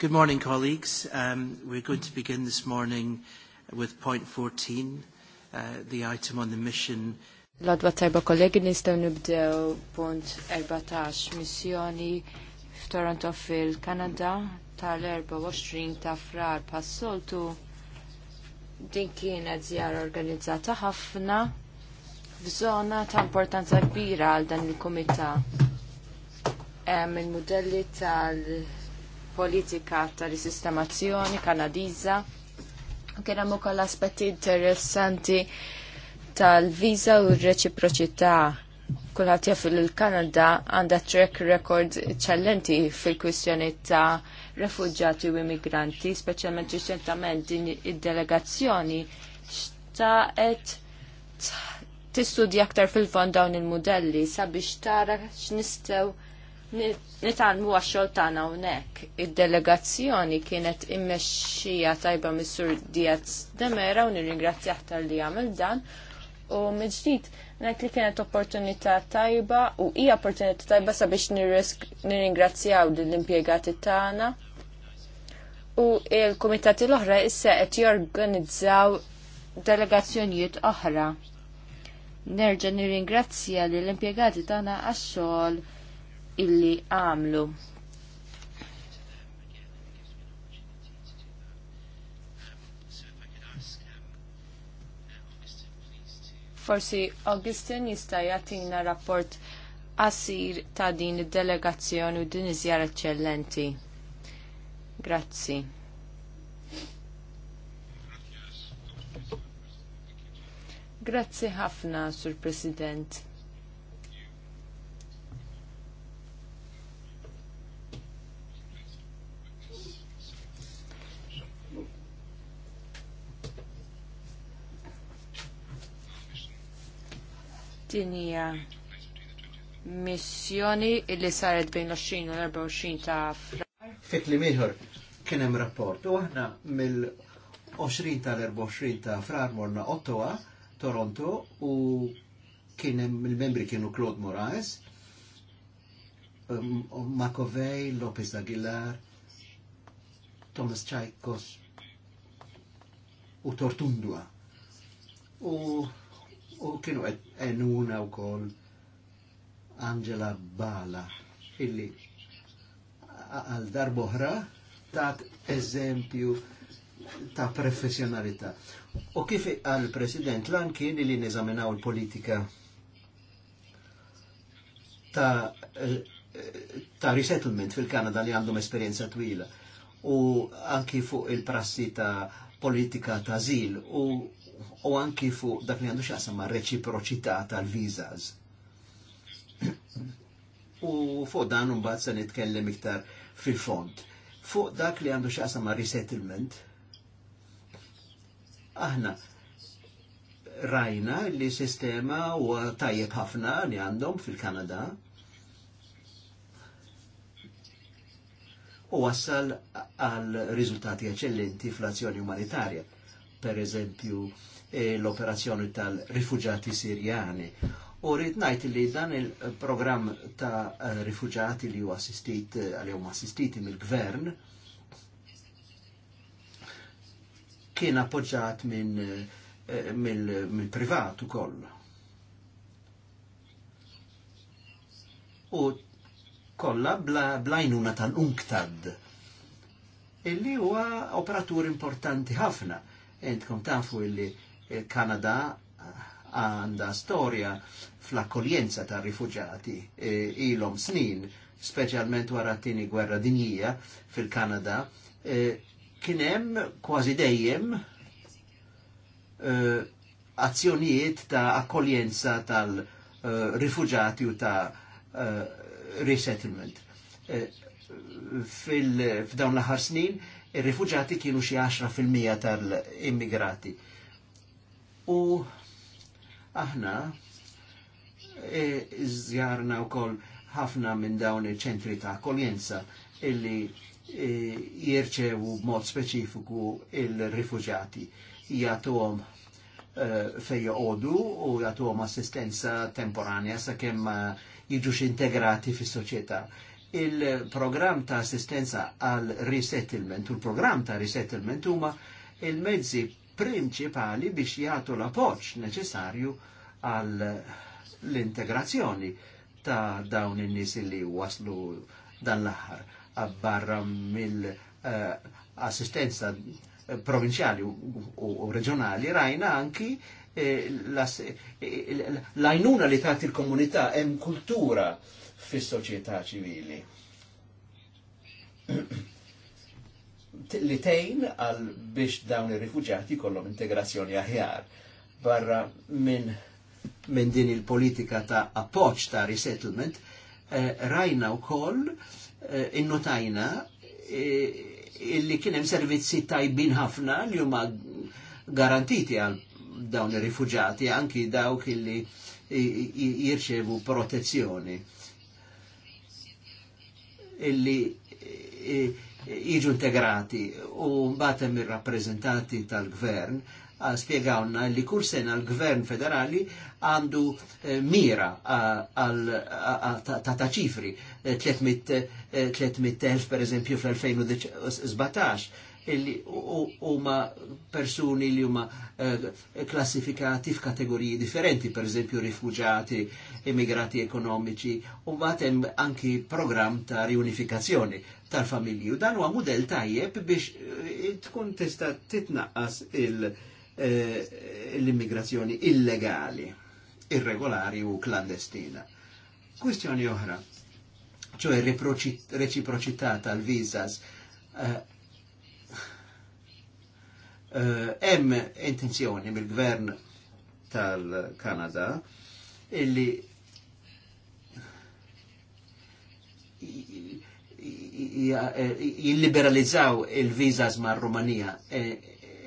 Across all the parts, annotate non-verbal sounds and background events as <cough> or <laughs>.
Good morning, colleagues. Um, we're going to begin this morning with point 14, uh, the item on the mission. L-adwa tajba kollegi nistaw nibdew punt 14 missjoni f'Toronto fil-Kanada tal-24 ta' frar pas-soltu. Din kienet zjara organizzata ħafna f'żona ta' importanza kbira għal dan il-komita. Um, il-modelli tal- politika ta' risistemazzjoni kanadiża. U kien hemm ukoll aspetti interessanti tal viza u r-reċiproċità. Kullħat jaf il-Kanada għandha track record eċċellenti fil-kwistjoni ta' refugġati u immigranti, speċjalment riċentament din id-delegazzjoni xtaqet tistudja aktar fil-fond dawn il-modelli sabiex tara x'nistgħu nitalmu għaxxol tagħna hawnhekk. Id-delegazzjoni kienet immexxija tajba mis-Sur Diaz Demera u nirringrazzjah tal-li għamel dan u miġdid ngħid li kienet opportunità tajba u hija opportunità tajba sabiex nirringrazzjaw lill-impjegati tagħna u il-komitati l-oħra issa qed jorganizzaw delegazzjonijiet oħra. Nerġa' nirringrazzja lill impjegati tagħna għax-xogħol illi għamlu. Forsi Augustin jista' jagħtina rapport qasir ta' din id-delegazzjoni u din iżjara eċċellenti. Grazzi. Grazzi ħafna, Sur President. Dinja missjoni illi saret bejn l-20 u l-24 ta' frar. li miħor kien hemm rapport u aħna mill-20 tal-24 ta' frar morna Ottawa, Toronto u kien hemm il-membri kienu Claude Moraes, Makovej, um, Lopez Aguilar, Thomas Chaikos u Tortundua. U u kienu enuna u kol Angela Bala illi għal darboħra ta' eżempju ta' professjonalità. U kif għal president lan kien li nizaminaw il-politika ta' eh, ta' resettlement fil-Kanada li għandhom esperienza twila u anki fuq il-prassi ta' politika ta' zil u u anki fuq dak li għandu xaqsam ma' reċiproċità tal-vizas. u fuq dan mbagħad se nitkellem iktar fil-font. Fuq dak li għandu xaqsam ma' resettlement, aħna rajna li sistema u tajjeb ħafna li għandhom fil-Kanada, u wassal għal riżultati eccellenti fl-azzjoni umanitarja per eżempju, eh, l-operazzjoni tal-rifugjati sirjani. U rritnajt li dan il-programm ta' eh, rifugjati li ju assistit, għal eh, jom assistiti mill-gvern, kien appoġġat minn min, min privatu koll. U kolla bla, bla tal-unktad, illi huwa operatur importanti ħafna Entkom tafu illi eh, kanada eh, għanda storja fl-akkoljenza ta' rifugjati e, eh, ilom snin, specialment wara t-tini gwerra dinjija fil-Kanada, kienem kważi dejjem azzjonijiet ta' akkoljenza tal-rifugjati u ta' resettlement. Fil-dawn l-ħar snin, il rifuġati kienu xi 10% tal-immigrati. U aħna żjarna e, wkoll ħafna minn dawn il ċentri ta' akkoljenza illi e, jirċevu mod speċifiku il-rifuġati jagħtuhom e, fej u jagħtuhom assistenza temporanja sakemm e, jiġux integrati fis-soċjetà il program ta' assistenza għal resettlement u l program ta' resettlement huma il-mezzi prinċipali biex jgħatu l-appoġġ neċessarju għal l-integrazzjoni ta' dawn in-nies li waslu dan l-aħħar barra mill-assistenza provinċjali u reġjonali rajna anki l-għajnuna li tagħti il-komunità hemm kultura fis-soċjetà ċivili. li tejn għal biex dawn ir-rifuġjati kollhom integrazzjoni aħjar barra minn min din il-politika ta' appoċ ta' resettlement, eh, rajna u koll eh, innotajna eh, illi kienem servizzi tajbin ħafna li huma garantiti għal dawn ir-rifuġjati anki dawk illi jirċevu protezzjoni Eh, illi eh, eh, jiġu integrati u hemm ir-rappreżentanti tal-gvern ah, spiegawna li kull sena l-gvern federali għandu eh, mira ta' ċifri 300.000 per eżempju fl-2017 illi huma persuni li huma eh, klassifikati f'kategoriji differenti, per esempio rifugiati emigrati ekonomici u hemm anki program ta' riunifikazzjoni tal-familji. U dan huwa mudell tajjeb biex eh, tkun tista' titnaqqas eh, l-immigrazzjoni illegali, irregolari u klandestina. Kwistjoni oħra, ċoħi reciprocità tal-vizas, hemm uh, intenzjoni mill-gvern tal-Kanada illi jilliberalizzaw il-vizas ma' Rumanija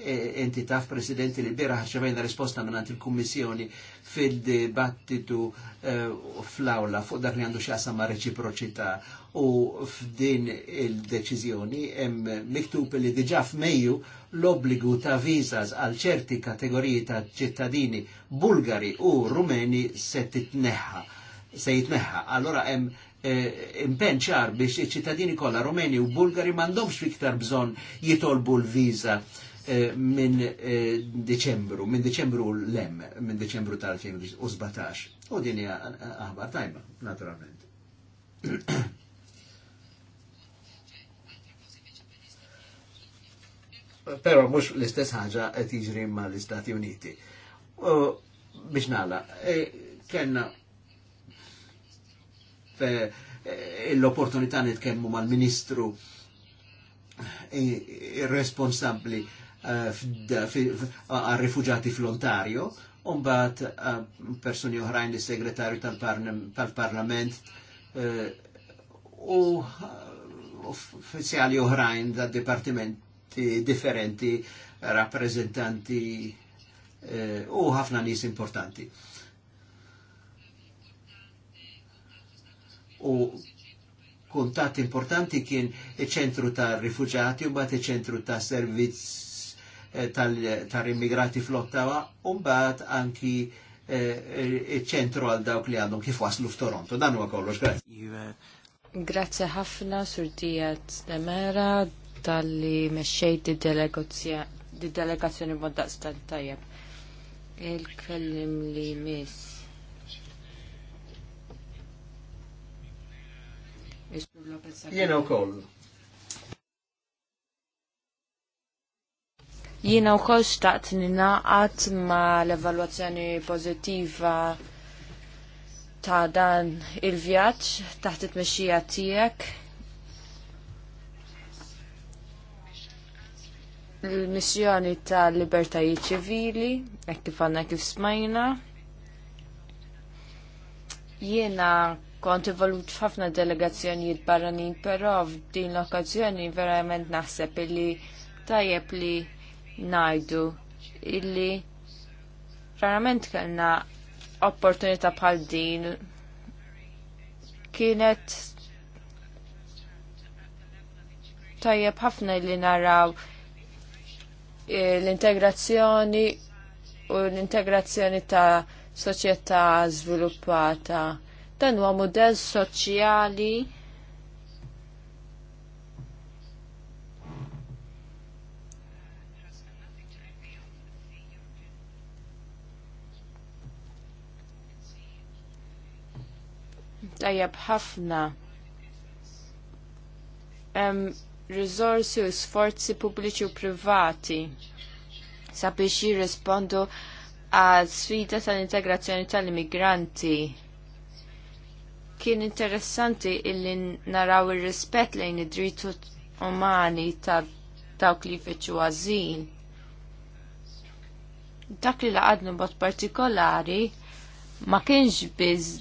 enti taf presidenti li bira ħarċevajna risposta minnant il Kommissjoni fil-dibattitu eh, fl-awla fuq dak li għandu xasa ma' reċiproċità u f'din il-deċizjoni hemm miktub li diġà f'Mejju l-obbligu ta' vizas għal ċerti kategoriji ta' ċittadini Bulgari u Rumeni se titneħħa se jitneħħa. Allora hemm eh, impen ċar biex iċ-ċittadini kollha Rumeni u Bulgari m'għandhomx fiktar bżonn jitolbu l-viża Eh, minn eh, Deċembru, minn Deċembru l-lem, minn Deċembru tal-2017. U din hija eh, aħbar tajba, naturalment. <clears throat> Pero mux l-istess ħaġa qed jiġri mal-Istati Uniti. Biex nagħla, kellna l-opportunità nitkellmu mal-Ministru responsabbli għal rifugġati fl-Ontario, Umbat eh, personi oħrajn li segretarju tal-parlament eh, u eh, uffiziali oħrajn da' dipartimenti differenti, rappresentanti u ħafna nis importanti. U kuntat importanti kien il ċentru ta' rifugġati u bat il ċentru ta' servizzi Eh, tal-immigrati fl-Ottawa, umbat anki eh, ċentru għal dawk li għandhom kif waslu f'Toronto. Dan huwa kollox, grazie. Grazzi ħafna sur Dijat Demera tal-li meċċej di delegazzjoni mod daqstan tajjeb. Il-kellim li mis. Jena u kollu. Jiena wkoll xtaqt ninaqat ma l-evalwazzjoni pożittiva ta' dan il-vjaġġ taħt it-mexxija tiegħek. Il-missjoni ta' libertajiet ċivili, hekk kif għandna kif smajna. Jiena kont evolut f'ħafna delegazzjonijiet barranin, però f'din l okkazzjoni verament naħseb li tajjeb li najdu illi rarament kellna opportunità bħal din kienet tajjeb ħafna li naraw eh, l-integrazzjoni u l-integrazzjoni ta' soċjetà sviluppata. Dan huwa mudell soċjali tajjeb ħafna hemm riżorsi u sforzi pubbliċi u privati sabiex jirrispondu għal sfida tal-integrazzjoni tal-immigranti. Kien interessanti illi naraw ir-rispett lejn id-drittu umani ta' dawk li jfittxu għażil. Dak li laqadnu b'mod partikolari ma kienx biz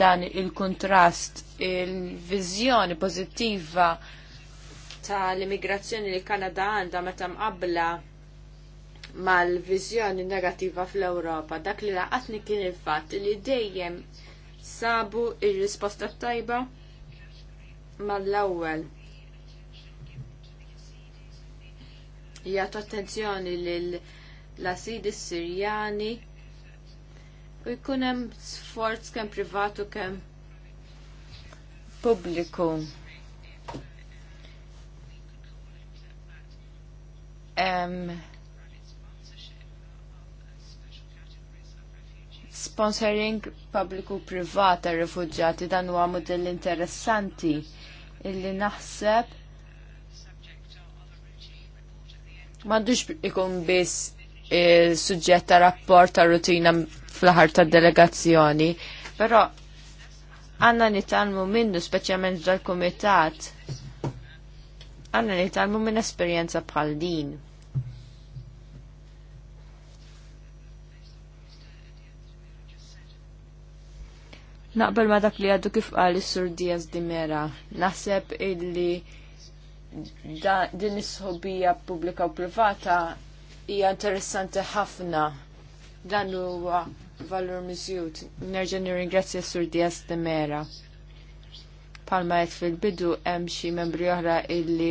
dan il-kontrast il-vizjoni pozittiva tal-immigrazzjoni li Kanada għandha meta mqabbla mal-vizjoni negativa fl-Ewropa. Dak li laqatni kien il-fatt li dejjem sabu il risposta tajba mal-ewwel. Jgħatu attenzjoni lil l-asidi Sirjani u jkunem sforz kem privatu kem publiku. Um, sponsoring publiku privat ta' rifugġati dan huwa modell interessanti illi naħseb m'għandux ikun biss suġġett ta' rapport ta' rutina fl-ħar ta' delegazzjoni. Pero għanna nitalmu minnu speċjalment dal-komitat għanna nitalmu minn esperienza bħal din. Naqbel ma dak li għaddu kif għal is-Sur Diaz Dimera, naħseb illi din is-sħobija pubblika u privata hija interessanti ħafna. Dan huwa valur miżjud. Nerġa' nirringrazzja Sur Diaz de Mera. Palma qed fil-bidu hemm xi membri oħra illi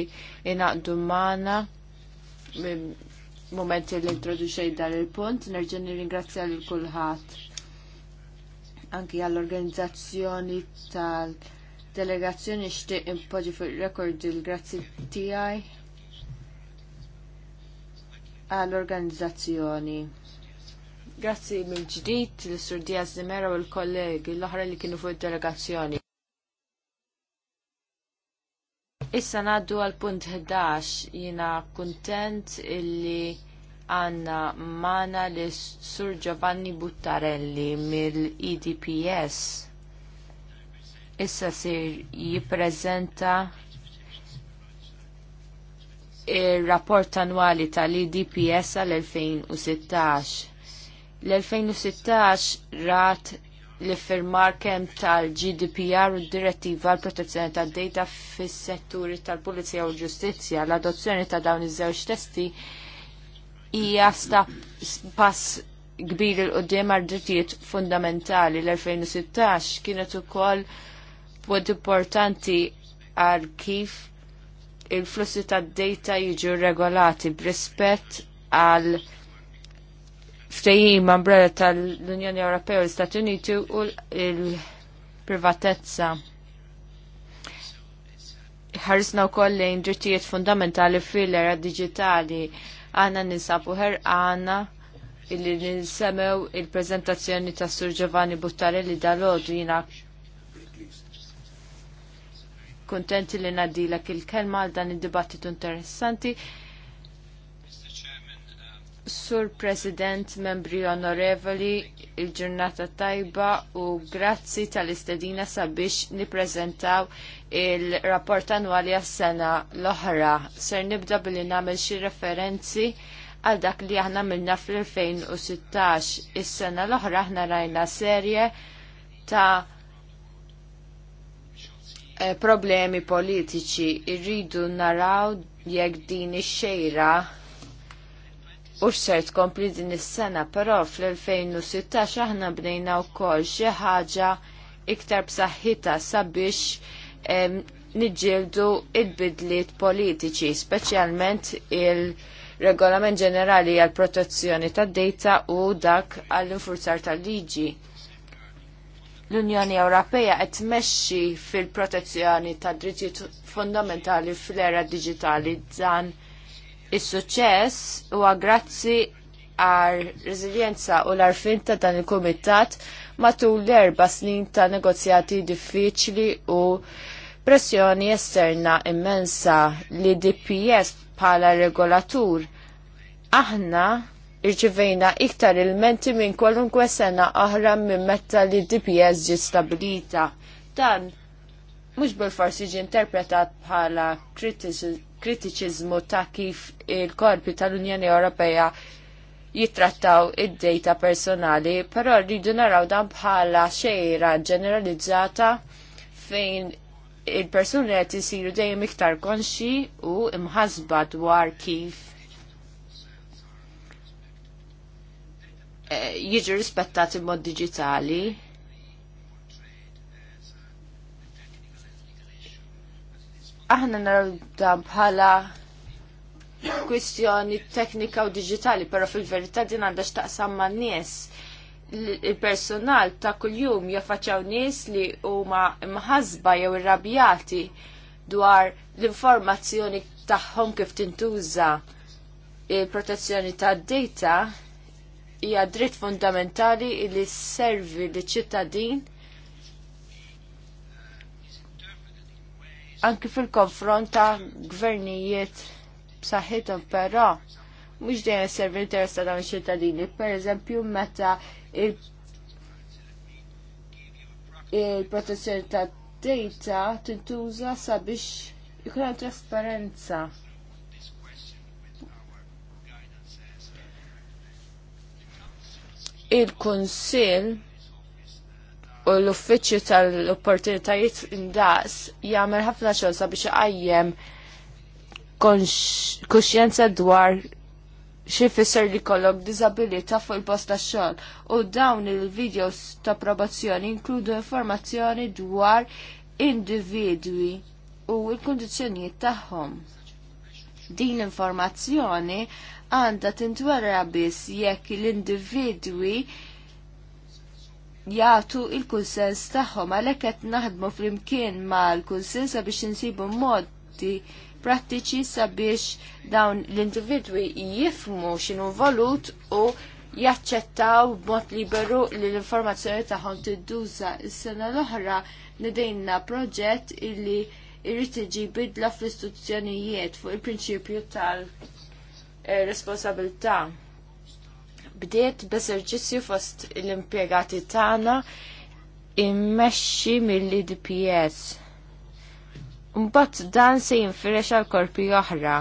inaqdu maħna momenti li introduċej dan il-punt, nerġen nirringrazzja l kulħadd anki għall-organizzazzjoni tal-delegazzjoni xtieq impoġi fuq rekord il-grazzi tiegħi għall-organizzazzjoni. Grazzi mill-ġdid l-Sur Diaz Zimera u l-kollegi l-oħra li kienu fuq id-delegazzjoni. Issa naddu għal punt 11 jina kontent illi għanna mana l Sur Giovanni Buttarelli mill-EDPS. Issa sir jipprezenta il-rapport annwali tal-EDPS għal-2016. L-2016 rat li firmar kem tal-GDPR u direttiva għal protezzjoni tad data fis setturi tal-Pulizija u l-Ġustizzja. L-adozzjoni ta' dawn iż-żewġ testi hija sta pass kbir il qudiem għal drittijiet fundamentali l-2016 kienet ukoll punt importanti għal kif il-flussi tad data jiġu regolati b'rispett għal ftejim umbrella tal-Unjoni Ewropea u l istati Uniti u l-privatezza. Ħarisna wkoll lejn drittijiet fundamentali fil-era digitali għana ninsabu ħerqana illi ninsemew il-prezentazzjoni ta' Sur Giovanni Buttarelli dal-ħodu jina kontenti li nadilak il-kelma għal dan id-dibattitu interessanti. Sur President, membri onorevoli, il-ġurnata tajba u grazzi tal-istedina sabiex niprezentaw il-rapport annwali għas-sena l-oħra. Ser nibda billi nagħmel xi referenzi għal dak li aħna minna fl-2016. Is-sena l-oħra aħna rajna serje ta' eh, problemi politiċi. Irridu naraw jekk din ix-xejra u xser tkompli din is-sena, però fl-2016 aħna bnejna wkoll xi ħaġa iktar b'saħħitha sabiex niġġieldu il-bidliet politiċi, speċjalment il-regolament ġenerali għal protezzjoni tad dejta u dak għall infurzar tal-liġi. L-Unjoni Ewropea qed tmexxi fil-protezzjoni tad drittijiet fundamentali fl-era Digitali dan Is-suċċess huwa grazzi għar reżiljenza u l arfinta ta' dan il-Kumitat matul l-erba snin ta' negozjati diffiċli u pressjoni esterna immensa li DPS bħala regolatur. Aħna irċivejna iktar il-menti minn kwalunkwe sena oħra minn metta li DPS ġi stabilita. Dan mhux bil-forsi ġi interpretat bħala kritiċi kritiċiżmu ta' kif il-korpi tal-Unjoni Ewropea jittrattaw id-data personali, però rridu naraw dan bħala xejra ġeneralizzata fejn il-persuni qed isiru dejjem iktar konxi u imħasba dwar kif eh, jiġu rispettat mod digitali aħna naraw bħala kwistjoni teknika u digitali, pero fil-verità din għandha x'taqsam ma' nies. Il-personal ta' kuljum jaffaċċaw nies li huma mħasba jew irrabjati dwar l-informazzjoni tagħhom kif tintuża il-protezzjoni tad data hija dritt fundamentali li servi li ċittadin anki fil-konfront ta' gvernijiet b'saħħithom però mhux dejjem servi interess ta' dawn iċ-ċittadini. Pereżempju meta il protezzjoni ta' data tintuża sabiex ikun hemm trasparenza. Il-Kunsill u l-uffiċċju tal-opportunitajiet indaqs jagħmel ħafna xogħol sabiex iqajjem kuxjenza dwar xi fisser li kollok diżabilità fuq il-post tax-xogħol u dawn il-videos ta' probazzjoni inkludu informazzjoni dwar individwi u l-kundizzjonijiet tagħhom. Din l-informazzjoni għandha tintwerra biss jekk l-individwi jagħtu il-kunsens tagħhom għalhekk qed naħdmu flimkien mal-kunsens sabiex insibu modi prattiċi sabiex dawn l-individwi jifmu x'inhu volut u jaċċettaw b'mod liberu li l-informazzjoni tagħhom tidduża. Is-sena l-oħra nidejna proġett illi irrid iġi bidla fl-istituzzjonijiet fuq il-prinċipju tal-responsabilità. Eh, bdiet b'eserġizzju fost l-impjegati tagħna immexxi mill idps Mbagħad dan se jinfirex għal korpi oħra.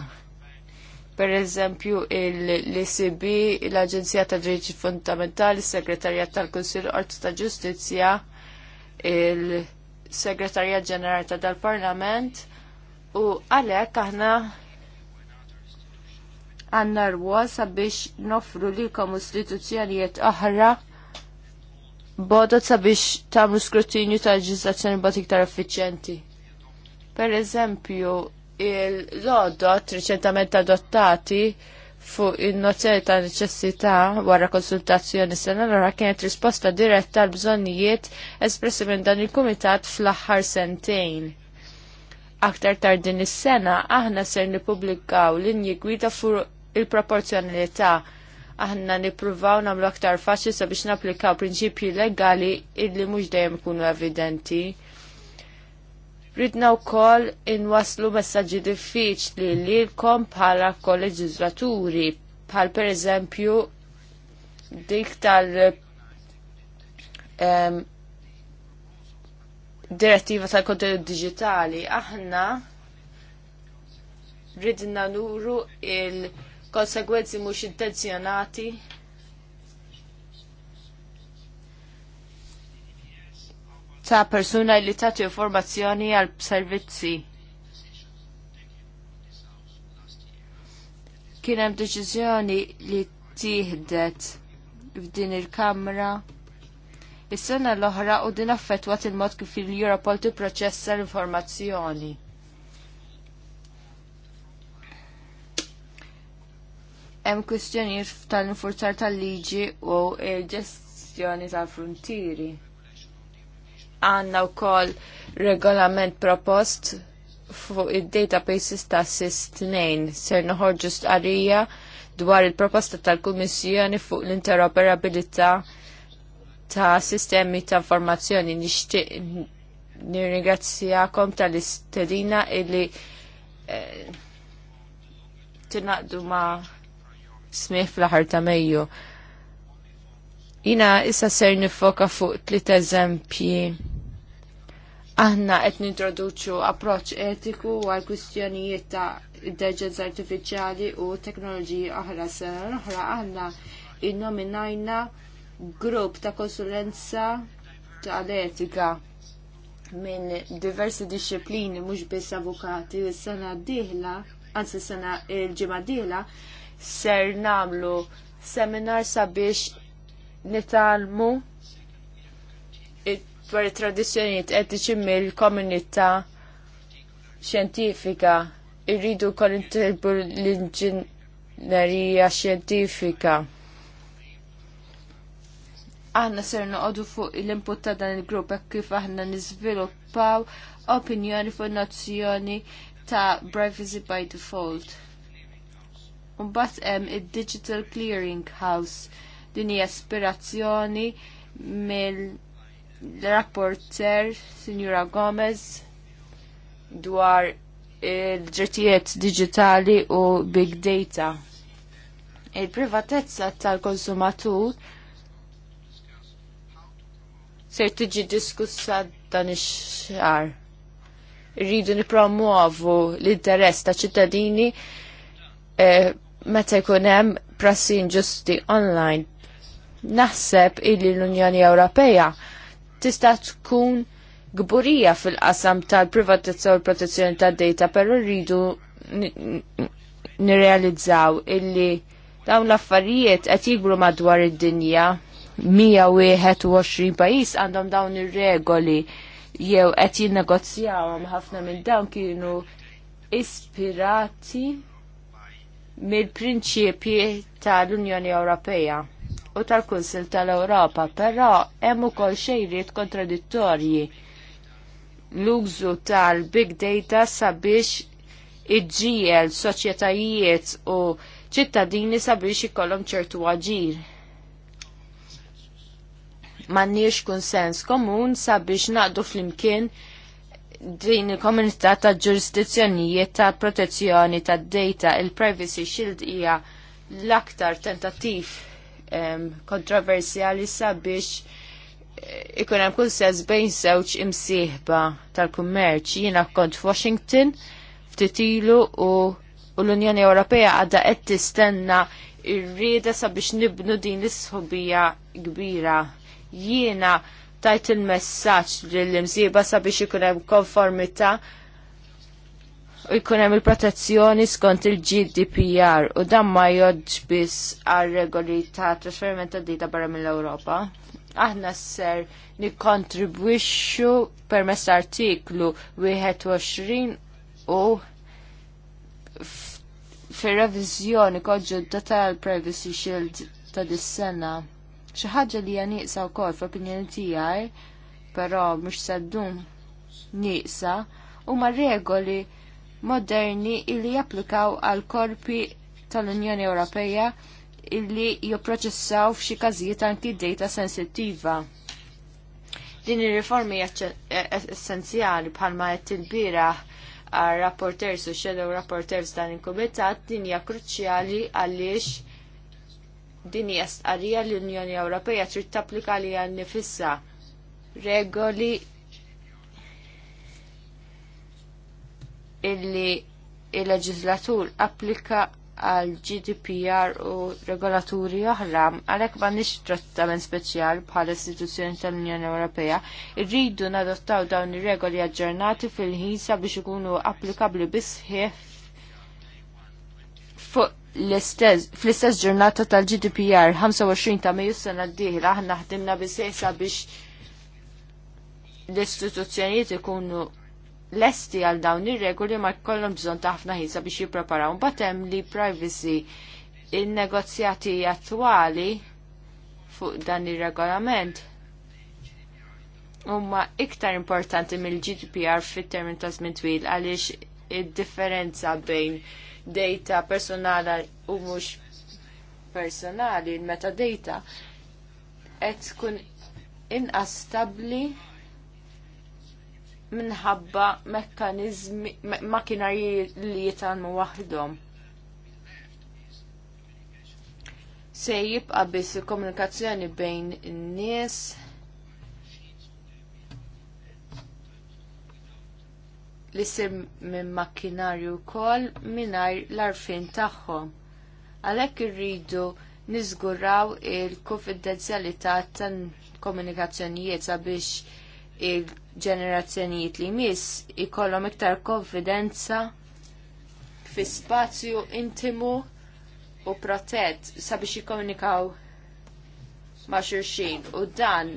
Per eżempju l-ICB, l-Aġenzija ta' driġi Fundamentali, s-Segretarjat tal-Kunsill Qorti ta' Ġustizzja, il-Segretarjat Ġenerali ta' dal-Parlament u għalhekk aħna għanna rwa sabiex nofru lilkom istituzzjonijiet oħra bodot sabiex tagħmlu skrutinju ta' leġiżlazzjoni bot iktar effiċenti. Per eżempju, il-lodot riċentament adottati fuq il-nozzjoni ta' neċessità wara konsultazzjoni sena l kienet risposta diretta għal bżonnijiet espressi minn dan il-kumitat fl-aħħar sentejn. Aktar tard din is-sena aħna ser nippubblikaw linji gwida fuq il-proporzjonalità aħna nippruvaw nagħmlu aktar faċli sabiex napplikaw prinċipji legali illi mhux dejjem ikunu evidenti. Ridna wkoll inwaslu messaġġi diffiċli lilkom bħala kolleġislaturi bħal pereżempju dik tal um, direttiva tal-kontenut digitali aħna ridna nuru il- konsegwenzi mhux intenzjonati ta' persuna li tagħtu informazzjoni għal servizzi. Kien hemm deċiżjoni li tieħdet f'din il-Kamra is-sena l-oħra u din affettwat il-mod kif il-Europol tipproċessa l-informazzjoni. hemm kwistjonijiet tal-infurzar tal-liġi u l-ġestjoni tal-frontieri. Għandna wkoll regolament propost fuq id-databases ta' SIS-2 ser noħorġu stqarrija dwar il-proposta tal-Kummissjoni fuq l-interoperabilità ta' sistemi ta' informazzjoni nixtieq nirringrazzjakom tal-istedina illi eh, tinaqdu ma' smih fl-aħar ta' Mejju. Jina issa ser nifoka fuq tliet eżempji. Aħna qed nintroduċu approċċ etiku għal kwistjonijiet ta' intelligenza artifiċjali u teknoloġiji oħra sena oħra aħna innominajna grupp ta' konsulenza tal-etika minn diversi dixxiplini mhux biss avukati s-sena d-dieħla, anzi s-sena l ġimgħa d-dieħla, ser namlu seminar sabiex nitalmu dwar tradizzjonijiet etiċi mill-komunità xjentifika irridu kol intilbu l-inġinerija xjentifika. Aħna ser noqogħdu fuq l-input ta' dan il-grupp hekk kif aħna niżviluppaw opinjoni fuq nozzjoni ta' privacy by default bat hemm id-Digital Clearing House din hija aspirazzjoni mill-rapporter Sinjura Gomez dwar il-ġertijiet digitali u big data. Il-privatezza tal-konsumatur ser tiġi diskussa dan ix-xar. Irridu nipromuovu l-interess ta' ċittadini eh, meta jkun hemm prassi inġusti online. Naħseb illi l-Unjoni Ewropea tista' tkun gburija fil-qasam tal-privatizzaw u protezzjoni tad-data, però rridu nirrealizzaw illi dawn l-affarijiet qed jikbru madwar id-dinja 121 pajjiż għandhom dawn ir-regoli jew qed jinnegozjawhom ħafna minn dawn kienu ispirati mill-prinċipji tal-Unjoni Ewropea u tal-Kunsil tal-Ewropa, però hemm ukoll xejriet kontradittorji l-użu tal-big data sabiex iġġiel soċjetajiet u ċittadini sabiex ikollhom ċertu aġir. M'għandniex kunsens komun sabiex naqdu flimkien din il-komunità ta' ġurisdizzjonijiet ta' protezzjoni ta' data il-Privacy Shield hija l-aktar tentattiv um, kontroversjali sabiex eh, ikun hemm kull sens bejn żewġ imsieħba tal-kummerċ. Jiena kont f'Washington ftit ilu u, u l-Unjoni Ewropea għadha qed tistenna rrieda rieda sabiex nibnu din l-isħobija kbira. Jiena tajt il-messaġġ lill-imsiba sabiex ikun hemm konformità u jkun hemm il-protezzjoni skont il-GDPR u dan ma jodġ biss għal regoli ta' trasferiment ta' dita barra mill-Ewropa. Aħna ser nikkontribwixxu permess artiklu 21 u fir-reviżjoni konġunta tal-Privacy Shield ta' dis-sena. Xi ħaġa li hija nieqsa wkoll f'opinjoni tiegħi, però mhux saddum nieqsa, huma regoli moderni li japplikaw għal korpi tal-Unjoni Ewropea illi jipproċessaw f'xi każijiet anki data sensittiva. Din ir-riformi essenzjali bħalma qed tilbira għal rapporters u shadow rapporters dan il-kumitat din hija kruċjali għaliex Din hija l-Unjoni Ewropea trid tapplika li għan nifissa regoli illi il-leġislatur applika għal GDPR u regolaturi oħra, għalhekk m'għandix trattament speċjal bħala istituzzjoni tal-Unjoni Ewropea, irridu nadottaw dawn ir-regoli aġġornati fil ħinsa biex ikunu applikabbli bisħieħ fl-istess ġurnata tal-GDPR 25 ta' Mejju sena d-dieħla aħna ħdimna bisejsa biex l-istituzzjonijiet ikunu lesti għal dawn ir-regoli ma jkollhom bżonn ta' ħafna ħisa biex jippreparaw. Mbagħad hemm li privacy in-negozjati attwali fuq dan ir-regolament huma iktar importanti mill-GDPR fit-termin ta' żmien twil għaliex id-differenza bejn data personali u mhux personali, il-metadata qed tkun inqastabli minħabba mekkanizmi makinarji li jitan waħdhom. Se jibqa' biss il-komunikazzjoni bejn in-nies, li sir minn makkinarju wkoll mingħajr l-arfin tagħhom. Għalhekk irridu niżguraw il-konfidenzjalità tal-komunikazzjonijiet sabiex il-ġenerazzjonijiet li jmiss ikollhom iktar konfidenza fi spazju intimu u protett sabiex jikkomunikaw ma' xulxin u dan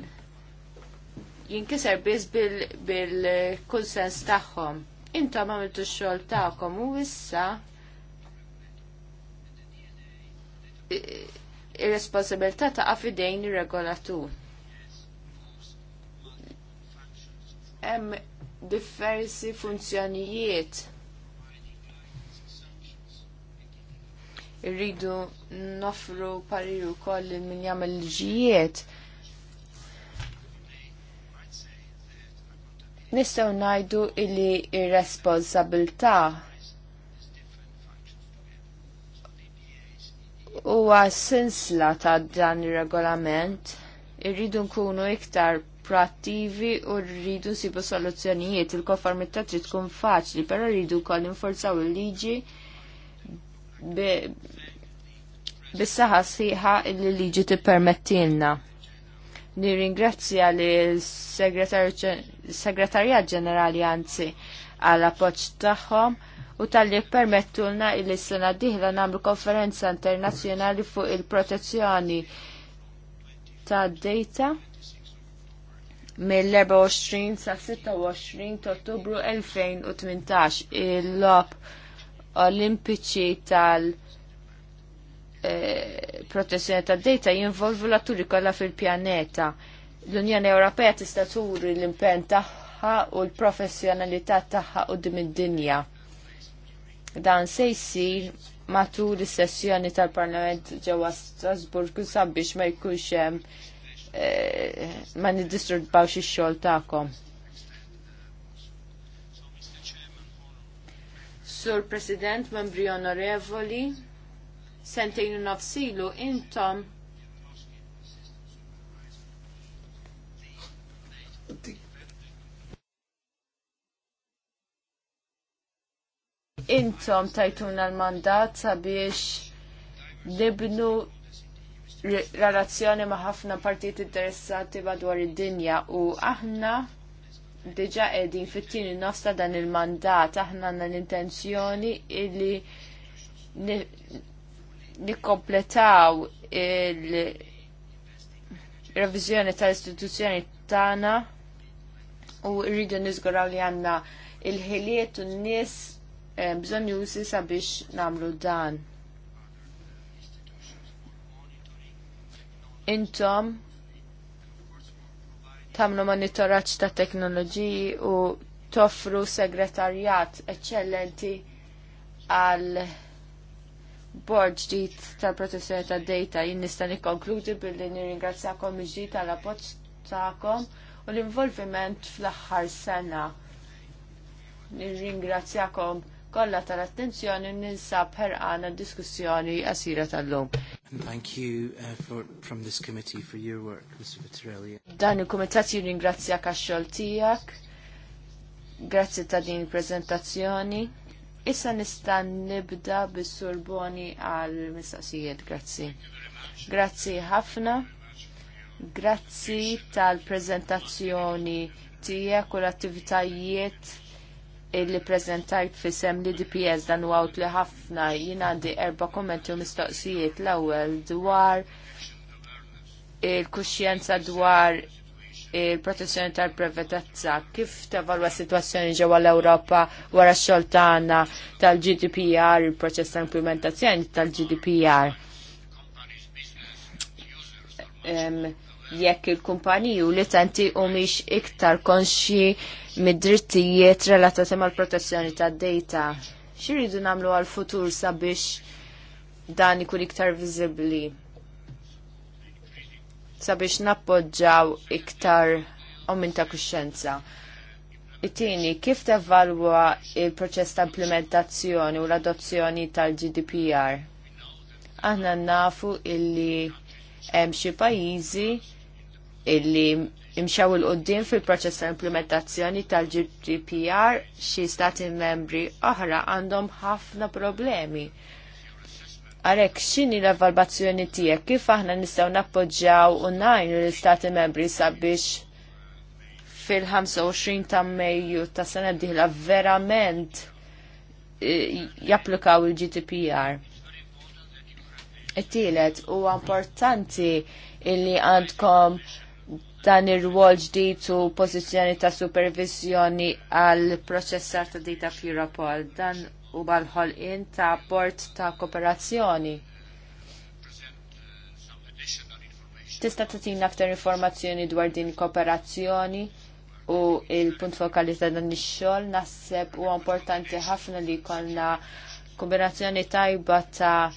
jinkiser biss bil-kunsens bil tagħhom. Inta ma għamiltu xogħol tagħkom u issa ir-responsabilità ta' fidejn ir-regolatur. Hemm diversi funzjonijiet irridu nofru pariru koll min jagħmel liġijiet Nistgħu ngħidu illi ir u huwa ta' dan ir-regolament. Irridu nkunu iktar proattivi u rridu nsibu soluzzjonijiet. Il-konformità trid tkun faċli, però rridu wkoll ninforzaw il-liġi bis-saħa sħiħa li liġi tippermettilna nirringrazzja li l-Segretarjat Ġenerali anzi għal appoġġ tagħhom u tal-li permettulna il sena diħla namlu konferenza internazzjonali fuq il-protezzjoni ta' data mill-24 sa' 26 ta' ottubru 2018 il-lob olimpiċi tal- Eh, protezzjoni tad data jinvolvu l-atturi kollha fil-pjaneta. L-Unjoni Ewropea tista' turi l-impenn tagħha u l-professjonalità tagħha qudiem id-dinja. Dan se jsir matul is-sessjoni tal-Parlament ġewwa Strasburg sabiex ma jkunx hemm eh, ma niddisturbawx ix-xogħol tagħkom. Sur President, membri onorevoli, sentejn nafsilu nofsilu intom intom tajtuna l-mandat sabiex nibnu relazzjoni ma' ħafna partijiet interessati madwar id-dinja u aħna diġa edin fit-tieni nofs ta' dan il-mandat aħna għandna l-intenzjoni illi nikkompletaw il-revizjoni tal-istituzzjoni tagħna u rridu niżguraw li għandna il-ħiliet u n-nies eh, bżonn jużi sabiex nagħmlu dan. Intom tagħmlu monitoraġġ ta' teknoloġiji u toffru segretarjat eċċellenti għal board ġdid tal-protezzjoni ta' data jien nista' nikkonkludi billi nirringrazzjakom ġdid tal-appoġġ ta'kom u l-involviment fl-aħħar sena. Nirringrazzjakom kollha tal-attenzjoni ninsab għana diskussjoni għasira tal-lum. Thank you uh, for, from this committee for your work, Mr. Vitarelli. Dan il-kumitat jirringrazzjak għax-xogħol tiegħek. Grazzi ta' din il prezentazzjoni Issa nista' nibda bis surboni għal mistaqsijiet, grazzi. Grazzi ħafna. Grazzi tal-prezentazzjoni tiegħek u l-attivitajiet illi prezentajt fi sem li DPS dan u għawt li ħafna jina għandi erba kommenti u mistoqsijiet l-ewwel dwar il-kuxjenza dwar il-protezzjoni tal-privatezza kif tavalwa situazzjoni ġewwa l-Ewropa wara x-xogħol tagħna tal-GDPR, il-proċess ta' implementazzjoni tal-GDPR. Jekk il-kumpaniju li tanti u miex iktar konxi mid-drittijiet relatati mal-protezzjoni tad-data. Xiridu namlu għal-futur sabiex dan ikun iktar viżibbli sabiex nappoġġaw iktar omin ta' kuxenza. It-tieni, kif tevalwa il-proċess ta' implementazzjoni u l-adozzjoni tal-GDPR? Aħna nafu illi hemm xi pajjiżi illi imxaw il-qoddim fil-proċess ta' implementazzjoni tal-GDPR xi stati membri oħra għandhom ħafna problemi Għalek xini l-evalvazzjoni tijek, kif aħna nistaw nappoġġaw u l-Istati membri sabiex fil-25 ta' Mejju ta' sena diħla verament eh, japplikaw il-GDPR. Ittilet, u importanti illi għandkom dan ir-rwol ġdid u pożizzjoni ta' supervizjoni għal proċessar ta' dita f'Europol. Dan u mal ta' port ta' kooperazzjoni. Tista' tatina aktar informazzjoni dwar din kooperazzjoni u il-punt fokali ta' dan ix-xogħol naħseb huwa importanti ħafna li jkollna kombinazzjoni tajba ta'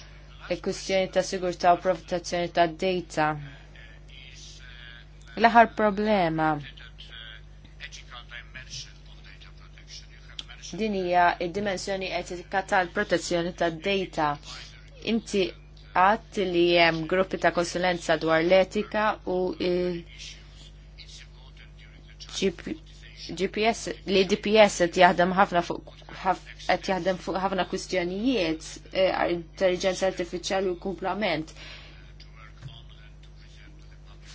kwistjoni ta' sigurtà u profittazzjoni ta' data. L-aħħar problema din hija id-dimensjoni etika tal-protezzjoni tad-data. Inti għatt li hemm gruppi ta' konsulenza dwar l-etika u GPS li DPS qed jaħdem ħafna fuq qed jaħdem fuq ħafna kwistjonijiet eh, intelligenza artifiċjali u kumplament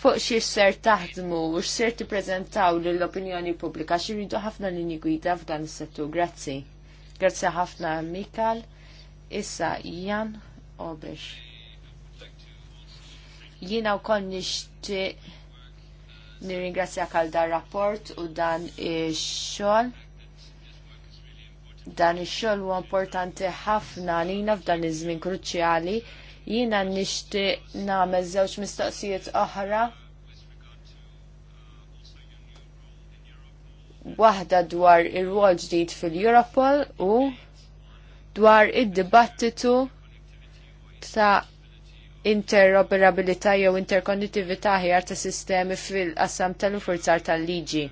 fuq xie ser taħdmu u x'ser tippreżentaw lill-opinjoni pubblika xiridu ħafna linji gwida f'dan is-settur. Grazzi. Grazzi ħafna Mikal. Issa Jan Obex. Jina wkoll nixtieq nirringrazzjak għal dan rapport u dan ix-xogħol dan ix-xogħol huwa importanti ħafna lina f'dan iż-żmien kruċjali Jiena nishti nagħmel żewġ mistoqsijiet oħra. Waħda dwar ir wol ġdid fil-Europol u dwar id-dibattitu ta' interoperabilità jew interkonnettività ħjar ta' sistemi fil qasam tal-infurzar tal-liġi.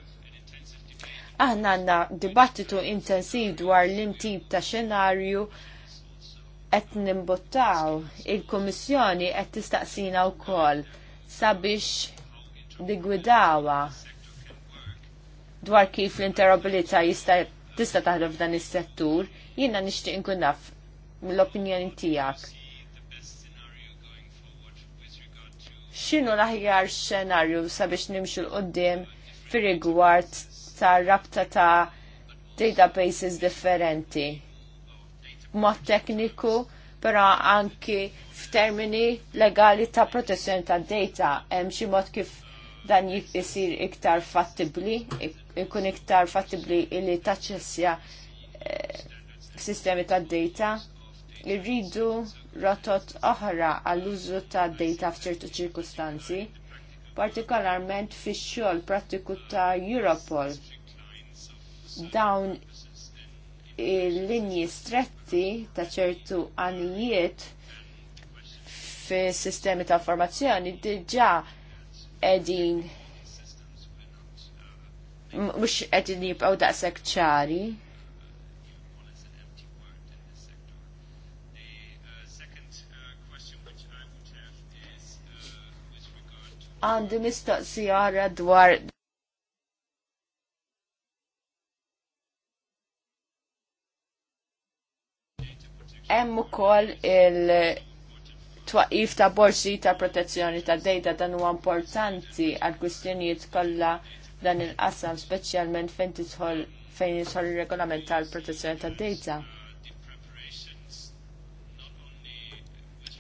Aħna għandna dibattitu intensiv dwar l-intib ta' xenarju qed nimbottaw il-Kummissjoni qed tistaqsina wkoll sabiex digwidawa dwar kif l interabilità jista' tista' taħdem f'dan is-settur, jiena nixtieq inkun naf mill-opinjoni tiegħek. X'inhu l-aħjar xenarju sabiex nimxu l-qudiem fir-rigward tar-rabta ta' databases differenti? mod tekniku, però anki f'termini legali ta' protezzjoni ta' data hemm xi mod kif dan jisir iktar fattibli, ikun iktar fattibli li taċċessja eh, sistemi ta' data. Irridu rotot oħra għall-użu ta' data f'ċertu ċirkustanzi, partikolarment fix xogħol prattiku ta' Europol dawn il-linji stretti ta' ċertu għanijiet fi sistemi ta' formazzjoni diġa edin mux edin jibqaw da' sekċari Għandi mistoqsija dwar hemm ukoll il- twaqif ta' borsi ta' protezzjoni ta' dejta dan huwa importanti għal kwistjonijiet kollha dan il-qasam speċjalment fejn tidħol fejn jidħol ir-regolament tal-protezzjoni ta' dejta.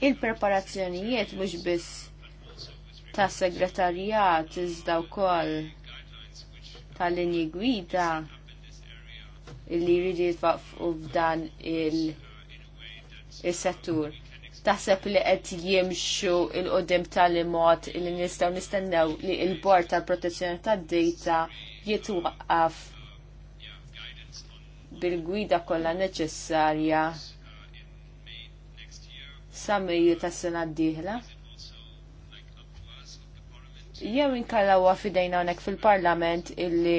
Il-preparazzjonijiet mhux biss ta' segretarjat iżda wkoll tal linji gwida li jridu jitwaqfu f'dan il- il-settur. Taħseb li qed jimxu il-qudiem tal-imod li nistgħu nistennew li l-Bord tal-Protezzjoni tad-Data jitwaqqaf bil-gwida kollha neċessarja sa Mejju tas-sena d-dieħla. Jew inkallaw fidejna hawnhekk fil-Parlament illi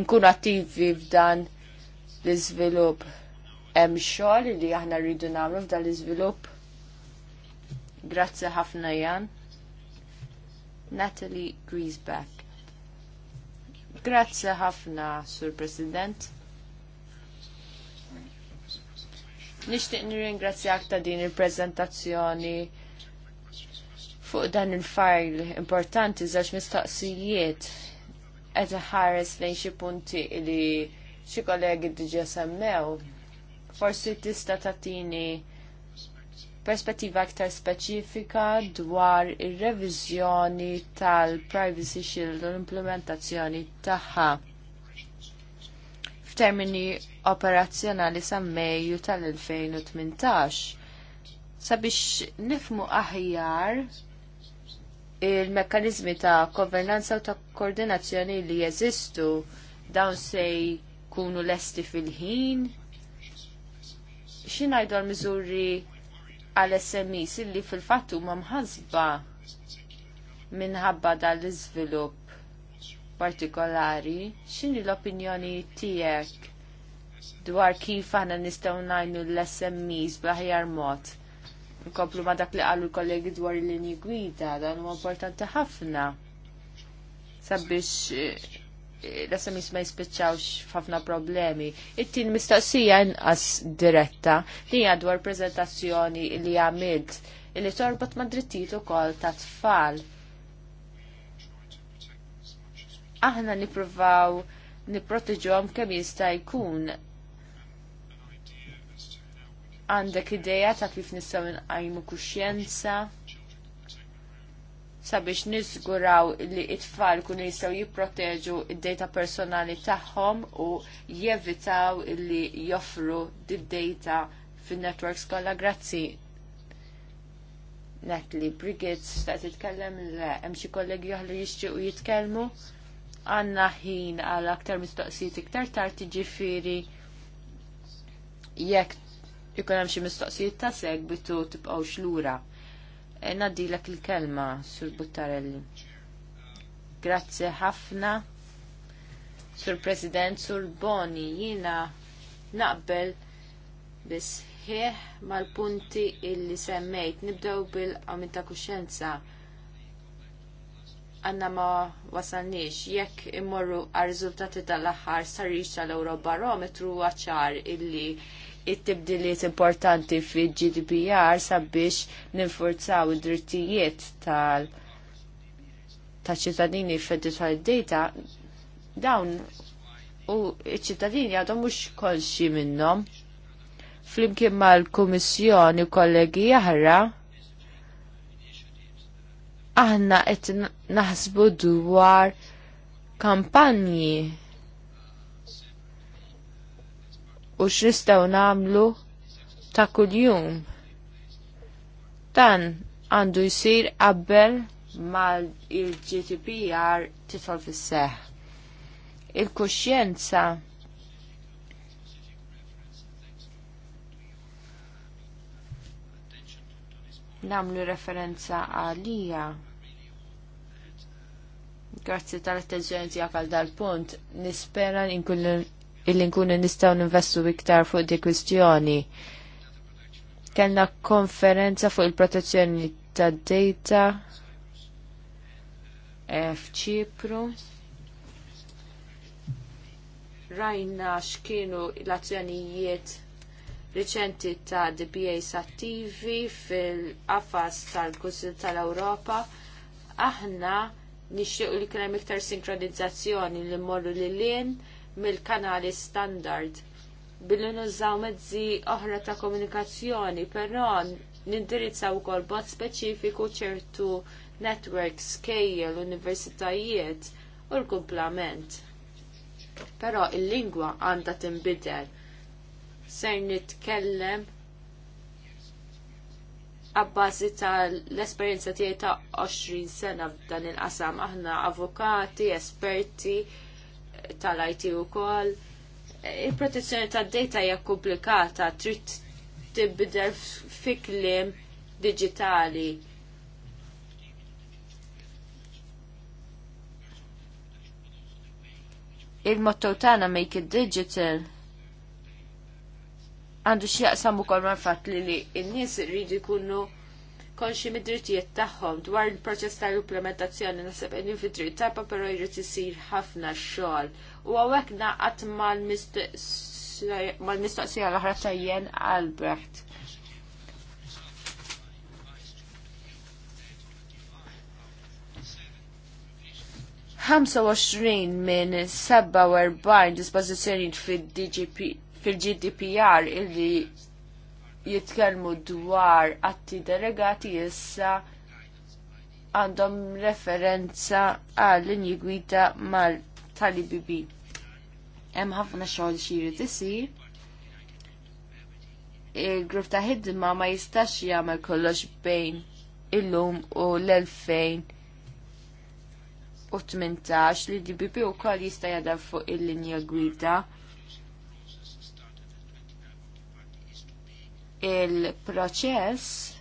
nkunu attivi f'dan l-iżvilupp hemm xogħol li aħna rridu nagħmlu f'dan l-iżvilupp. Grazzi ħafna Jan. Natalie Griesback. Grazzi ħafna, Sur President. Nixtieq nirringrazzjak ta' din il-preżentazzjoni fuq dan il-fajl importanti żewġ mistoqsijiet qed ħares lejn xi punti li xi kollegi diġa semmew forsi tista' tatini perspettiva aktar speċifika dwar ir-reviżjoni tal-Privacy Shield u l-implementazzjoni tagħha f'termini operazzjonali sammeju tal-2018 sabiex nifmu aħjar il-mekkanizmi ta' governanza u ta' koordinazzjoni li jeżistu dawn se jkunu lesti fil-ħin xinajdu għal-mizuri għal SMEs illi fil-fattu ma mħazba minħabba dal-izvilup partikolari, xini l-opinjoni tijek dwar kif għana nistaw najnu l smes blaħjar mod? Nkomplu ma dak li għallu kollegi dwar l-linji gwida, dan u importanti ħafna sabiex eh, l-SMIs ma jispiċċawx ħafna problemi. It-tin mistoqsija inqas diretta li hija dwar preżentazzjoni li għamilt li torbot ma' drittijiet ukoll ta' tfal. Aħna nippruvaw nipproteġuhom kemm jista' jkun għandek ideja ta' kif nistgħu nqajmu kuxjenza sabiex nizguraw li it-tfal kun jistaw jipproteġu id-data personali tagħhom u jevitaw li joffru d-data fin-networks kollha grazzi. Natalie Brigid sta' titkellem hemm xi kollegi oħra jixtiequ jitkellmu. Għanna ħin għal aktar mistoqsijiet iktar tard tiġifieri jekk ikun hemm xi mistoqsijiet ta' segbitu tibqgħux lura. Eh, Nadilek il-kelma, Sur Buttarelli. Grazie ħafna, Sur President, Sur Boni, jina naqbel bis ħieħ mal-punti illi semmejt. Nibdew bil-għamil ta' kuxenza għanna ma wasalniex jekk immorru għal riżultati tal-aħħar sarriċ tal-Eurobarometru għacċar illi it-tibdiliet importanti fi GDPR sabiex ninforzaw id-drittijiet tal ta' ċittadini federal data dawn u ċittadini għadhom mhux konxi minnhom. Flimkien mal-Kummissjoni kollegi aħra aħna qed naħsbu dwar kampanji u x'nistgħu nagħmlu ta' kuljum. Dan għandu jsir qabel mal il-GDPR titol fis-seħ. Il-kuxjenza namlu referenza għalija. Grazzi tal-attenzjoni tiegħek għal dal-punt. Nispera nkun illi nkunu nistaw ninvestu iktar fuq di kwistjoni. Kellna konferenza fuq il-protezzjoni tad data eh, f'Ċipru. Rajna x'kienu l-azzjonijiet riċenti ta' DBA sattivi fil-qafas tal-Kunsil tal-Ewropa. Aħna nixtiequ li kien hemm iktar sinkronizzazzjoni li mmorru lil lin mill-kanali standard billi nużaw mezzi oħra ta' komunikazzjoni, però nindirizzaw ukoll bot speċifiku ċertu networks kejjel, universitajiet u l-kumplament. Però il-lingwa għandha tinbidel. Ser nitkellem għabbażi tal-esperjenza tiegħi ta' 20 sena f'dan il-qasam aħna avukati, esperti, tal-IT u kol. Il-protezzjoni tad-data hija komplikata, trid tibdel fi kliem digitali. il-motto tagħna make it digital għandu x'jaqsam ukoll mal-fatt li li n-nies iridu jkunu konxi mid-drittijiet tagħhom dwar il-proċess ta' implementazzjoni naħseb li fid-dritt tajba però jrid isir ħafna xogħol. U hawnhekk naqgħad mal-mistoqsija l-oħra tajjen Albrecht. ħamsa 25 minn 47 dispożizzjoni fil-GDPR il-li jitkellmu dwar atti delegati issa għandhom referenza għal linji gwida mal tal-IBB. Hemm ħafna xogħol xiri tisir. Il-grupp ta' ħidma ma jistax jagħmel kollox bejn illum u l-2018 li DBP u koll jista' jadar fuq il-linja gwida il-proċess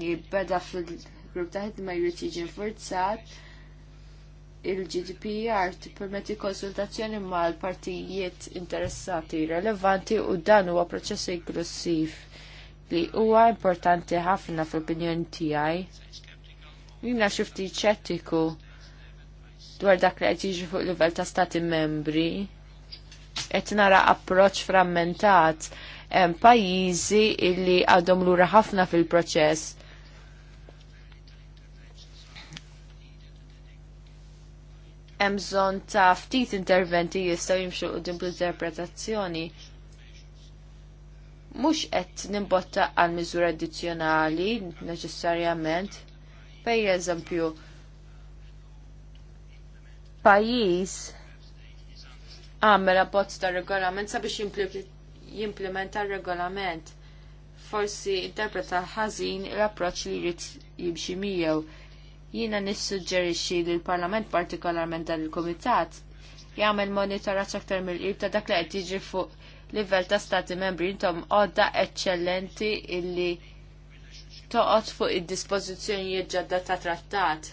li beda fil-grupp ta' ħidma jrid jiġi forzat il-GDPR tippermetti konsultazzjoni mal-partijiet interessati relevanti u dan huwa proċess inklusiv li huwa importanti ħafna fl-opinjoni tiegħi. Jina xifti ċettiku dwar dak li qed jiġi fuq livell ta' stati membri qed nara approċċ frammentat hemm pajjiżi illi għadhom lura ħafna fil-proċess. Hemm bżonn ta' ftit interventi jistgħu jimxu qudiem bl-interpretazzjoni. Mhux qed nimbotta għal miżura addizzjonali neċessarjament. Per eżempju, pajjiż għamel abbozz ta' regolament sabiex jimplementa jimplementa r-regolament. Forsi interpreta ħażin l-approċċ li jrid jimxi miegħu. Jiena nissuġġerixxi li l-Parlament partikolarment dan il-Kumitat jagħmel monitoraġġ aktar mill-qrib ta' dak li qed jiġri fuq livell ta' stati membri intom għodda eċċellenti illi toqgħod fuq id-dispożizzjonijiet ġodda ta' trattat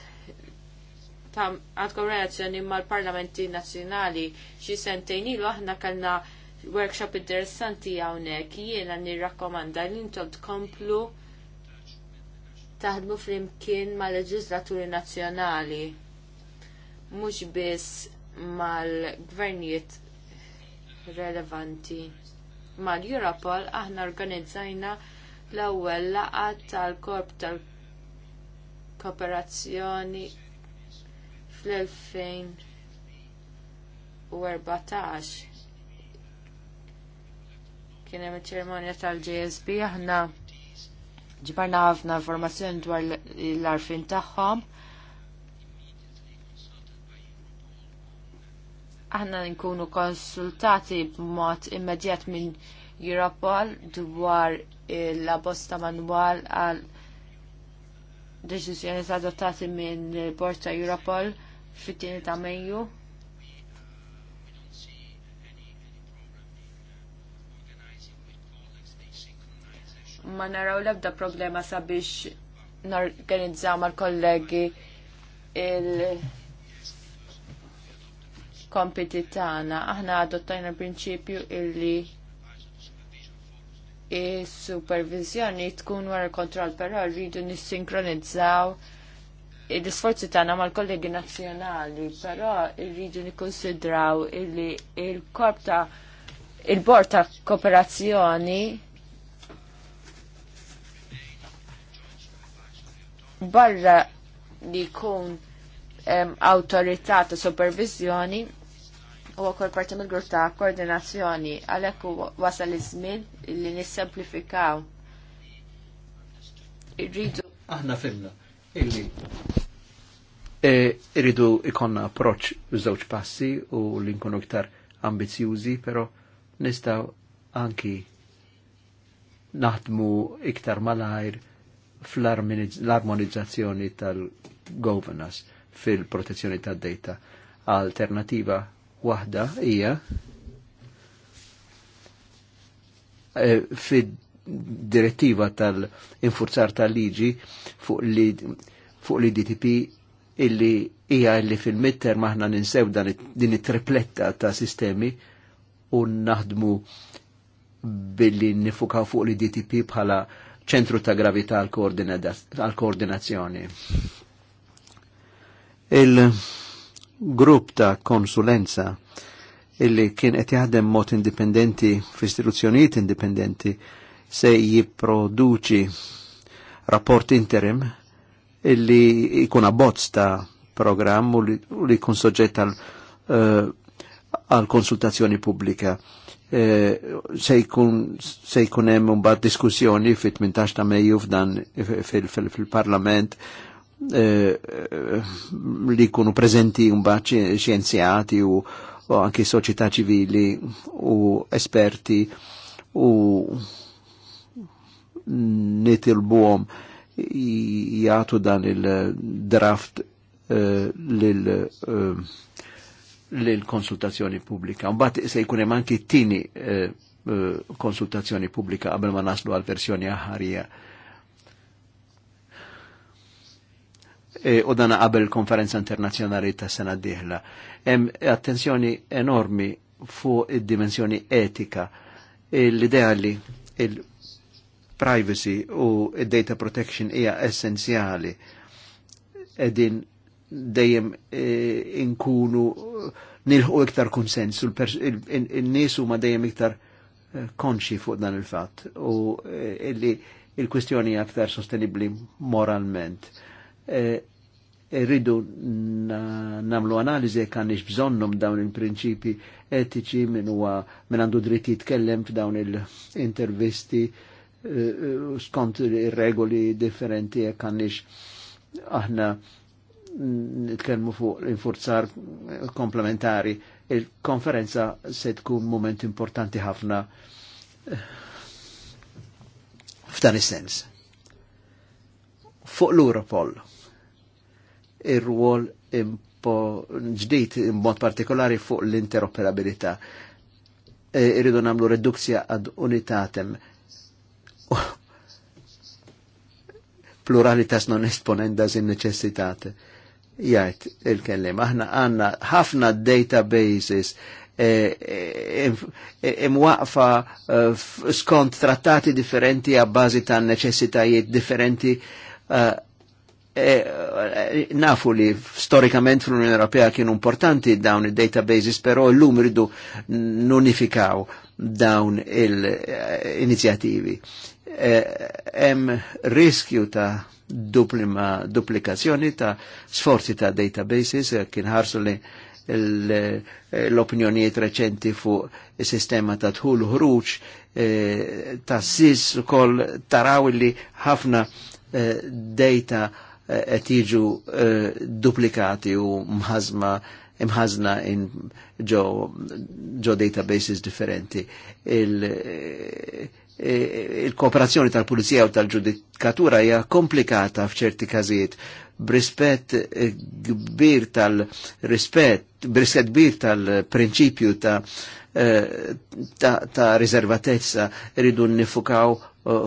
ta' għadkom relazzjoni mal-parlamenti nazjonali xi sentejnilu aħna kellna workshop interessanti hawnhekk jiena nirrakkomanda li intom tkomplu taħdmu flimkien mal leġislaturi nazzjonali mhux biss mal-gvernijiet relevanti. Mal-Europol aħna organizzajna l-ewwel laqgħa tal-korp tal-kooperazzjoni fl-2014 kien hemm iċ-ċeremonja tal-JSB aħna ġibarna ħafna informazzjoni dwar l-arfin tagħhom. Aħna nkunu konsultati b'mod immedjat minn Europol dwar l-abosta manwal għal deċiżjoni adottati minn Porta Europol fit-tieni ta' Mejju ma naraw l-ebda problema sabiex norganizzaw mal-kollegi il- kompiti tagħna. Aħna adottajna l-prinċipju illi il supervizjoni tkun wara kontroll, però rridu nissinkronizzaw l-isforzi tagħna mal-kollegi nazzjonali, però rridu nikkonsidraw illi il-korp ta' il-bord ta' kooperazzjoni barra li jkun autorità ta' supervizjoni u għakol parti mill grupp ta' koordinazzjoni għalek u wasal iż-żmien nis nissemplifikaw. Irridu. Aħna fimna. Illi. E, irridu ikonna approċ żewġ passi u li nkunu iktar ambizjużi, pero nistaw anki naħdmu iktar malajr fl-armonizzazzjoni tal-governance fil-protezzjoni tad-data. Alternativa waħda hija eh, fid-direttiva tal-infurzar tal-liġi fuq li DTP illi hija illi fil-mitter maħna ninsew din it-tripletta ta' sistemi u naħdmu billi nifukaw fuq li DTP bħala ċentru ta' gravità għal-koordinazzjoni. Il-grupp ta' konsulenza illi kien qed jaħdem mod indipendenti f'istituzzjonijiet indipendenti se jipproduċi rapport interim illi jkun abbozz ta' programm u li jkun soġġett għal eh, konsultazzjoni pubblika Eh, se jkun hemm mbagħad diskussjoni fit-18 ta' Mejju f'dan fil-Parlament eh, li jkunu preżenti mbagħad xjenzjati u anki soċjetà ċivili u esperti u nitilbuhom jagħtu dan il-draft eh, lil l-konsultazzjoni pubblika. bat se jkun hemm anki tini eh, eh, konsultazzjoni pubblika qabel ma naslu għal versjoni aħħarija. Eh, u dana qabel konferenza internazjonali ta' sena diħla. Hemm attenzjoni enormi fuq id-dimensjoni etika. L-idea li il-privacy u id-data protection hija essenzjali edin dejjem eh, inkunu eh, nilħu iktar konsens, il nisu ma dejjem iktar eh, konxi fuq dan il-fatt u illi il-kwistjoni aktar sostenibli moralment. Rridu namlu analizi kan ix bżonnum dawn il-prinċipi etiċi minn huwa minn għandu dritti jitkellem f'dawn il-intervisti skont il-regoli differenti kan ix aħna nitkellmu fuq l-infurzar komplementari. Il-konferenza se tkun moment importanti ħafna eh, f'dan is-sens. Fuq l-Europol, ir-rwol ġdid mod partikolari fuq l-interoperabilità. Eh, irridu namlu reduzzja ad unitatem <laughs> pluralitas non esponendas in necessitate jgħid il-kellim. Aħna għanna ħafna databases eh, eh, eh, imwaqfa skont trattati differenti għabbażi ta' neċessitajiet differenti Eh, nafu li storikament fl-Unjoni Ewropea kienu importanti dawn il-databases, però l-lum rridu nunifikaw dawn il-inizjativi. Eh, hemm riskju ta' duplima, duplikazzjoni ta' sforzi ta' databases eh, kien ħarsu li l-opinjonijiet reċenti fuq sistema ta' tħul ħruġ ta' sis kol taraw li ħafna data qed jiġu eh, duplikati u mħazma imħazna in ġo, ġo databases differenti. Eh, il-kooperazzjoni il tal-pulizija u tal-ġudikatura hija komplikata f'ċerti każijiet brispett eh, kbir tal-rispett, brispett kbir tal-prinċipju ta' ta', ta riservatezza rridu nifukaw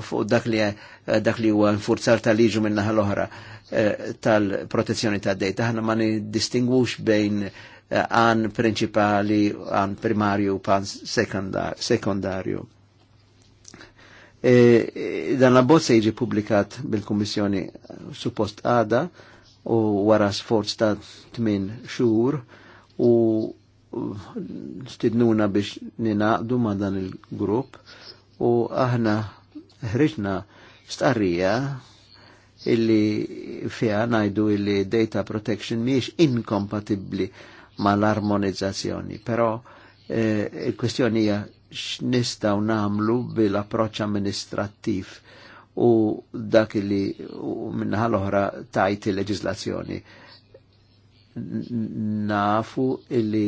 fuq dak li huwa nfurzar tal-liġu minnaħa l-oħra. Uh, Eh, tal-protezzjoni ta' data. ħana ma nidistingwux bejn eh, għan principali, għan primarju, għan sekundarju. Eh, dan la bozza iġi publikat bil-Kommissjoni suppost għada u wara sforz ta' 8 xur u stidnuna biex ninaqdu ma' dan il-grupp u aħna ħriġna starrija illi fija najdu illi data protection miex inkompatibli ma l-armonizzazzjoni, però eh, il-kwestjoni hija x'nistgħu namlu bil-approċċ amministrattiv u dak li minnaħa l-oħra tajt il-leġislazzjoni. Nafu illi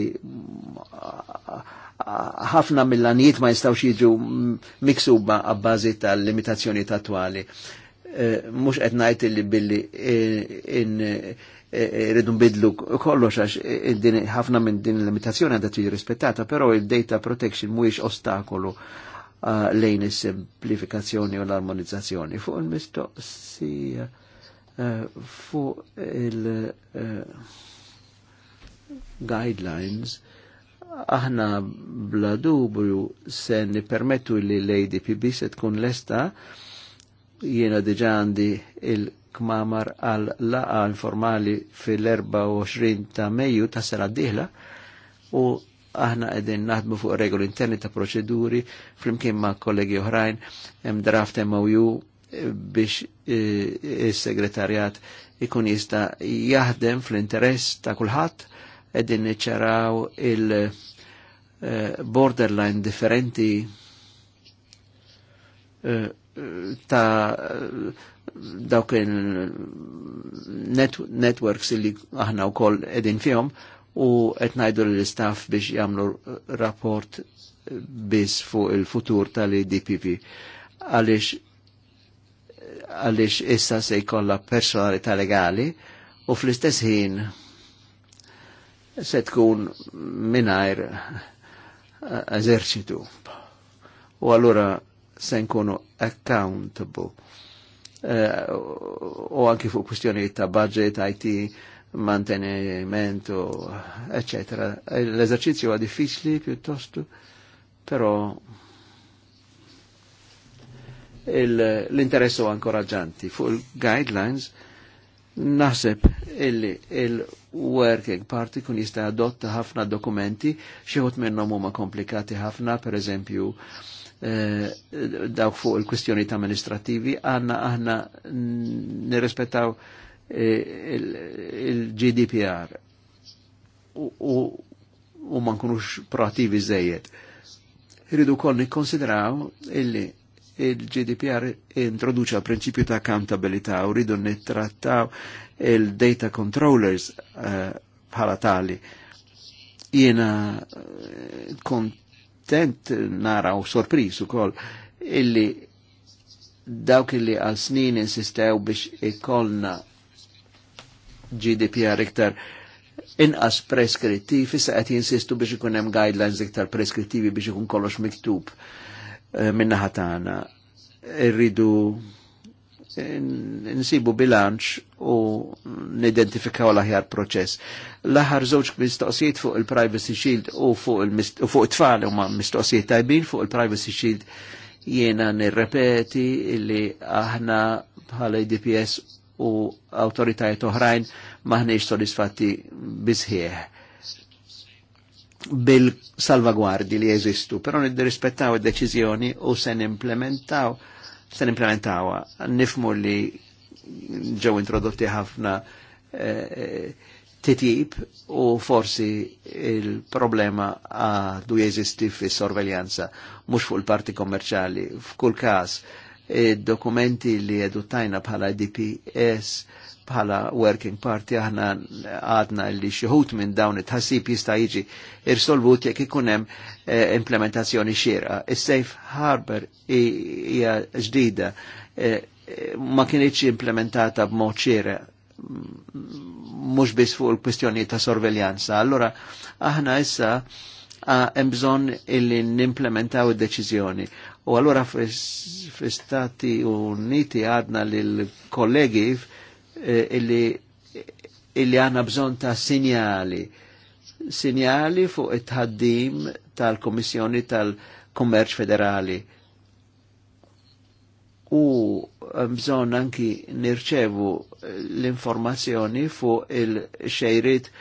ħafna mill-anijiet ma jistawx jiġu miksuba għabbażi tal-limitazzjoni tatwali. Eh, mux qed ngħid li billi eh, eh, rridu bidlu kollox għax ħafna minn din l limitazzjoni għandha tiġi rispettata, però il-data protection mhuwiex ostakolu lejn is-simplifikazzjoni u l-armonizzazzjoni. Fuq il-mistoqsija fuq il-guidelines aħna bla dubru se nipermettu li l-ADPB se tkun lesta esta jiena diġa għandi il-kmamar għal laqa informali fil-24 ta' Mejju ta' sena diħla u aħna qegħdin naħdmu fuq regoli interni ta' proċeduri flimkien ma' kollegi oħrajn hemm draft MOU eh, biex eh, is-segretarjat ikun jista jaħdem fl-interess ta' kulħadd qegħdin niċċaraw il-borderline eh, differenti ta' dawk il-networks net li aħna u koll edin fjom u etnajdu l-istaff biex jamlu rapport bis fuq il-futur tal-DPP għalix għalix issa se jkollha personalità legali u fl-istess ħin se tkun minajr eżerċitu. U allura se nkunu accountable. Uh, eh, U anki fuq kwestjoni ta' budget, IT, manteniment, eccetera. Eh, L-eżerċizzju huwa diffiċli piuttost, però l-interessu ankoraġanti fuq il-guidelines naħseb illi il-working party kun jista' adotta ħafna dokumenti, xieħut minnhom huma komplikati ħafna, per eżempju, Eh, dawk fuq il-kwistjoni ta' amministrativi, għanna aħna nirrespettaw eh, il-GDPR u ma kunux proattivi zejjed. Rridu kol nikkonsidraw illi il-GDPR introduċa prinċipju ta' accountabilità u rridu nittrattaw il-data controllers eh, bħala tali. Jena kont kontent naraw u sorpris u koll illi dawk illi għal snin insistew biex ikollna GDPR iktar inqas preskrittiv, issa qed jinsistu biex ikun hemm guidelines iktar preskrittivi biex ikun kollox miktub eh, minna ħatana. Irridu nsibu bilanċ u nidentifikaw l-aħjar proċess. L-aħar żewġ mistoqsijiet fuq il-Privacy Shield u fuq it-tfal huma mistoqsijiet tajbin fuq il-Privacy Shield jiena nirrepeti li aħna bħala IDPS u autoritajiet oħrajn maħniex sodisfatti bizħieħ bil-salvagwardi li jeżistu, però nid-rispettaw id-deċizjoni u se implementaw se nimplementawa. Nifmu li ġew introdotti ħafna eh, eh, titjib u forsi il-problema għadu jeżisti fis sorveljanza mux fuq il-parti kommerċali. F'kull kas, id dokumenti li tajna bħala DPS bħala working party aħna għadna li xieħut minn dawn it-ħassib jista' jiġi irsolvut jekk ikun hemm eh, implementazzjoni xierqa. Is-safe harbor hija ġdida eh, ma kienieċ implementata b'mod xierqa mm, mhux biss fuq il-kwistjoni ta' sorveljanza. Allora aħna issa hemm bżonn illi nimplementaw id-deċiżjoni. U allora fl-Istati Uniti għadna l-kollegi Eh, illi illi għanna bżon ta' sinjali, sinjali fuq it-ħaddim tal-Komissjoni tal-Kommerċ Federali. U eh, bżon anki nirċevu eh, l-informazzjoni fuq il-xejrit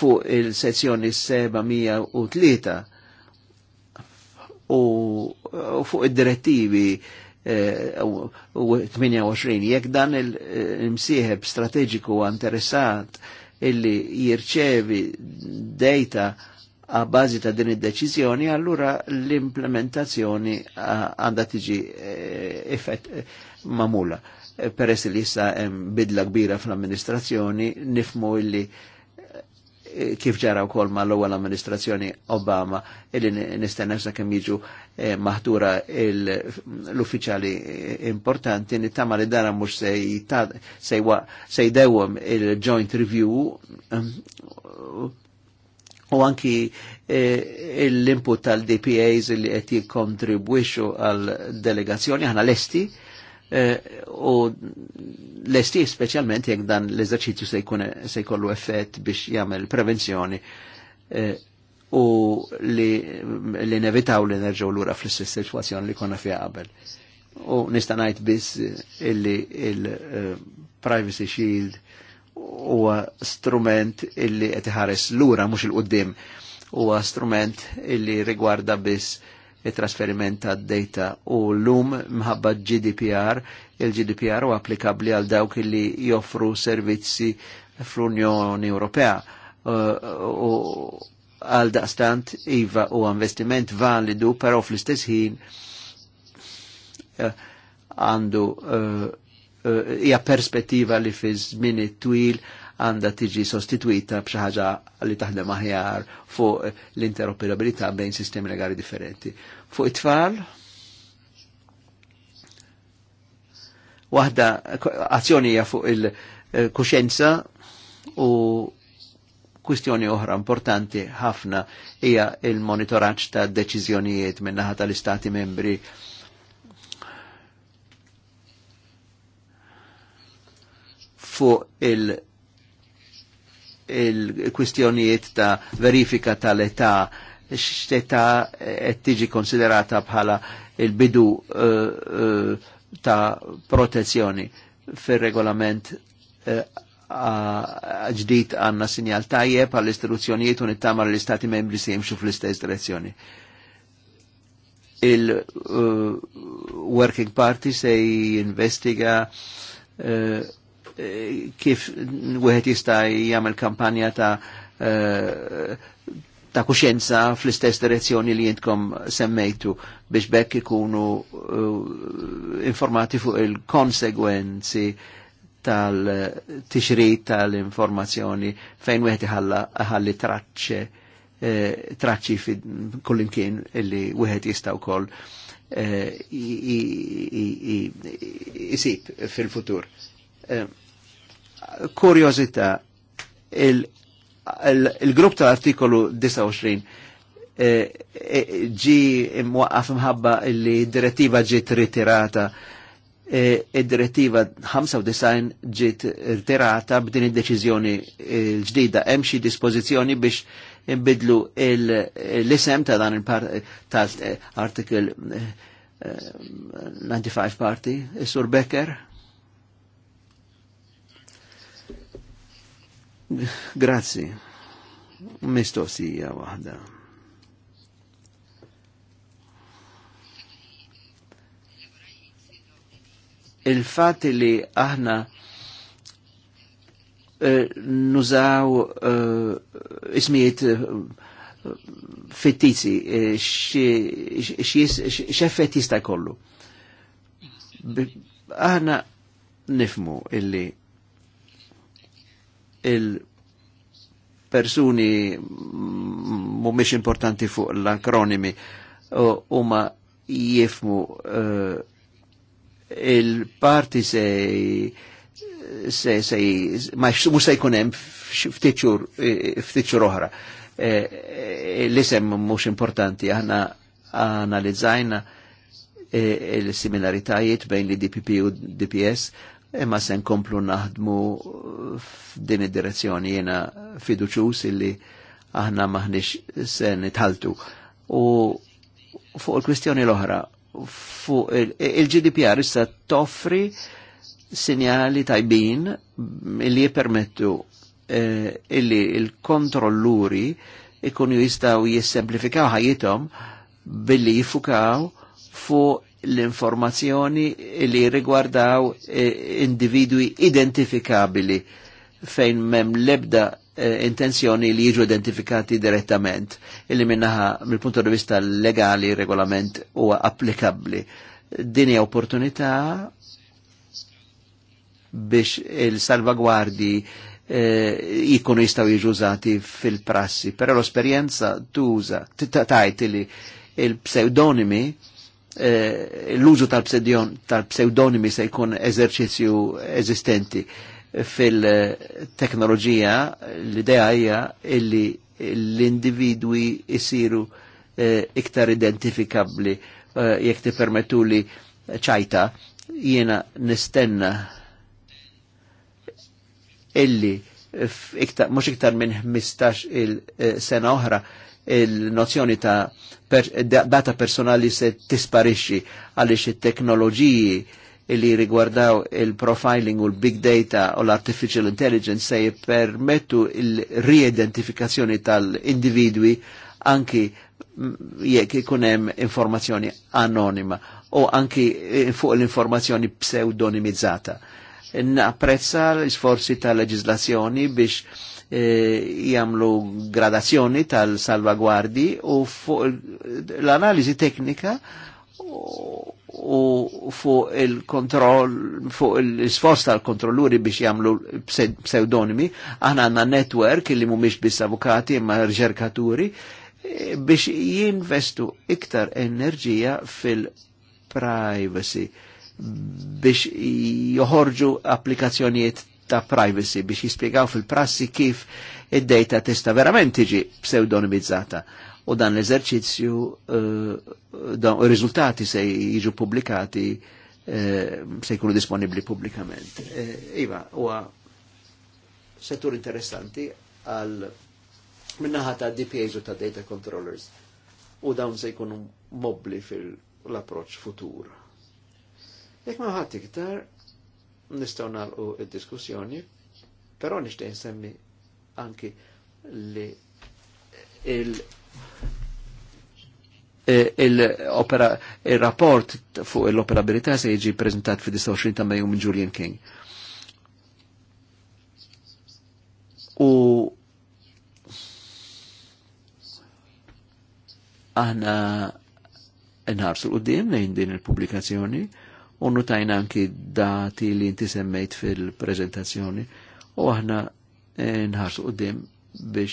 fuq il-sezzjoni 703 u fuq id-direttivi il Eh, u 28. Jekk dan il-msieħeb eh, strateġiku interessat illi jirċevi data a bazi ta' din id-deċizjoni, allura l-implementazzjoni għandha tiġi eh, effett mamula. Peress li issa bidla kbira fl-amministrazzjoni, nifmu illi kif ġara wkoll ma l-ewwel amministrazzjoni Obama illi nistenna sa jiġu eh, maħdura l-uffiċjali eh, importanti nittama li dara mux se jdewwem il-joint review eh, u anki l-input tal-DPAs li qed kontribwixu għal delegazzjoni għana l esti Eh, u l-esti specialment jek dan l-eżerċizzju se jkollu effett biex jagħmel prevenzjoni eh, u li, li nevitaw li nerġgħu lura fl-istess situazzjoni li konna fiha qabel. U nista' ngħid biss illi il-Privacy eh, Shield huwa strument illi qed iħares lura mhux il-qudiem huwa strument illi rigwarda biss it-trasferiment ta' data u l-lum mħabba GDPR, il-GDPR u applikabli għal dawk li joffru servizzi fl-Unjoni Ewropea. Uh, u għal daqstant IVA u investiment validu, però fl-istess ħin uh, għandu uh, hija perspettiva li fi żmien twil għanda tiġi sostituita b'xi li taħdem aħjar fuq l-interoperabilità bejn sistemi legali differenti fuq it-tfal. Waħda azzjonija fuq il-kuxenza u kwistjoni oħra importanti ħafna hija il-monitoraġġ ta' deċiżjonijiet minnaħa tal-istati membri fuq il- il-kwistjonijiet ta' verifika tal-età xteta eh, qed tiġi konsiderata bħala il-bidu eh, eh, ta' protezzjoni fir-regolament ġdid għanna sinjal tajjeb għall istituzzjonijiet u nittama l-istati membri se jimxu fl-istess direzzjoni. Il-Working Party se jinvestiga kif wieħed jista' jagħmel kampanja ta' ta' kuxjenza fl-istess direzzjoni li jintkom semmejtu biex bekk ikunu uh, informati fuq il-konsegwenzi tal-tixrit tal-informazzjoni fejn wieħed ħalli traċċe eh, traċċi kullimkien illi wieħed jista' kol jisib eh, fil-futur. Eh, Kurjożità il- il-grupp ta' artikolu 29 eh, eh, ġi imwaqqaf mħabba li direttiva ġiet ritirata eh, id-direttiva 95 ġiet ritirata b'din id-deċiżjoni l-ġdida hemm xi dispożizzjoni biex imbidlu l-isem ta' dan il-artikel 95 parti, sur Becker Grazzi. Mistoqsija waħda. Il-fat li aħna eh, nużaw uh, ismijiet eh, fittizi xeffet jista' kollu. Aħna nifmu illi il-persuni mumiex importanti fuq l-akronimi huma jifmu uh, il-parti se se se ma mhux se jkun hemm ftit eh, oħra. Eh, l-isem mhux importanti aħna analizzajna il-similaritajiet bejn li DPP u DPS imma se nkomplu naħdmu f'din id-direzzjoni jiena fiduċus illi aħna maħniex se nitħaltu. U fuq il-kwistjoni l-oħra, fuq il-GDPR issa toffri sinjali tajbin illi jipermettu eh, illi il-kontrolluri ikunu jistaw jissemplifikaw ħajitom billi jifukaw fuq l-informazzjoni li rigwardaw eh, individwi identifikabili fejn mem lebda eh, intenzjoni li jiġu identifikati direttament, illi minnaħa mill-punto di vista legali regolament u applikabli. Dini opportunità biex il-salvagwardi eh, jikunu jistaw jiġu użati fil-prassi, però l-esperienza tuża, tajt li il-pseudonimi Eh, l-użu tal-pseudonimi se jkun eżerċizzju eżistenti fil-teknoloġija l-idea hija illi l-individwi jisiru eh, iktar identifikabli eh, jekk tippermettu li ċajta jiena nistenna illi mhux iktar minn 15 il-sena oħra il-nozzjoni ta' per, data personali se tisparixxi għaliex it-teknoloġiji li rigwardaw il-profiling u l-big data u l-artificial intelligence se jippermettu il-riidentifikazzjoni tal-individwi anki jekk ikunem hemm informazzjoni anonima u anki eh, fuq l-informazzjoni pseudonimizzata. Napprezza l-isforzi tal-leġislazzjoni biex Eh, jamlu gradazzjoni tal-salvagwardi u fuq l-analizi teknika u fuq il-kontroll, fuq il-sforz tal-kontrolluri biex jamlu pseudonimi, aħna għanna network li mumiex biss avukati imma riċerkaturi eh, biex jinvestu iktar enerġija fil-privacy biex joħorġu applikazzjonijiet ta' privacy biex jispiegaw fil-prassi kif id-data tista' verament tiġi pseudonimizzata. U dan l-eżerċizzju, uh, dan riżultati se jiġu pubblikati, uh, se jkunu disponibli pubblikament. Uh, iva, huwa settur interessanti għal minnaħa ta' DPAs u ta' data controllers u dawn se jkunu mobli fil-approċ futur. Jek ma ħadd iktar, nistaw nalqu il-diskussjoni, pero nishtiq nsemmi anki li il- il-opera, il-rapport fuq l-operabilità se jiġi prezentat fi 29 ta' Mejju minn Julian King. U aħna nħarsu l-qoddim lejn din il-publikazzjoni unnu tajna anki dati li inti semmejt fil-prezentazzjoni u aħna eh, nħarsu qudiem biex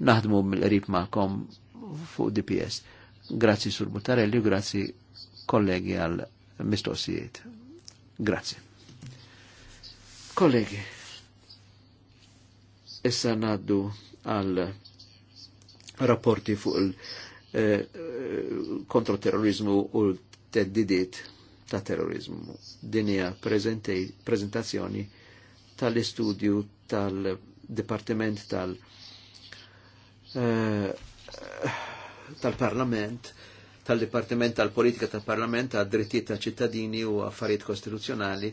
naħdmu mill erib ma'kom fuq DPS. Grazzi Sur Mutarelli u grazzi kollegi għal mistoqsijiet. Grazzi. Kollegi, issa naddu għal rapporti fuq il-kontroterrorizmu eh, eh, u l-teddidiet ta' terrorizmu. Dinja prezentazzjoni tal-istudju tal-Dipartiment tal- istudju eh, tal departiment tal-Dipartiment tal departiment tal tal-Parlament ta' drittijiet ta' ċittadini u affarijiet kostituzzjonali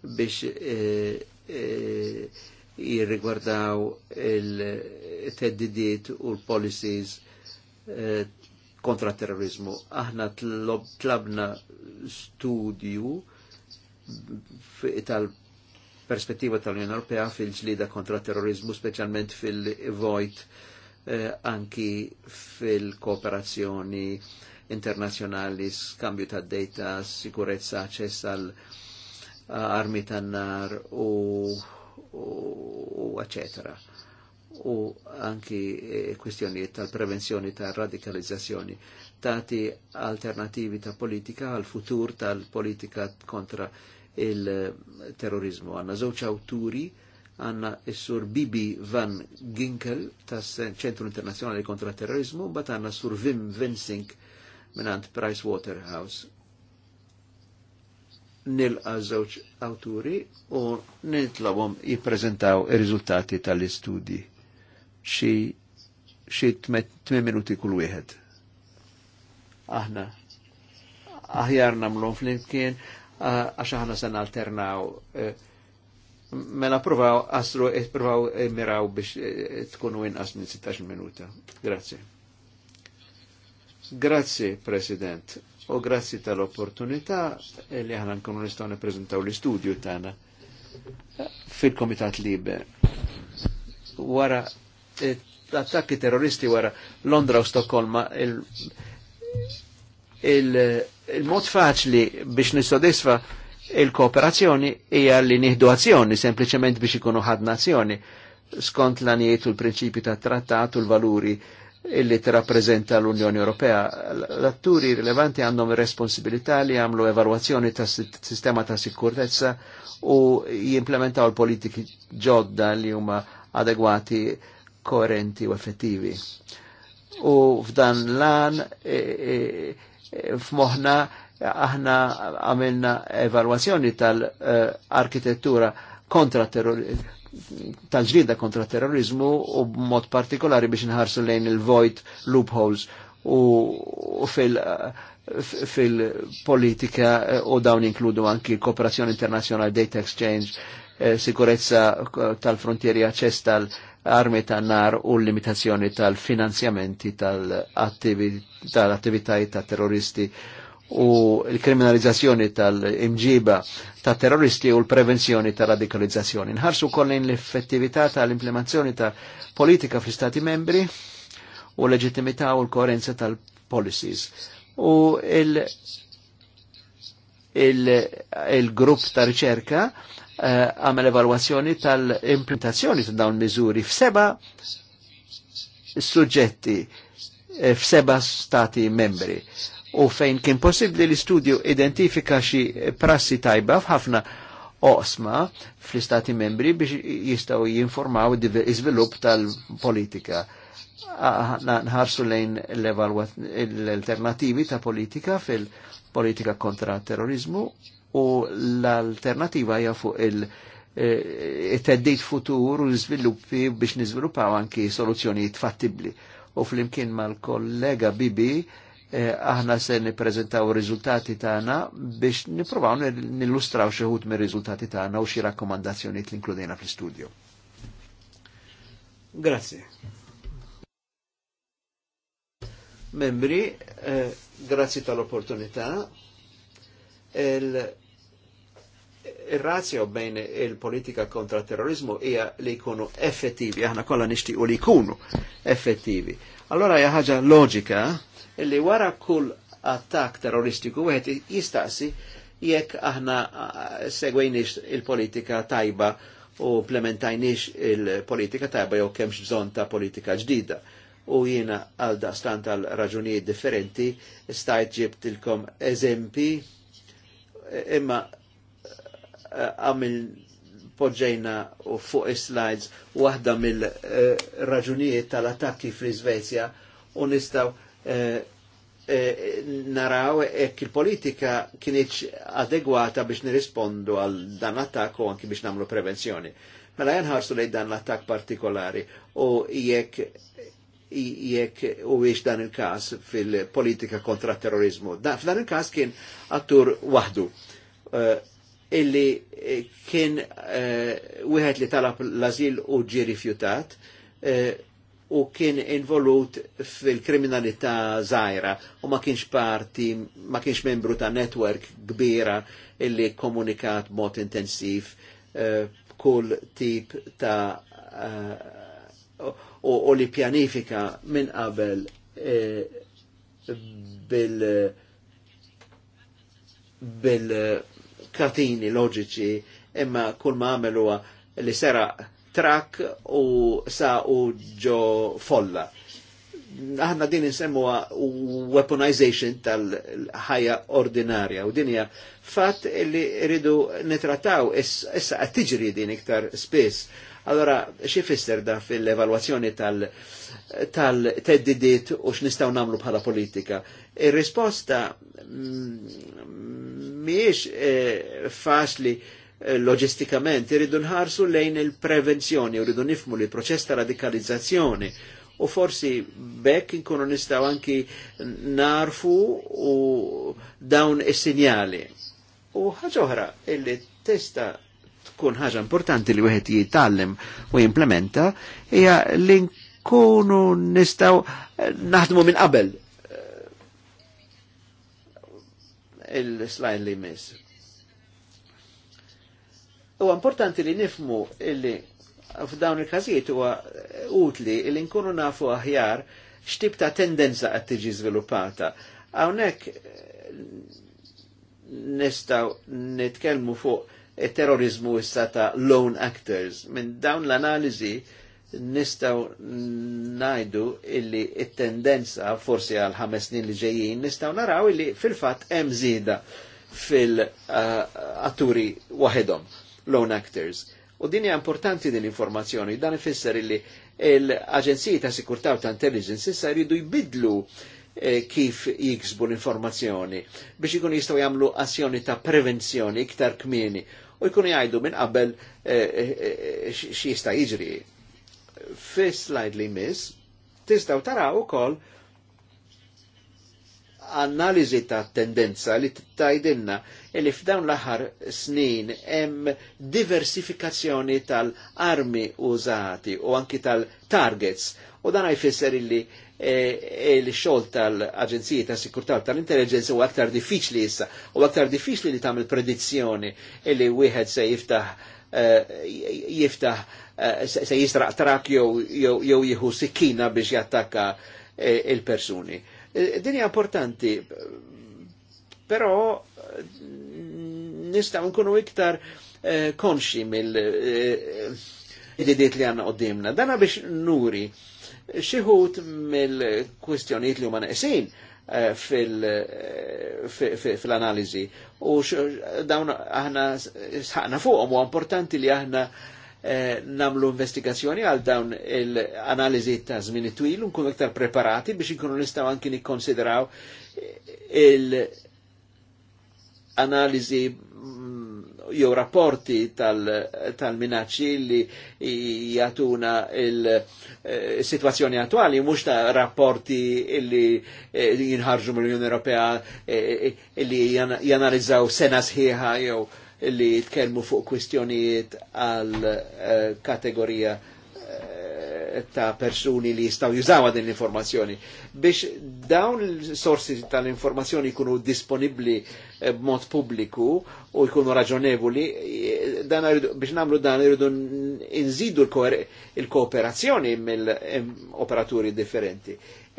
biex eh, eh, jirrigwardaw il-teddidiet u l-policies kontra terrorizmu. Aħna tlabna studju tal-perspettiva tal-Unjoni Ewropea fil-ġlida kontra terrorizmu, specialment fil-vojt eh, anki fil-kooperazzjoni internazjonali, skambju ta' data, sikurezza, access għal armi tan-nar u, u, u eccetera u anki e, kwestjonijiet tal-prevenzjoni tal-radikalizzazzjoni tati alternativi ta' politika għal futur tal-politika kontra il-terrorizmu. E, għanna żewġ awturi għanna s-sur Bibi Van Ginkel ta' ċentru Internazjonali kontra Terrorizmu, bat għanna s-sur Vim Vinsink minnant Price Waterhouse. Nilqa żewġ awturi u nitlabhom jiprezentaw i riżultati tal-istudji xi xi 8 minuti kull wieħed. Aħna aħjar nagħmluhom flimkien għax aħna se nalternaw e, mela provaw asru e, provaw miraw biex e, tkunu inqas minn 16 minuta. Grazzi. Grazzi, President, u grazzi tal-opportunità li ħana nkunu nistgħu nippreżentaw l-istudju tagħna fil-Komitat Liber. Wara attakki terroristi wara Londra u Stokkolma il-mod faċli biex nissodisfa il-kooperazzjoni hija li nieħdu azzjoni sempliċement biex ikunu ħad nazzjoni skont l-anijiet u l-prinċipi ta' trattat u l-valuri illi t-rapprezenta l-Unjoni Ewropea. L-atturi rilevanti għandhom responsabilità li għamlu evaluazzjoni ta' sistema ta' sikurtezza u jimplementaw l-politiki ġodda li huma adegwati koerenti u effettivi. U f'dan lan e, e, e f'moħna aħna għamilna evalwazzjoni tal-arkitettura kontra tal-ġlida kontra terrorizmu u b'mod partikolari biex nħarsu lejn il-vojt loopholes u fil- fil-politika u dawn inkludu anki kooperazzjoni internazjonali, data exchange, Eh, sikurezza tal-frontieri aċċess tal-armi tan-nar u l-limitazzjoni tal-finanzjamenti tal-attivitajiet ta' terroristi u l-kriminalizzazzjoni tal-imġiba ta' terroristi u l-prevenzjoni ta' radikalizzazzjoni. Nħarsu kollin l-effettività tal-implementazzjoni ta' politika fl-Stati membri u l-leġittimità u l-koerenza tal-policies. U il-grupp il, il, il ta' riċerka Eh, għamel evalwazzjoni tal-implementazzjoni ta' dawn miżuri f'seba suġġetti eh, f'seba stati membri u fejn kien possibbli l-istudju identifika xi prassi tajba f'ħafna oqsma fl-istati membri biex jistaw jinformaw iżvilupp tal-politika. Nħarsu lejn l-alternativi ta' politika fil-politika kontra terrorizmu u l-alternativa hija fuq il- eh, teddit futur u l-izviluppi biex niżviluppaw anki soluzzjonijiet fattibbli. U flimkien mal-kollega Bibi eh, aħna se nippreżentaw riżultati tagħna biex nippruvaw nillustraw xi ħut mir-riżultati tagħna u xi rakkomandazzjonijiet li inkludejna fl-istudju. Grazzi. Membri, eh, grazzi tal-opportunità ir-razzja bejn il-politika kontra terrorizmu hija li jkunu effettivi, aħna kollha nixtiequ li jkunu effettivi. Allora hija ħaġa loġika li wara kull attak terroristiku wieħed jistaqsi jekk aħna eh, segwejniex il-politika tajba u implementajniex il-politika tajba jew kemmx bżonn ta' politika ġdida. U jiena għal daqstan tal raġunijiet differenti stajt ġibtilkom eżempi imma għamil poġġejna u fuq slides waħda mill-raġunijiet tal-attakki fl-Iżvezja u nistaw eh, eh, naraw ekk il-politika kienieċ adegwata biex nirrispondu għal dan attak u anki biex namlu prevenzjoni. Mela jenħarsu lej dan l-attak partikolari u jekk jekk u biex dan il-kas fil-politika kontra terrorizmu. Dan f'dan il-kas kien attur wahdu. Uh, illi eh, kien eh, wieħed li talab l-azil u ġi rifjutat eh, u kien involut fil-kriminalità zaħira u ma kienx parti, ma kienx membru ta' network kbira illi komunikat mod intensiv kull tip ta' u, u li pjanifika minn qabel bil bil katini loġiċi imma kull ma għamelu li sera trak u sa u ġo folla. Aħna din nsemmu weaponization tal-ħajja ordinarja u dinja fatt li rridu nitrataw issa għattiġri din iktar spess. Allora, xie fisser da fil-evaluazzjoni tal teddidit tal u x'nistgħu namlu bħala politika? Ir-risposta miex mm, eh, faċli eh, loġistikament, irridu nħarsu lejn il-prevenzjoni, irridu nifmu li proċess ta' radikalizzazzjoni u forsi bekk inkunu nistaw anki narfu u dawn is-sinjali. U ħaġoħra illi testa tkun ħaġa importanti li wieħed jitgħallem u jimplementa hija li nkunu nistgħu eh, naħdmu minn qabel eh, il-slide li miss. U importanti li nifmu illi f'dawn il-każijiet huwa eh, utli li nkunu nafu aħjar x'tib ta' tendenza qed tiġi żviluppata. Hawnhekk nistgħu nitkellmu fuq terrorizmu issa ta' lone actors. Minn dawn l-analizi nistaw najdu illi it-tendenza forsi għal ħames snin li ġejjin nistaw naraw illi fil-fat hemm żieda fil-atturi waħedhom, lone actors. U din hija importanti din informazzjoni, dan ifisser illi l-Aġenziji ta' Sikurtà u ta' Intelligence issa jridu jbidlu eh, kif jiksbu l-informazzjoni biex ikun jistgħu jagħmlu azzjoni ta' prevenzjoni iktar kmieni u jkunu jgħidu minn qabel eh, eh, eh, jista' jiġri. Fi slide li miss, tistgħu taraw ukoll analiżi ta' tendenza li t-tajdinna li f'dawn l-aħħar snin hemm diversifikazzjoni tal-armi użati u anki tal-targets u dan jfisser illi e, e li xol tal-Aġenziji ta' Sikurtà tal-Intelligence u aktar diffiċli issa, u aktar diffiċli li tagħmel predizzjoni li wieħed se jiftaħ e, jiftaħ e, se jisraq trak jew jieħu sikkina biex jattakka il-persuni. Din importanti, però nistgħu nkunu iktar konxi mill-ididiet li għanna qoddimna. Dana biex nuri xieħut mill-kwistjoniet li huma naqsin eh, eh, fil-analizi u dawn aħna sħaqna fuqhom u importanti li aħna eh, namlu investigazzjoni għal dawn l-analizi ta' żmien twil u nkunu iktar preparati biex inkunu nistgħu anki nikkonsidraw il-analizi jew rapporti tal-minacċi tal li jatuna il-situazzjoni eh, attuali, mux ta' rapporti eh, li jinħarġu mill-Unjoni Ewropea eh, li janalizzaw sena sħiħa jew li jitkelmu fuq kwistjonijiet għal kategorija ta' persuni li jistaw jużawa din l-informazzjoni. Biex dawn il sorsi tal-informazzjoni jkunu disponibli eh, b'mod pubbliku u jkunu raġonevoli, eh, biex namlu dan irridu nżidu l-kooperazzjoni mill-operaturi differenti.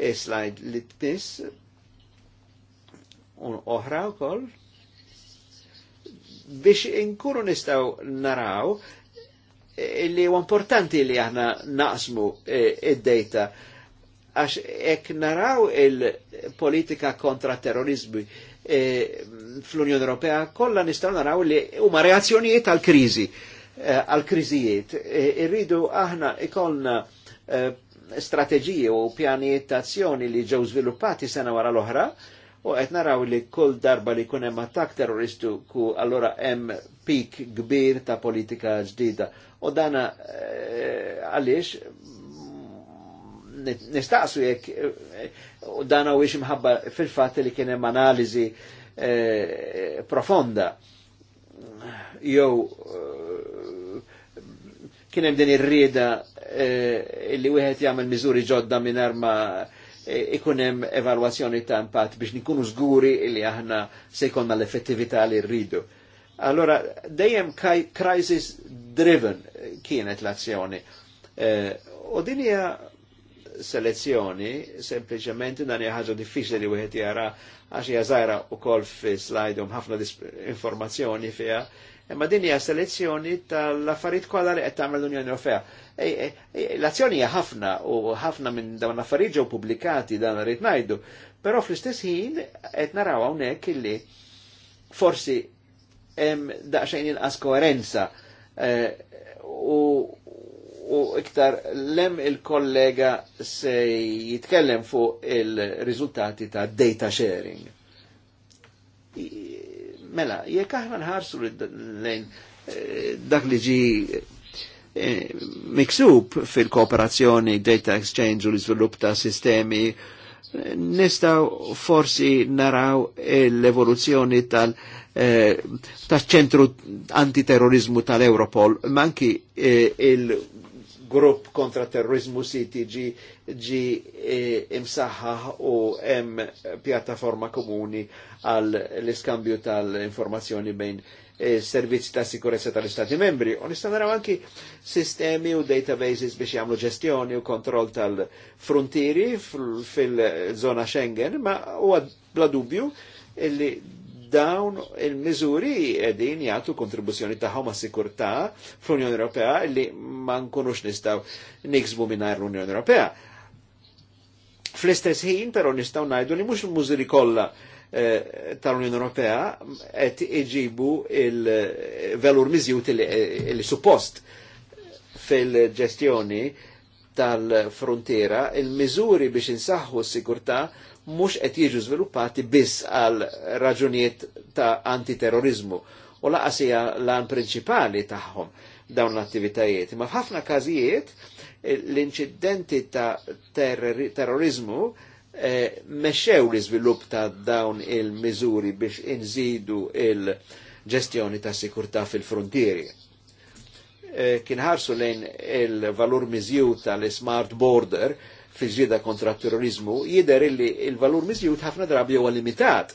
E slide li t-nis, un oħra u koll, biex inkunu nistaw naraw li huwa importanti li aħna naqsmu eh, id-data għax ek naraw il-politika kontra terrorizmi eh, fl-Unjoni Ewropea kollha nistgħu naraw li huma reazzjonijiet għal kriżi eh, għal kriżijiet. Irridu aħna ikollna e, u pjanijiet ta' azzjoni li ġew sviluppati sena wara l-oħra U qed naraw li kull darba li jkun hemm attak ku allora hemm pik kbir ta' politika ġdida. U dana eh, għaliex nistaqsu jekk eh, u dana u imħabba fil-fat li kien hemm eh, profonda jew kien hemm din ir-rieda li wieħed jagħmel miżuri ġodda minn arma ikunem evalwazzjoni ta' impatt biex nikunu zguri li aħna se jkollna l-effettività li rridu. Allora, dejjem crisis driven kienet l-azzjoni. Eh, u din hija selezzjoni, sempliċement dan hija ħaġa diffiċli li wieħed jara għax hija żgħira wkoll fi slajdhom ħafna informazzjoni fiha imma din hija selezzjoni tal-affarijiet kollha li qed tagħmel l-Unjoni Ewropea. L-azzjoni hija ħafna u ħafna minn dawn l-affarijiet ġew pubblikati dan rrid ngħidu, però fl-istess ħin qed naraw hawnhekk illi forsi hemm daqsxejn inqas koerenza eh, u u iktar lem il-kollega se jitkellem fuq il-riżultati ta' data sharing Mela, jek aħna nħarsu lejn eh, dak li ġi eh, miksub fil-kooperazzjoni data exchange u l-izvilupp ta' sistemi nistaw forsi naraw l-evoluzzjoni tal- eh, ta' ċentru antiterrorizmu tal-Europol, manki il grupp kontra terrorizmu siti ġi e, eh, imsaħħa u hemm pjattaforma komuni għal l-iskambju tal-informazzjoni bejn eh, servizzi ta' sikurezza tal-Istati membri. U nista' naraw anki sistemi u databases biex jagħmlu ġestjoni u kontroll tal-frontieri fil-żona Schengen, ma huwa bla dubju illi dawn il mizuri edin jgħatu kontribuzzjoni ta' ma' sikurtà fl-Unjoni Ewropea li ma nkunux nistaw niksbu minar l-Unjoni Ewropea. Fl-istess ħin, però nistaw najdu li mhux il-mużuri kollha eh, tal-Unjoni Ewropea qed iġibu il-velur mizjut il-suppost fil-ġestjoni tal-frontiera, il mizuri biex insaħħu s sigurta mhux qed jiġu żviluppati biss għal raġunijiet ta' antiterrorizmu u laqas hija l-an prinċipali tagħhom dawn l-attivitajiet. Ma f'ħafna każijiet l-inċidenti ta' terrorizmu eh, mexxew l-iżvilupp ta' dawn il-miżuri biex inżidu il-ġestjoni ta' sikurtà fil-frontieri. Eh, kien ħarsu lejn il-valur miżju tal-smart border fi ġida kontra terrorizmu, jider illi il-valur mizjut ħafna drabi huwa limitat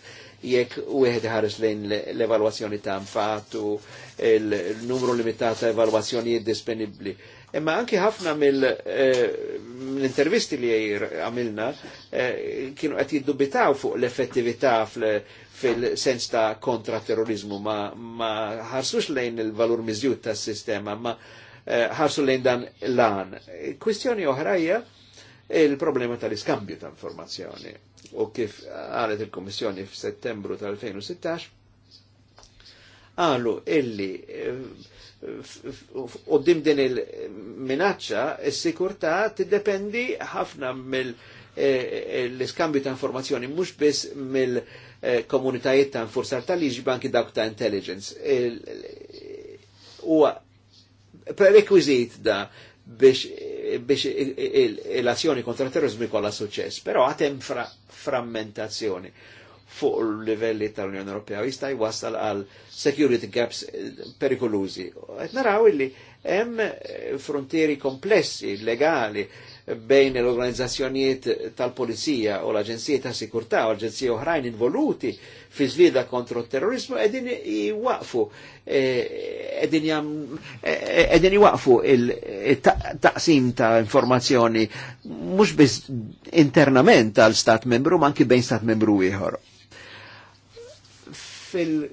jekk u għed ħares lejn l-evaluazzjoni ta' nfat u l-numru limitat ta' evaluazzjoni disponibli. Imma anki ħafna eh, mill-intervisti li għamilna eh, kienu għet jiddubitaw fuq l-effettività fil-sens ta' kontraterrorizmu, ma ħarsux lejn il-valur mizjut ta' sistema ma eh, ħarsu lejn dan l għan Kwistjoni oħrajja, il-problema tal-iskambju ta' informazzjoni. U kif għalet il f f'Settembru tal-2016, għalu illi eh, u dim din il minacċa il-sikurta tiddependi ħafna mill- eh, l-iskambju ta' informazzjoni mhux biss mill-komunitajiet eh, ta' nfursar tal banki dawk ta' intelligence. Huwa prerequisit da biex biex l-azzjoni kontra terrorizmu jkollha suċċess, però għatem fra frammentazzjoni fuq l-livelli tal-Unjoni Ewropea jista' jwassal għal security gaps eh, perikolużi. Qed naraw illi hemm frontieri komplessi, legali, bejn l-organizzazzjonijiet tal-polizija u l-Aġenzija ta' Sikurtà u l-Aġenzija oħrajn involuti fi żlieda kontro terrorizmu edin jwaqfu edin jam e, e, il-taqsim e, ta' informazzjoni mhux biss internament tal-Stat membru ma anki bejn Stat membru ieħor. Fil-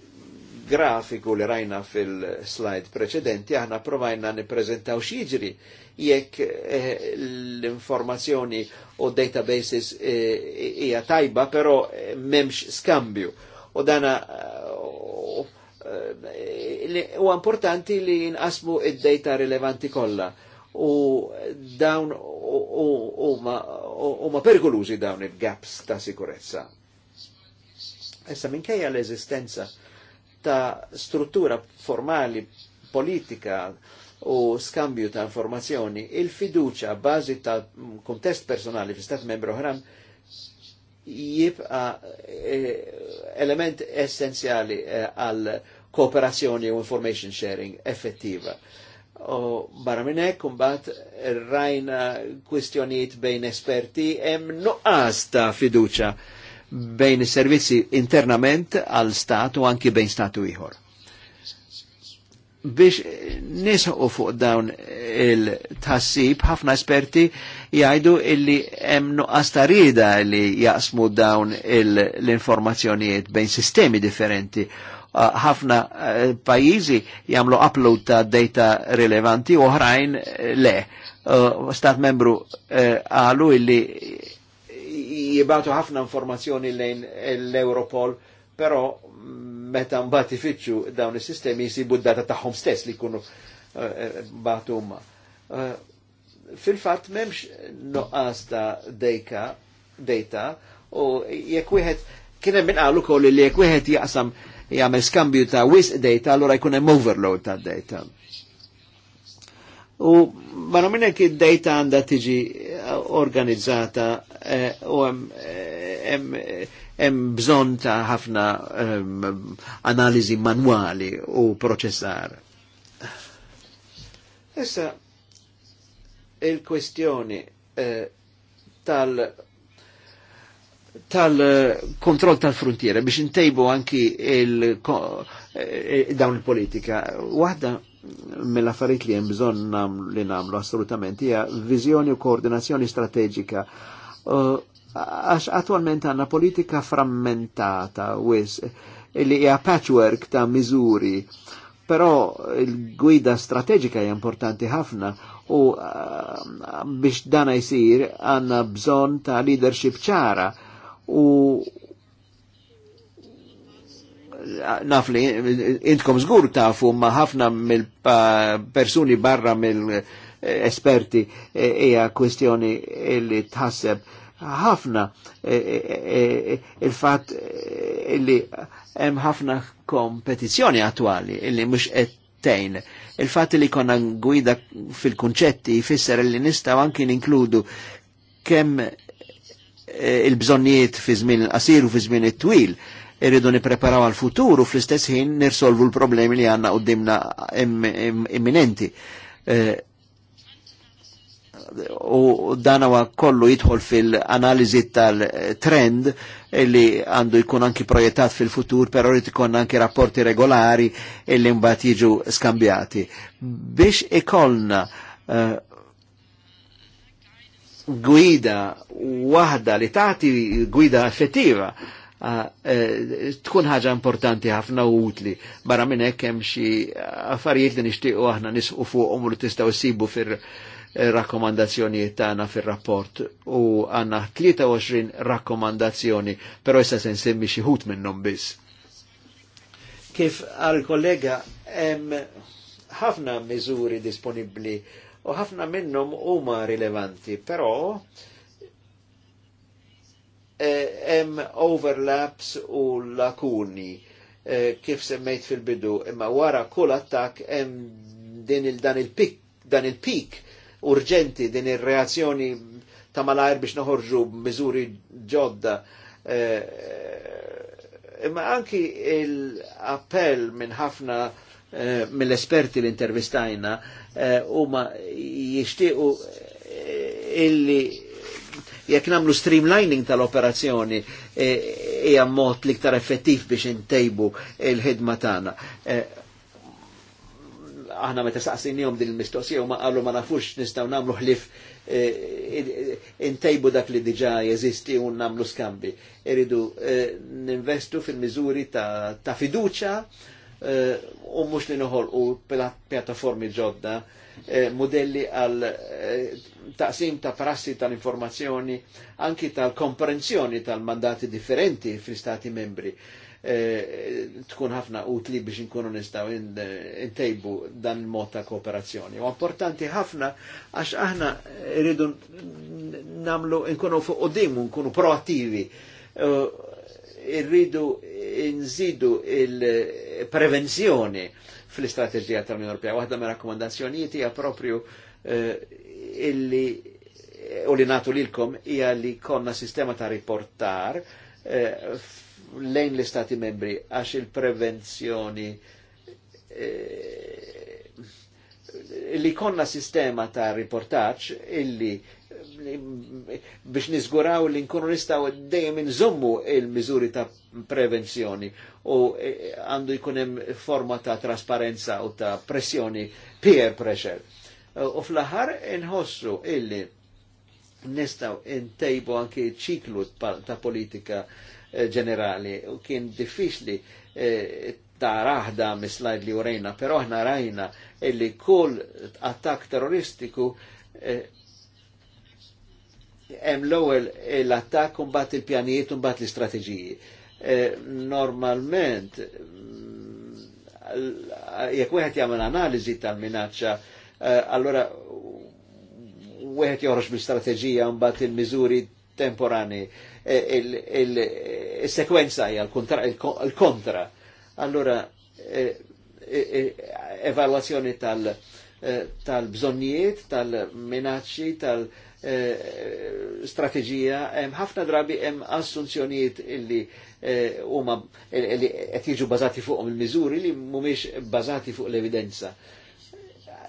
grafiku li rajna fil-slide preċedenti, aħna provajna niprezentaw xieġri jekk eh, l-informazzjoni u databases eh, hija eh, tajba, però eh, memx skambju. U dana u uh, eh, importanti li nqasmu id-data rilevanti kollha u dawn u ma perikolużi dawn il-gaps ta' sikurezza. Issa minkejja l-eżistenza ta' struttura formali politika u skambju ta' informazzjoni, il-fiduċa bazi ta' kontest personali fi stat membru ħran jibqa eh, element essenzjali eh, għal kooperazzjoni u information sharing effettiva. U barra minnek, kumbat, rajna kwistjoniet bejn esperti em nuqqas ta' fiduċa bejn is-servizzi internament għal stat u anki bejn statu ieħor. Biex nisħu fuq dawn il-tassib, ħafna esperti jgħidu illi hemm nuqqas tarida li jaqsmu dawn l-informazzjonijiet bejn sistemi differenti uh, ħafna uh, pajizi jamlu upload ta' data rilevanti u oħrajn eh, le. Uh, stat membru eh, għalu uh, illi jibatu ħafna informazzjoni lejn l-Europol, però meta mbati fitxu dawn is-sistemi jisibu d-data taħħom stess li kunu eh, batu umma. Eh, fil-fatt memx noqas ta' dejka dejta, u jekk wieħed kien hemm inqalu li jekk wieħed jaqsam jagħmel skambju ta' wis data allura jkun hemm overload ta' data. U barra minn hekk id-data għandha tiġi eh, organizzata eh, u eh, hemm bżonn ta' ħafna ehm, analizi manwali u proċessar. Issa il-kwestjoni tal tal-kontroll tal-frontiera biex intejbu anki il dawn il-politika. Waħda mela affarijiet li hemm bżonn nam, li namlu assolutament hija viżjoni u koordinazzjoni strateġika. Uh, għax uh, attualment għanna politika frammentata wis li hija patchwork ta' miżuri. Però il-gwida strateġika hija importanti ħafna u uh, biex dana jsir għanna bżonn ta' leadership ċara u Nafli intkom zgur tafu ma ħafna mill-persuni barra mill-esperti e, eja kwestjoni li tħasseb ħafna e, e, il-fat li hemm ħafna kompetizjoni attwali illi mux ettejn. Il-fat li konna gwida fil-kunċetti jfisser li nistaw anki ninkludu kemm il-bżonnijiet fi żmien qasir u fi żmien it-twil irridu nipreparaw għal futur u fl-istess ħin nirsolvu l-problemi li għanna u dimna imminenti. Eh, u dan huwa kollu jitħol fil analizi tal-trend illi għandu jkun anki projettat fil-futur, pero rrit ikun anki rapporti regolari illi mbat jiġu skambjati. Biex ikollna uh, gwida wahda li tagħti gwida effettiva uh, Ah, eh, tkun ħaġa importanti ħafna u utli. Barra minn hekk hemm xi affarijiet li nixtiequ aħna nisqu fuqhom u li tistgħu sibu fir-rakkomandazzjonijiet eh, tagħna fir-rapport u għandna 23 rakkomandazzjoni, però issa se nsemmi xi ħut minnhom biss. Kif għal kollega hemm ħafna miżuri disponibbli u ħafna minnhom huma rilevanti, però hemm eh, overlaps u lakuni eh, kif semmejt fil-bidu, imma wara kull attak hemm din il dan il-pik dan il-pik urġenti din ir-reazzjoni ta' malajr biex noħorġu b'miżuri ġodda. Eh, imma anki l-appell minn ħafna eh, mill-esperti l intervistajna eh, huma jixtiequ eh, illi jekk nagħmlu streamlining tal-operazzjoni e, hija e, mod liktar effettiv biex intejbu il-ħidma tagħna. E, aħna meta saqsinjom din il-mistoqsija u ma qalu ma nafux nistgħu nagħmlu ħlif e, intejbu dak li diġa jeżisti u namlu skambi. Iridu e, ninvestu fil-mizuri ta' fiduċa u mux li noħolqu u pjattaformi ġodda Eh, modelli għal eh, taqsim ta' prassi tal-informazzjoni anki tal-komprensjoni tal-mandati differenti fl Stati membri eh, tkun ħafna utli biex nkunu nistaw intejbu dan il-mod ta' kooperazzjoni. U importanti ħafna għax aħna rridu namlu nkunu fuq qudiem nkunu proattivi. Irridu nżidu il-prevenzjoni. Uh, fl-istrateġija tal-Unjoni Ewropea. Waħda mir rakkomandazzjonijiet hija propju eh, illi u li natu lilkom hija li konna sistema ta' riportar eh, lejn l-istati membri għax il-prevenzjoni eh, li konna sistema ta' riportaċ illi biex nizguraw li nkunu nistaw dejjem nżommu il-miżuri ta' prevenzjoni u e, għandu jkunem forma ta' trasparenza u ta' pressjoni peer pressure. U fl-aħħar nħossu illi nistaw intejbu anki ċiklu ta' politika e, ġenerali u kien diffiċli dar e, aħda mislajd li urejna, pero ħna rajna illi kull attak terroristiku hemm l-ewwel l-attakk u mbagħad il-pjanijiet u mbagħad l-istrateġiji. Eh, normalment mm, jekk wieħed jagħmel analiżi tal-minaċċa, eh, allora wieħed joħroġ mill-istrateġija u mbagħad il-miżuri temporani eh, il-sekwenza hija l-kontra. Allora evalwazzjoni tal- tal-bżonnijiet, tal-minacċi, tal-, -tal Eh, strategija, hemm ħafna drabi hemm assunzjonijiet illi eh, huma li qed jiġu bażati fuqhom il-miżuri li mhumiex bażati fuq l-evidenza.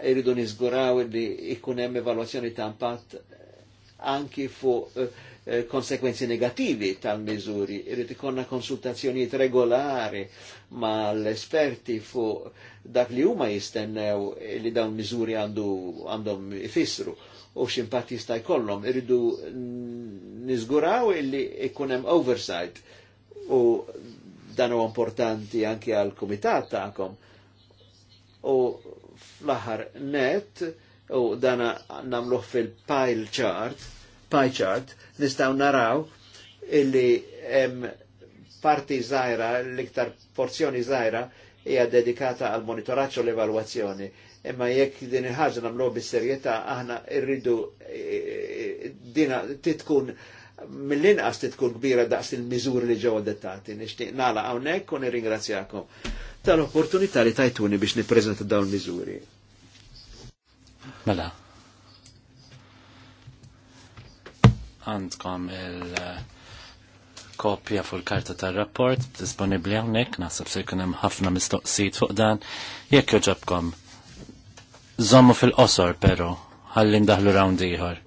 Irridu niżguraw li ikun hemm evalwazzjoni ta' impatt anki fuq eh, konsekwenzi negativi tal-miżuri, irrid ikonna konsultazzjonijiet regolari mal-esperti fuq dak li huma jistennew li dawn miżuri għandhom ifissru u x'impatt jista' jkollhom. Irridu nizguraw illi ikun oversight u dan u importanti anki għal komitat ta'kom. U fl-aħħar net u dan namluħ fil-pile chart, pie chart, nistaw naraw illi em parti żgħira, l-iktar porzjoni żgħira hija dedikata għal monitoraġġ l-evalwazzjoni imma jekk din il-ħaġa namlu bis-serjetà aħna rridu e, e, dina titkun mill-inqas titkun kbira daqs il-miżuri li ġew dettati. Nixtieq nagħlaq hawnhekk u nirringrazzjakom tal-opportunità li tajtuni biex nippreżenta dawn miżuri. Mela. Għandkom il- kopja fuq il-karta tar-rapport disponibbli hawnhekk, naħseb se jkun hemm ħafna mistoqsijiet fuq dan, jekk joġobkom zammu fil-qosor, pero, għallin daħlu round iħor.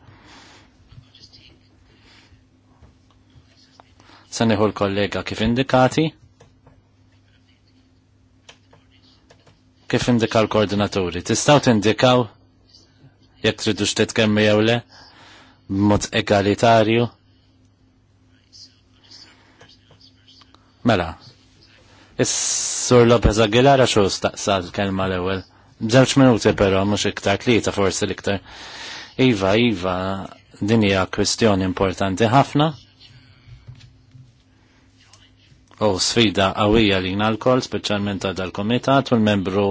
Saniħu l-kollega kif indikati, kif indika l-koordinaturi. Tistaw tindikaw jekk tridu xtet kemmi jew le, b'mod egalitarju. Mela, is-sur Lopez Aguilar għaxu staqsa l-kelma l-ewel. Bżewċ minuti però, mux iktar, tlieta forsi l-iktar. Iva, Iva, din hija kwestjoni importanti ħafna. U sfida qawwija li l-kol, speċjalment ta' dal-komitat u l-membru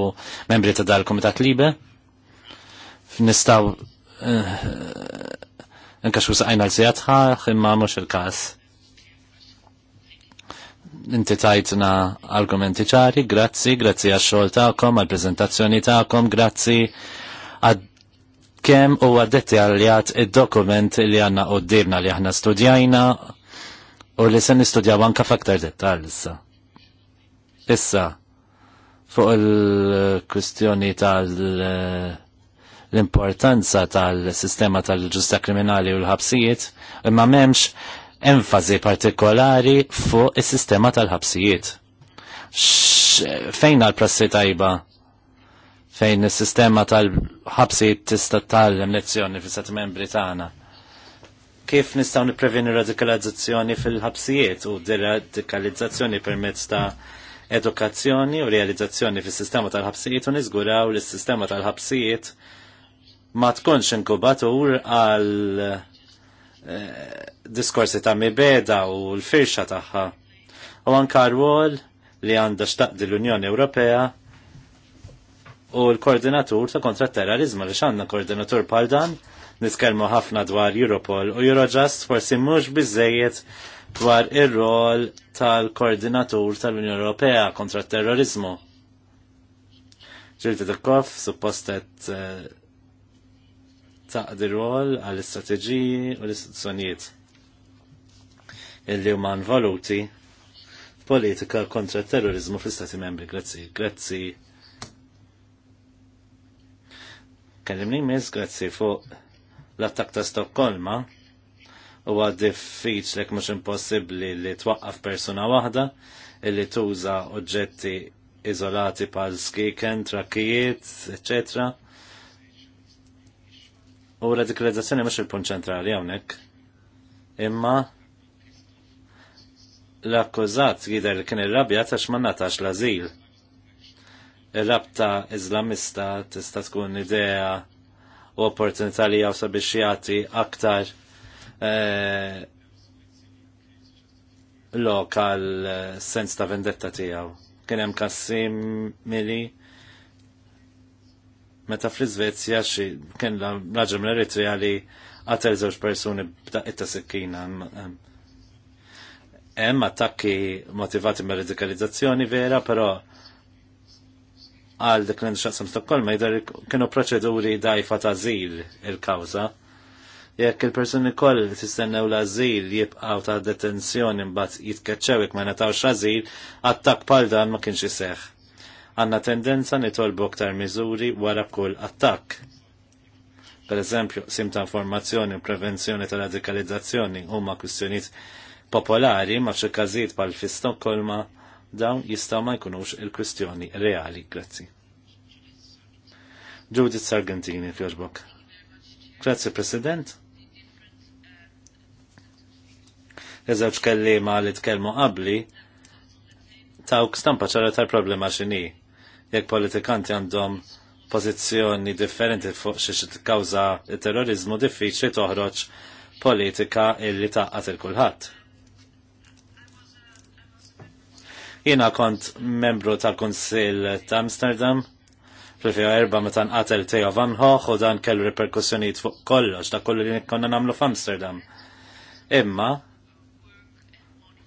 membri ta' dal-komitat libe. Nistaw eh, eh, nkaxu saqajna l-sijatħa, imma mhux il-każ inti tajtna argumenti ċari, grazzi, grazzi għax-xogħol tagħkom, għall prezentazzjoni tagħkom, grazzi għad kem u għaddettaljat id-dokument li għanna u d-dirna li għanna studjajna u li sen nistudjaw anka faktar dettal issa. Issa, fuq il-kwistjoni tal- l-importanza tal-sistema tal-ġusta kriminali u l-ħabsijiet, imma memx enfasi partikolari fuq is-sistema tal-ħabsijiet. Fejn għal-prassi tajba? Fejn is-sistema tal-ħabsijiet tista' tallem lezzjoni fis-Stati Membri tagħna? Kif nistgħu nippreveni radikalizzazzjoni fil-ħabsijiet u deradikalizzazzjoni permezz ta' edukazzjoni u realizzazzjoni fis-sistema tal-ħabsijiet u niżguraw li s-sistema tal-ħabsijiet ma tkunx inkubatur għal diskorsi ta' mibeda u l-firxa tagħha. U anka rwol li għandha xtaqdi l-Unjoni Ewropea u l-koordinatur ta' kontraterrorizmu li xanna koordinatur bħal dan niskelmu ħafna dwar Europol u Eurojust forsi mhux bizzejiet dwar ir-rol tal-koordinatur tal-Unjoni Ewropea kontra terrorizmu. Ġilti Dukkov suppostet uh, taqdi rol għall istrateġiji u l-istituzzjonijiet illi huma nvaluti politika kontra terrorizmu fl-Istati membri. Grazzi, grazzi. Kellimni mis, grazzi fuq l-attak ta' Stokkolma u diffiċlek mhux impossibbli li twaqqaf persuna waħda illi tuża oġġetti iżolati pal skiken, trakijiet, eccetera U radikalizzazzjoni mhux il-punt ċentrali hawnhekk. Imma l-akkużat jidher li kien ir-rabja għax ma natax l-azil. Ir-rabta Iżlamista tista' tkun idea u opportunità li jawsa biex jagħti aktar eh, lokal eh, sens ta' vendetta tiegħu. Kien hemm kassim mili meta fl-Iżvezja xi kien raġel mill eritrea li qatel żewġ persuni it-ta'sikkina. Hemm attakki motivati mir radikalizzazzjoni vera, però għal dik l-inxaqsam ma jidher kienu proċeduri dajfa ta' żil il-kawża. Jekk il-persuni koll tistennew l-azil jibqaw ta' detenzjoni mbagħad jitkeċċew ma ngħatawx azil, attakk bħal dan ma kienx iseħħ għanna tendenza nitolbu aktar miżuri wara kull attakk. Per eżempju, sim ta' informazzjoni u prevenzjoni ta' radikalizzazzjoni huma kwistjonijiet popolari ma' xi każijiet bħal fi Stokkolma dawn jistgħu ma jkunux il-kwistjoni reali. Grazzi. Judith Sargentini fjoġbok. Grazzi President. Eżewġ ma li tkellmu qabli tawk stampa ċara tal-problema x'inhi jekk politikanti għandhom pożizzjoni differenti fuq xi kawza terrorizmu diffiċli toħroġ politika illi taqqat il-kulħadd. Jiena kont membru tal-Kunsill ta' Amsterdam fil-fija erba meta nqatel Teo Van Hoch u dan kellu reperkussjonijiet fuq kollox ta' kollu li konna nagħmlu f'Amsterdam. Imma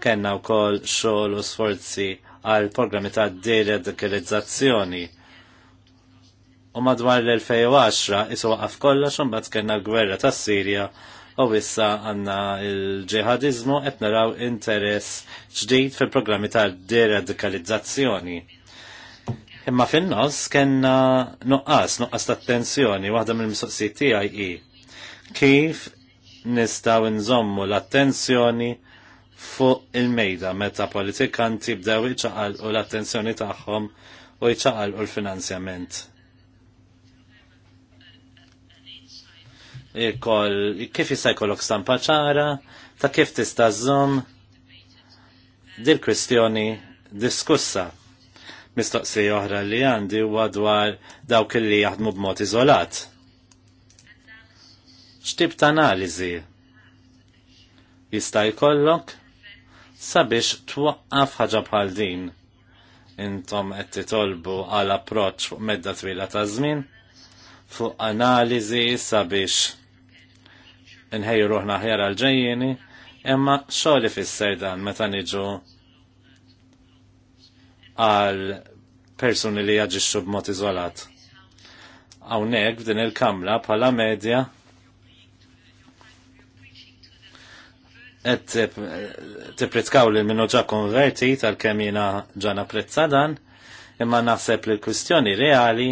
kellna wkoll xogħol u sforzi għal programmi ta' deradikalizzazzjoni. U madwar l-2010 isu għaf kollox un bat kena gwerra ta' Sirja u wissa għanna il-ġihadizmu qed naraw interess ġdid fil-programmi ta' deradikalizzazzjoni. Imma fin-nos kena nuqqas, nuqqas ta' attenzjoni, waħda mill-mistoqsijiet tiegħi kif nistaw nżommu l-attenzjoni fuq il-mejda meta politikanti bdew u l-attenzjoni tagħhom u u l-finanzjament. Ikoll, kif jista' jkollok stampa ċara, ta' kif tista' żżomm dil kwistjoni diskussa. Mistoqsija oħra li għandi huwa dwar dawk li jaħdmu b'mod iżolat. X'tib ta' analiżi jista' jkollok? sabiex twaqqaf ħaġa bħal din. Intom qed titolbu għal approċċ fuq medda twila ta' żmien fuq analiżi sabiex inħejju ruħna ħjar għal ġejjieni, imma xogħol ifisser dan meta niġu għal persuni li jaġixxu b'mod iżolat. Hawnhekk f'din il-kamra bħala medja et tipritkaw li minnu ġa konverti tal-kem jina ġana prezza dan, imma naħseb li l-kustjoni reali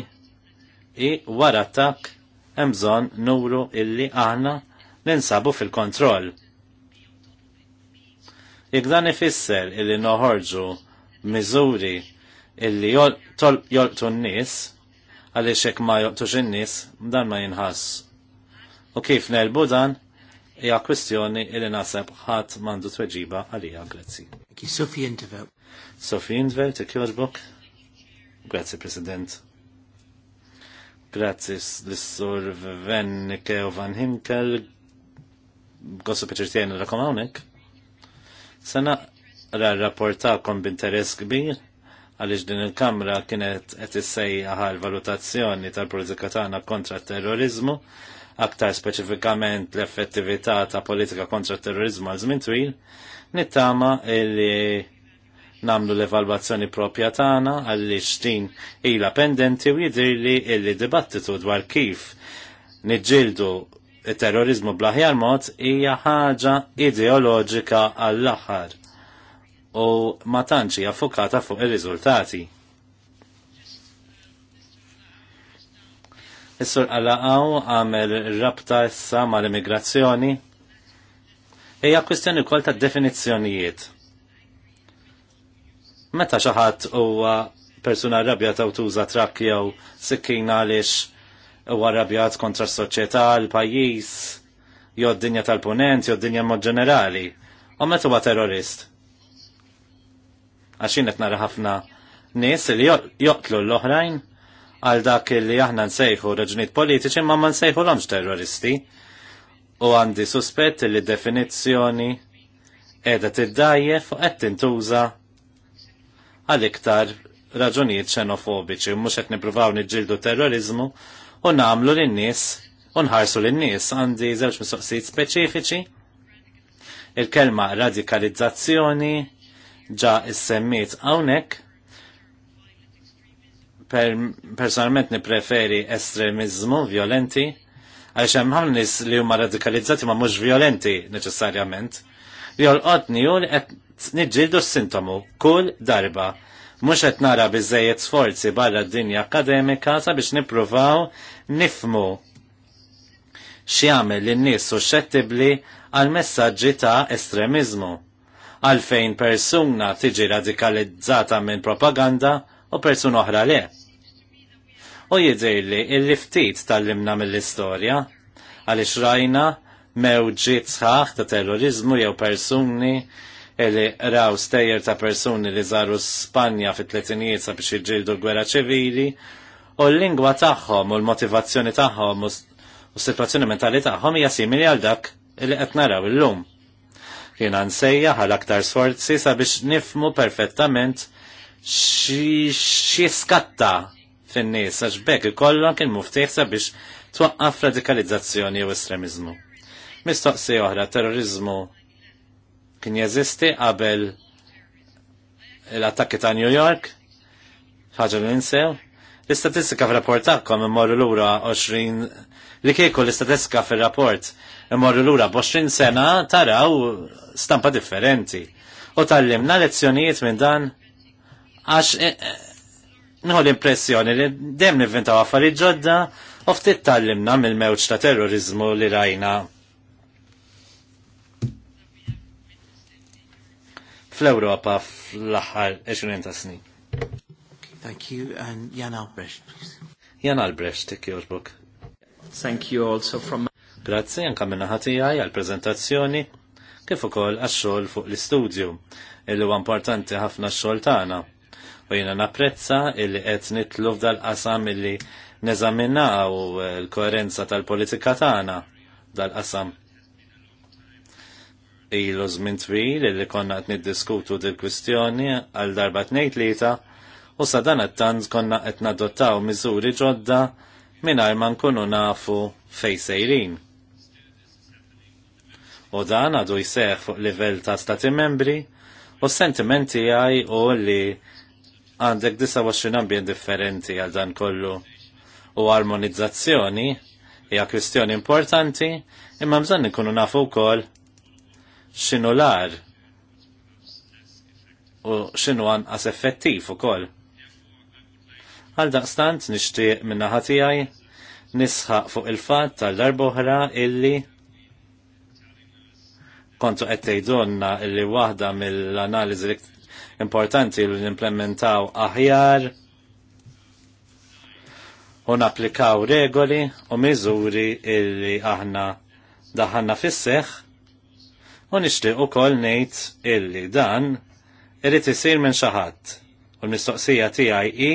i wara attak emżon nuru illi aħna ninsabu fil-kontroll. Jek dan ifisser illi noħorġu miżuri illi jolqtu n-nis, għalli xek ma jolqtu x nis dan ma jinħass. U kif nelbu dan, hija kwestjoni li naħseb ħadd m'għandu tweġiba għalija grazzi. Sofi Intervel. Sofi Intervel, tikjoġbok. Grazzi, President. Grazzi l-sur Vennike u Van Hinkel. Gossu peċertjen l-rakom għonek. Sena rapportakom b'interess kbir għaliex din il-Kamra kienet qed issejjaħa valutazzjoni tal-politika tagħna kontra t terrorizmu aktar speċifikament l-effettività ta' politika kontra terrorizmu għal żmien twil, nittama li namlu l-evalvazzjoni propja tagħna għalli xtin ila pendenti u jidirli illi dibattitu dwar kif niġġieldu terrorizmu blaħjar mod hija ħaġa ideoloġika għall-aħħar u ma tantx hija fukata fuq ir-riżultati. Is-sur għal-għaw għamel rabta issa mal-immigrazzjoni. Eja kwistjoni wkoll ta' definizzjonijiet. Meta xi ħadd huwa persuna arrabjat għaw tuża trakk jew sikkina għaliex huwa arrabjat kontra s-soċjetà, l-pajjiż, jew d-dinja tal-punent, jew d-dinja mod ġenerali. U meta huwa terrorist? Għaxin qed nara ħafna nies li joqtlu l-oħrajn għal dak li aħna nsejħu raġunijiet politiċi ma ma nsejħu l terroristi. U għandi suspett li definizzjoni edha tiddajjef u qed tintuża għal iktar raġunijiet xenofobiċi, mhux qed nippruvaw nġildu terrorizmu u nagħmlu lin-nies u nħarsu lin-nies għandi żewġ mistoqsijiet speċifiċi. Il-kelma radikalizzazzjoni ġa issemmiet hawnhekk per, personalment nipreferi estremizmu violenti, għalix hemm ħafna nies li huma radikalizzati ma mhux violenti neċessarjament. Li jolqotni hu qed niġġieldu s-sintomu kull darba. Mhux qed nara biżejjed sforzi barra d-dinja akademika sabiex nippruvaw nifmu x'jagħmel lin-nies suscettibbli għal messaġġi ta' estremizmu għalfejn persuna tiġi radikalizzata minn propaganda u persuna oħra le u jidhirli illi ftit tal-limna mill-istorja għaliex rajna mewġi sħaħ ta' terrorizmu jew persuni illi raw stejjer ta' persuni li żaru Spanja fit-tletinijiet sabiex jiġġieldu gwerra ċivili u l-lingwa tagħhom u l-motivazzjoni tagħhom u s-sitwazzjoni mentali tagħhom hija simili għal dak li qed naraw illum. Jiena nsejja għal aktar sforzi sabiex nifmu perfettament xi skatta fin-nies għax bekk ikollhom kien mufteħsa biex twaqqaf radikalizzazzjoni u estremizmu. Mistoqsi oħra, terrorizmu kien jeżisti qabel l-attakki ta' New York, ħaġa li nsew. L-istatistika f'rapport tagħkom immorru lura 20 li kieku l-istatistika fir rapport immorru lura b'20 sena taraw stampa differenti. U tal-limna lezzjonijiet minn dan għax eh, eh, nħol l-impressjoni li dem nivvintaw affarijiet ġodda u ftit tallimna mill-mewġ ta' terrorizmu li rajna. Fl-Ewropa fl-aħħar 20 ta' snin. Thank you, and Jan Albrecht, please. Jan Albrecht, your book. Thank you also from... Grazie, anka minna ħatijaj għal-prezentazzjoni, kif ukoll għax-xogħol fuq l-istudju, illi huwa importanti ħafna x-xogħol tagħna u napprezza illi qed nitlu f'dal qasam illi neżaminaw eh, l-koerenza tal-politika tagħna dal-qasam. Ilu żmien twil illi konna qed niddiskutu dil-kwistjoni għal darba tnejn tlieta u sadan għattant konna qed nadottaw miżuri ġodda mingħajr ma nkunu nafu fejn sejrin u dan għadu jseħ fuq livell ta' stati membri u sentimenti għaj u li għandek 29 ambjent differenti għal dan kollu u armonizzazzjoni hija kwistjoni importanti imma bżonn ikunu nafu wkoll x'inhu lar u x'inhu anqas effettiv ukoll. Għal daqstant nixtieq minna ħatijaj nisħaq fuq il-fatt tal-darboħra illi kontu qed tgħidulna illi waħda mill-analiżi li Importanti li nimplementaw aħjar u napplikaw regoli u miżuri illi aħna daħanna fisseħ u nixtieq ukoll ngħid illi dan irid isir minn xi ħadd. U l-mistoqsija tijaj i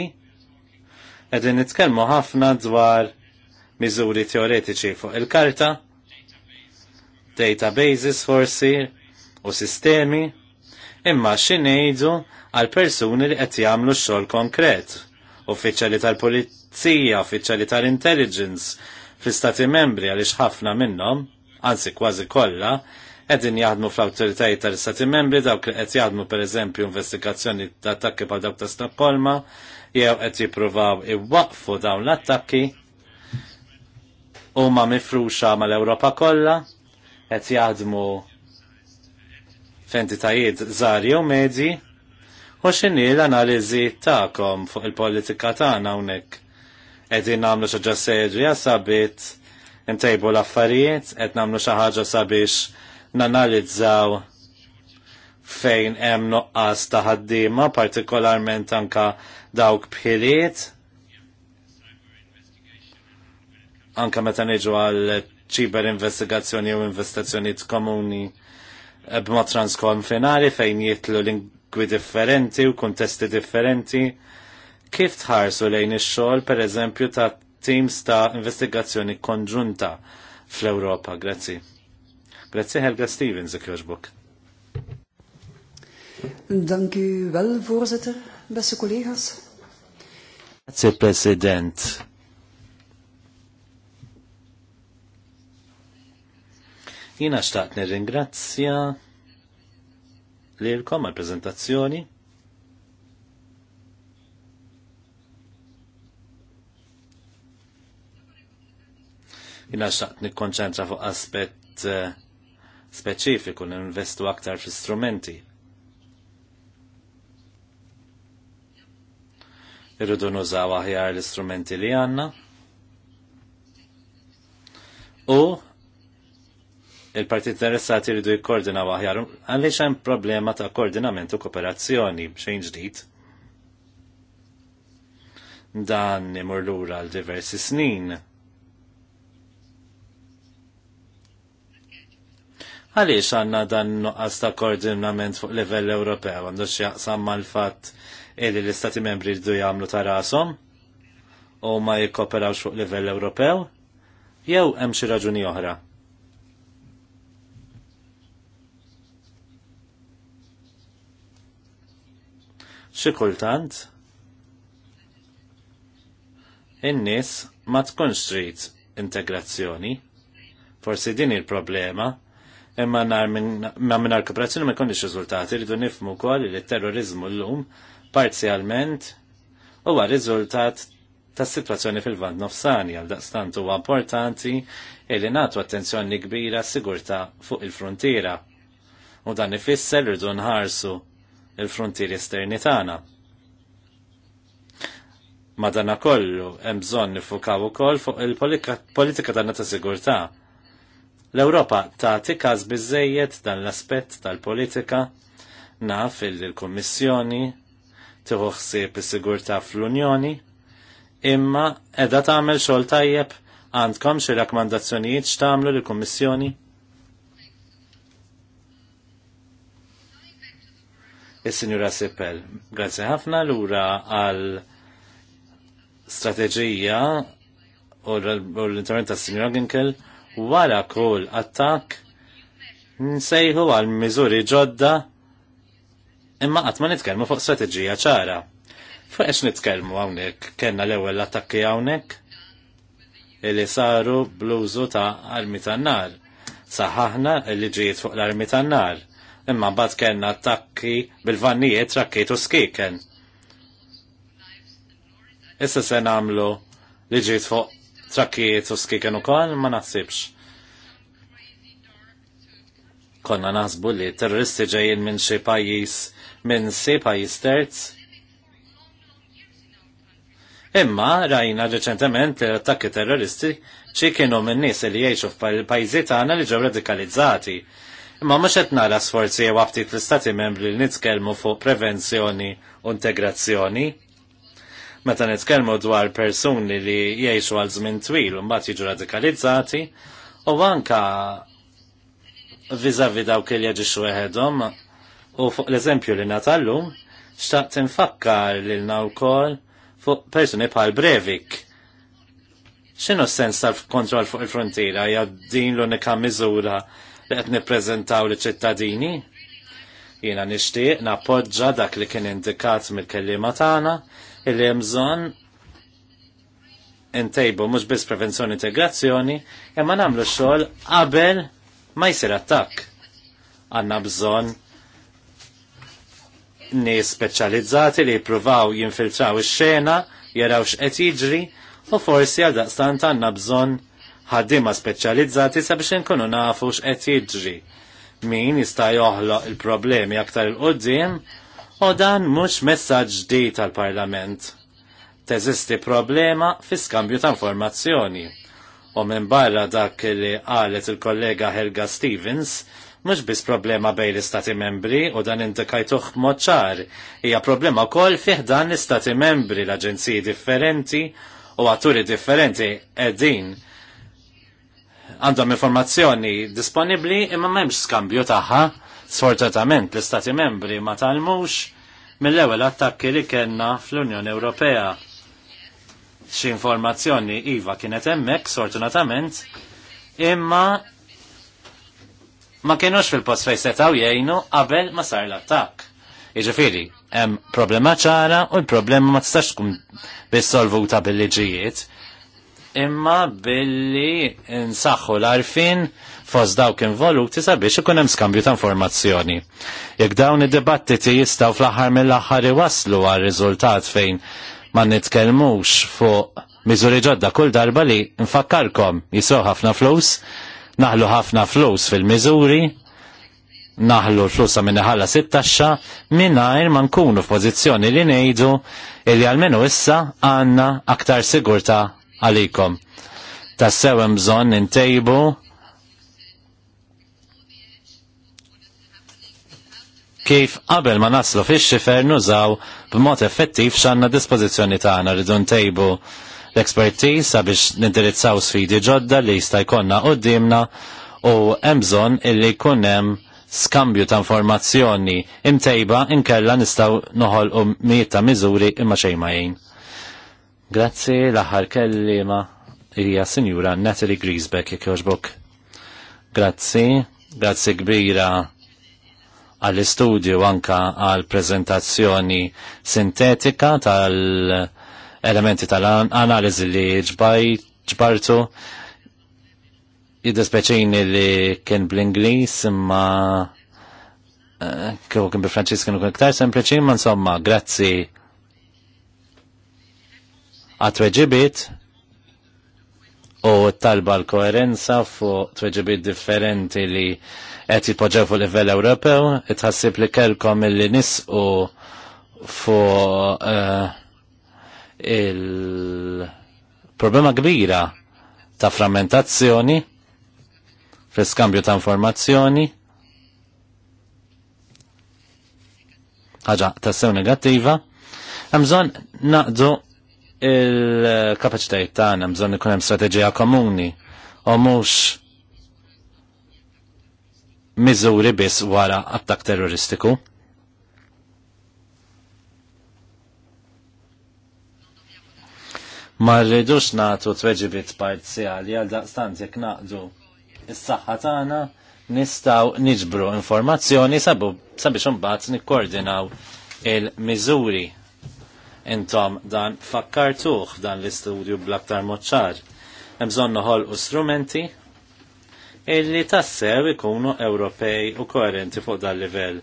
qegħdin nitkellmu ħafna dwar miżuri teoretiċi fuq il-karta, databases forsi u sistemi imma xinejdu għal persuni li qed jagħmlu xogħol konkret. Uffiċjali tal-Pulizija, uffiċjali tal-Intelligence fl-Istati Membri għaliex ħafna minnhom, anzi kważi kollha, qegħdin jaħdmu fl-awtoritajiet tal-Istati Membri dawk li qed jaħdmu pereżempju investigazzjoni ta' attakki bħal dawk ta' Stokkolma, jew qed jippruvaw iwaqfu dawn l-attakki huma mifruxa mal-Ewropa kollha, qed jaħdmu Entitajiet zari u medji u x'inhi l-analiżi tagħkom fuq il-politika tagħna hawnhekk. Qegħdin nagħmlu xi ħaġa serja sabit intejbu l-affarijiet, qed namlu xi ħaġa sabiex nanalizzaw fejn hemm nuqqas ta' ħaddiema, partikolarment anka dawk bħiriet. Anka meta niġu għal ċiber investigazzjoni u investigazzjonijiet komuni bma transkonfinari fejn jitlu lingwi differenti u kuntesti differenti. Kif tħarsu lejn ix-xogħol pereżempju ta' teams ta' investigazzjoni konġunta fl-Ewropa? Grazzi. Grazzi Helga Stevens, ikjoġbok. Dank u wel, voorzitter, beste collega's. Grazie, president. Jina xtaqt nirringrazzja lilkom għal-prezentazzjoni. Jina xtaqt nikkonċentra fuq aspett eh, speċifiku l-investu aktar fl strumenti. Irridu nużaw aħjar l-istrumenti li għanna. U il-partit interessati rridu jikkordinaw aħjar, għaliex hemm problema ta' koordinament u kooperazzjoni b'xejn ġdid. Dan imur lura għal diversi snin. Għaliex għanna dan nuqqas ta' koordinament fuq livell Ewropew għandu x'jaqsam mal-fatt illi l-Istati membri rridu jagħmlu ta' rashom u ma jikkoperawx fuq livell Ewropew? Jew hemm xi raġuni oħra? xi kultant in-nies ma tkunx trid integrazzjoni. Forsi din il-problema imma nar ma minar kooperazzjoni ma jkunx riżultati rridu nifhmu wkoll li t-terrorizmu llum parzjalment huwa riżultat ta' situazzjoni fil-vant nofsani għal daqstant huwa importanti li nagħtu attenzjoni kbira s sigurtà fuq il-frontiera. U dan ifisser rridu nħarsu il-frontieri esterni tagħna. Madana kollu hemm bżonn nifukaw ukoll fuq il-politika tagħna ta' sigurtà. L-Ewropa tagħti każ biżejjed dan l-aspett tal-politika naf il-Kummissjoni tieħu ħsieb is-sigurtà fl-Unjoni imma qiegħda tagħmel xogħol tajjeb għandkom xi rakkomandazzjonijiet x'tagħmlu lill-Kummissjoni? il-Sinjura Sippel. Grazzi ħafna l-ura għal strategija u l-intervent ta' Sinjura Ginkel wara kull attak nsejħu għal miżuri ġodda imma qatt ma nitkellmu fuq strateġija ċara. Fuq eċ nitkellmu hawnhekk kellna l-ewwel attakki hawnhekk li saru bluzu ta' armi tan-nar. il li ġiet fuq l-armi tan-nar imma mbagħad kellna attakki bil-vannijiet rakkiet u skiken. Issa se nagħmlu li ġiet fuq trakkijiet u skiken ukoll ma naħsibx. Konna naħsbu li terroristi ġejjin minn xi pajjiż minn si pajjiż terz. Imma rajna reċentement li attakki terroristi ċi kienu minn nies li jgħixu f'pajjiżi tagħna li ġew radikalizzati imma mhux qed nara sforzi jew ftit l-istati membri li nitkellmu fuq prevenzjoni u integrazzjoni. Meta nitkellmu dwar persuni li jgħixu għal żmien twil u mbagħad jiġu radikalizzati u anka viżavi dawk li jaġixu eħedhom u fuq l-eżempju li natallum xtaqt infakkar lilna wkoll fuq persuni bħal Brevik xinu sens tal-kontroll fuq il-frontiera, ja din l-unika miżura li qed nippreżentaw li ċittadini. Jiena nixtieq nappoġġa dak li kien indikat mill kelliema tagħna illi hemm bżonn intejbu mhux biss prevenzjoni integrazzjoni imma nagħmlu xogħol qabel ma jsir attakk. Għandna bżonn nies speċjalizzati li jippruvaw jinfiltraw ix-xena, jaraw x'qed jiġri, u forsi għal daqstant għandna bżonn ħaddiema speċjalizzati sabiex inkunu nafu x'qed jiġri min jista' joħloq il-problemi aktar il-qudiem u dan mhux messaġġ ġdid tal-Parlament. Teżisti problema fi skambju ta' informazzjoni. U minn barra dak li qalet il-kollega Helga Stevens, mhux biss problema bejn l-Istati membri u dan indikajtuh mod ċar, hija problema wkoll fih dan l-Istati membri l-aġenziji differenti u atturi differenti qegħdin għandhom informazzjoni disponibli imma m'hemmx skambju tagħha sfortunatament l-Istati membri ma talmux mill-ewwel attakki li kellna fl-Unjoni Ewropea. Xi informazzjoni iva kienet hemmhekk sfortunatament imma ma kienux fil-post fejn setgħu jgħinu qabel ma sar l-attakk. Jiġifieri, hemm problema ċara u l-problema ma tistax tkun solvuta bil-liġijiet imma billi nsaħħu l-arfin fos dawk involuti sabiex ikun hemm skambju ta' informazzjoni. Jekk dawn id-dibattiti jistgħu fl-aħħar mill-aħħar iwaslu għal riżultat fejn ma nitkellmux fuq miżuri ġodda kull darba li nfakkarkom jisew ħafna flus, naħlu ħafna flus fil-miżuri, naħlu l-flusa minn ħalla sittaxxa mingħajr ma nkunu f'pożizzjoni li ngħidu li għalmenu issa għandna aktar sigurta għalikom. Tassew hemm bżonn nintejbu. kif qabel ma naslu fix-xifer nużaw b'mod effettiv x'għandna dispożizzjoni tagħna rridu ntejbu l expertise sabiex nindirizzaw sfidi ġodda li jista' jkollna qudiemna u hemm bżonn illi jkun hemm skambju ta' informazzjoni imtejba inkella nistgħu noħolqu mijiet ta' miżuri imma xejn ma Grazzi l-aħħar kellima hija Sinjura Natalie Griesbeck jekk jogħġbok. Grazzi, grazzi kbira għall-istudju anka għall-prezentazzjoni sintetika tal-elementi tal-analiżi li ġbartu jiddispeċini li kien bl-Inglis ma eh, kien bil-Franċis kienu kien iktar sempliċi, ma insomma, grazzi għat-tweġibit u talba l-koerenza fuq tweġibit differenti li qed jitpoġġew fuq livell Ewropew, itħassib li kelkom illi nisqu fuq uh, eh, il-problema kbira ta' frammentazzjoni fl-iskambju ta' informazzjoni ħaġa tassew negattiva, għamżon naqdu il-kapacitajt tagħna bżonn ikun hemm strateġija komuni u mhux miżuri biss wara attak terroristiku. Ma rridux nagħtu tweġibiet parzjali għal daqstant jekk naqdu is-saħħa tagħna nistgħu niġbru informazzjoni sabu sabiex imbagħad nikkoordinaw il-miżuri Intom dan fakkartuh dan l-istudju bl-aktar moċċar. Mżon noħol u strumenti illi tassew ikunu Ewropej u koerenti fuq dal livell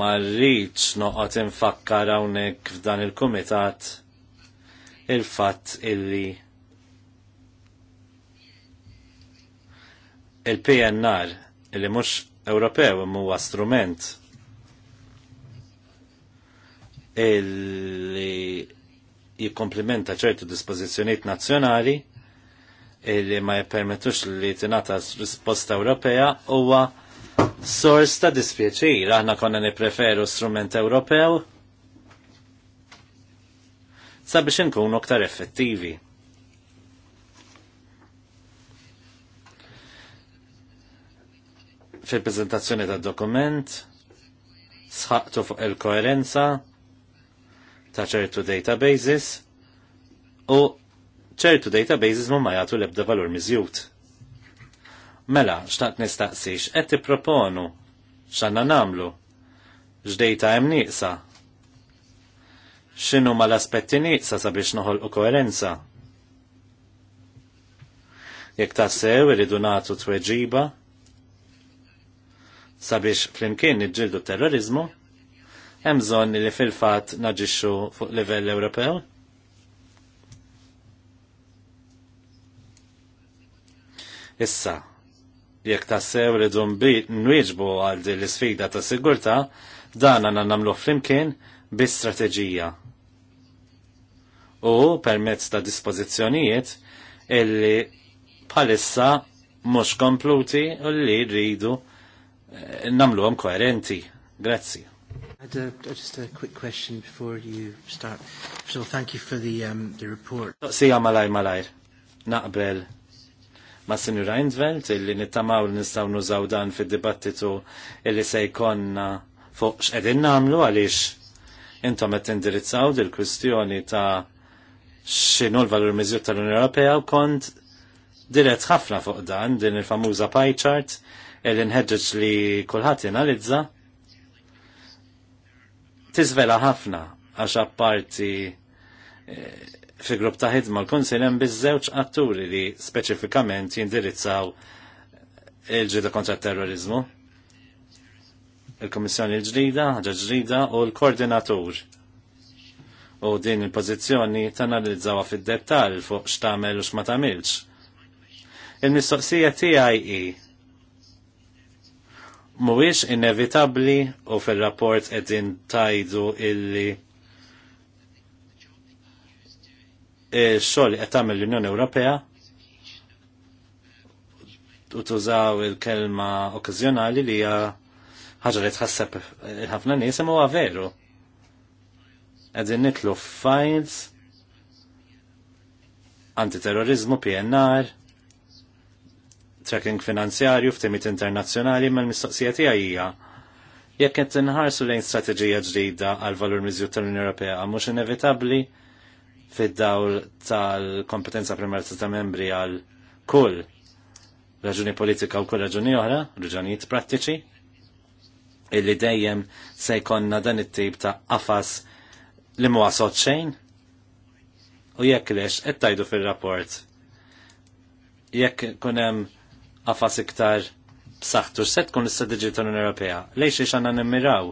Ma rridx noqgħod infakkar hawnhekk f'dan il-kumitat il-fatt illi il-PNR illi mhux Ewropew huwa strument li jikkomplimenta ċertu dispożizzjonijiet nazzjonali li ma jippermettux li tingħata risposta Ewropea huwa sors ta' dispjaċir. Aħna konna nippreferu strument Ewropew sabiex inkunu aktar effettivi. Fil-prezentazzjoni tad dokument sħaqtu fuq il-koerenza ta' ċertu databases u ċertu databases ma jagħtu l-ebda valur miżjud. Mela, xtaqt nistaqsix, qed tipproponu x'għandna nagħmlu x'dejta hemm nieqsa. X'inhu ma l-aspetti nieqsa sabiex noħolqu koerenza? Jekk tassew iridu nagħtu tweġiba sabiex flimkien niġġieldu terrorizmu, hemm bżonn li fil-fatt naġixxu fuq livell Ewropew? Issa, jekk tassew li bit nwieġbu għal din l-isfida ta' sigurtà, dan għanna namlu flimkien bi strateġija. U permezz ta' dispożizzjonijiet illi bħalissa mhux kompluti u li rridu eh, namluhom koerenti. Grazzi had a, just a quick question before you start. So thank you for the, um, the report. Sija malaj malajr. Naqbel ma' sinu Reinsveld illi nittamaw li nistaw nużaw dan fid-dibattitu illi se fuq xedin nagħmlu għaliex intom qed indirizzaw dil-kwistjoni ta' x'inhu l-valur miżjud tal-Unjoni Ewropea u kont diret ħafna fuq dan din il-famuża pie chart illi nħeġġeġ li kulħadd jenalizza tiżvela ħafna għax apparti eh, fi grupp ta' ħidma l-Kunsil hemm biżewġ atturi li speċifikament jindirizzaw il-ġida kontra terrorizmu. il kummissjoni l-ġdida, ħaġa ġdida u l-Koordinatur. U din il-pożizzjoni tanalizzawha fid-dettall fuq x'tagħmel u x'ma tagħmilx. Il-mistoqsija tiegħi mhuwiex inevitabbli u fir-rapport qegħdin tajdu illi xogħol qed tagħmel l-Unjoni Ewropea u tużaw il-kelma okkażjonali li hija ħaġa li tħasseb ħafna nies imma huwa veru. Qegħdin nitlu fajns antiterrorizmu, PNR, tracking finanzjarju f'timit internazzjonali mal mistoqsija tiegħi hija. Jekk qed inħarsu lejn strateġija ġdida għal valur miżjut tal-Unjoni Ewropea mhux inevitabbli fid-dawl tal-kompetenza primarja ta' membri għal kull raġuni politika u kull raġuni oħra, raġunijiet prattiċi, illi dejjem se jkonna dan it-tip ta' qafas li muwa xejn u jekk lex qed tajdu fir-rapport jekk kunem għafas iktar b'saħtu set tkun l-istrateġija tal-Unjoni Ewropea. Lejx ix għandna nimmiraw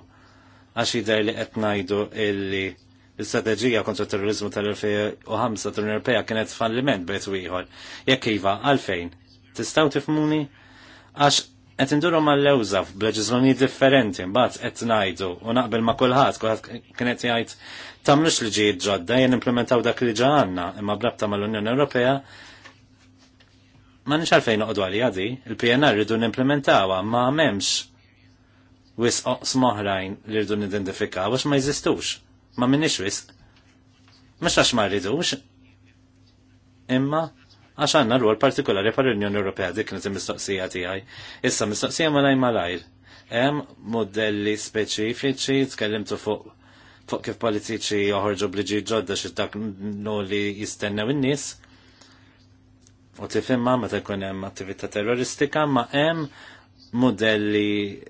għax jidher li qed ngħidu illi l strategija kontra terrorizmu tal-2005 tal-Unjoni Ewropea kienet falliment bejt ieħor. Jekk iva, għalfejn? Tistgħu tifmuni? Għax qed indurhom mal-lewża f'leġiżloni differenti, mbagħad qed ngħidu u naqbel ma' kulħadd, kulħadd kienet jgħid tamlux li ġijiet ġodda, jen implementaw dak li ġa għanna, imma brabta mal-Unjoni Ewropea ma nix għalfejn uqdu għalija di, il-PNR rridu n-implementawa, ma memx wis moħrajn li rridu n-identifikaw, għax ma jizistux, ma minnix wis. Mux għax ma rridux, imma għax għanna rwol partikolari par l-Unjoni Ewropea dik kienet il-mistoqsija tiegħi. Issa mistoqsija ma lajma lajr, Hemm modelli speċifiċi tkellimtu fuq fuq kif politiċi joħorġu bliġi ġodda xi dak li jistennew in-nies U tifimma meta jkun hemm attività terroristika ma hemm modelli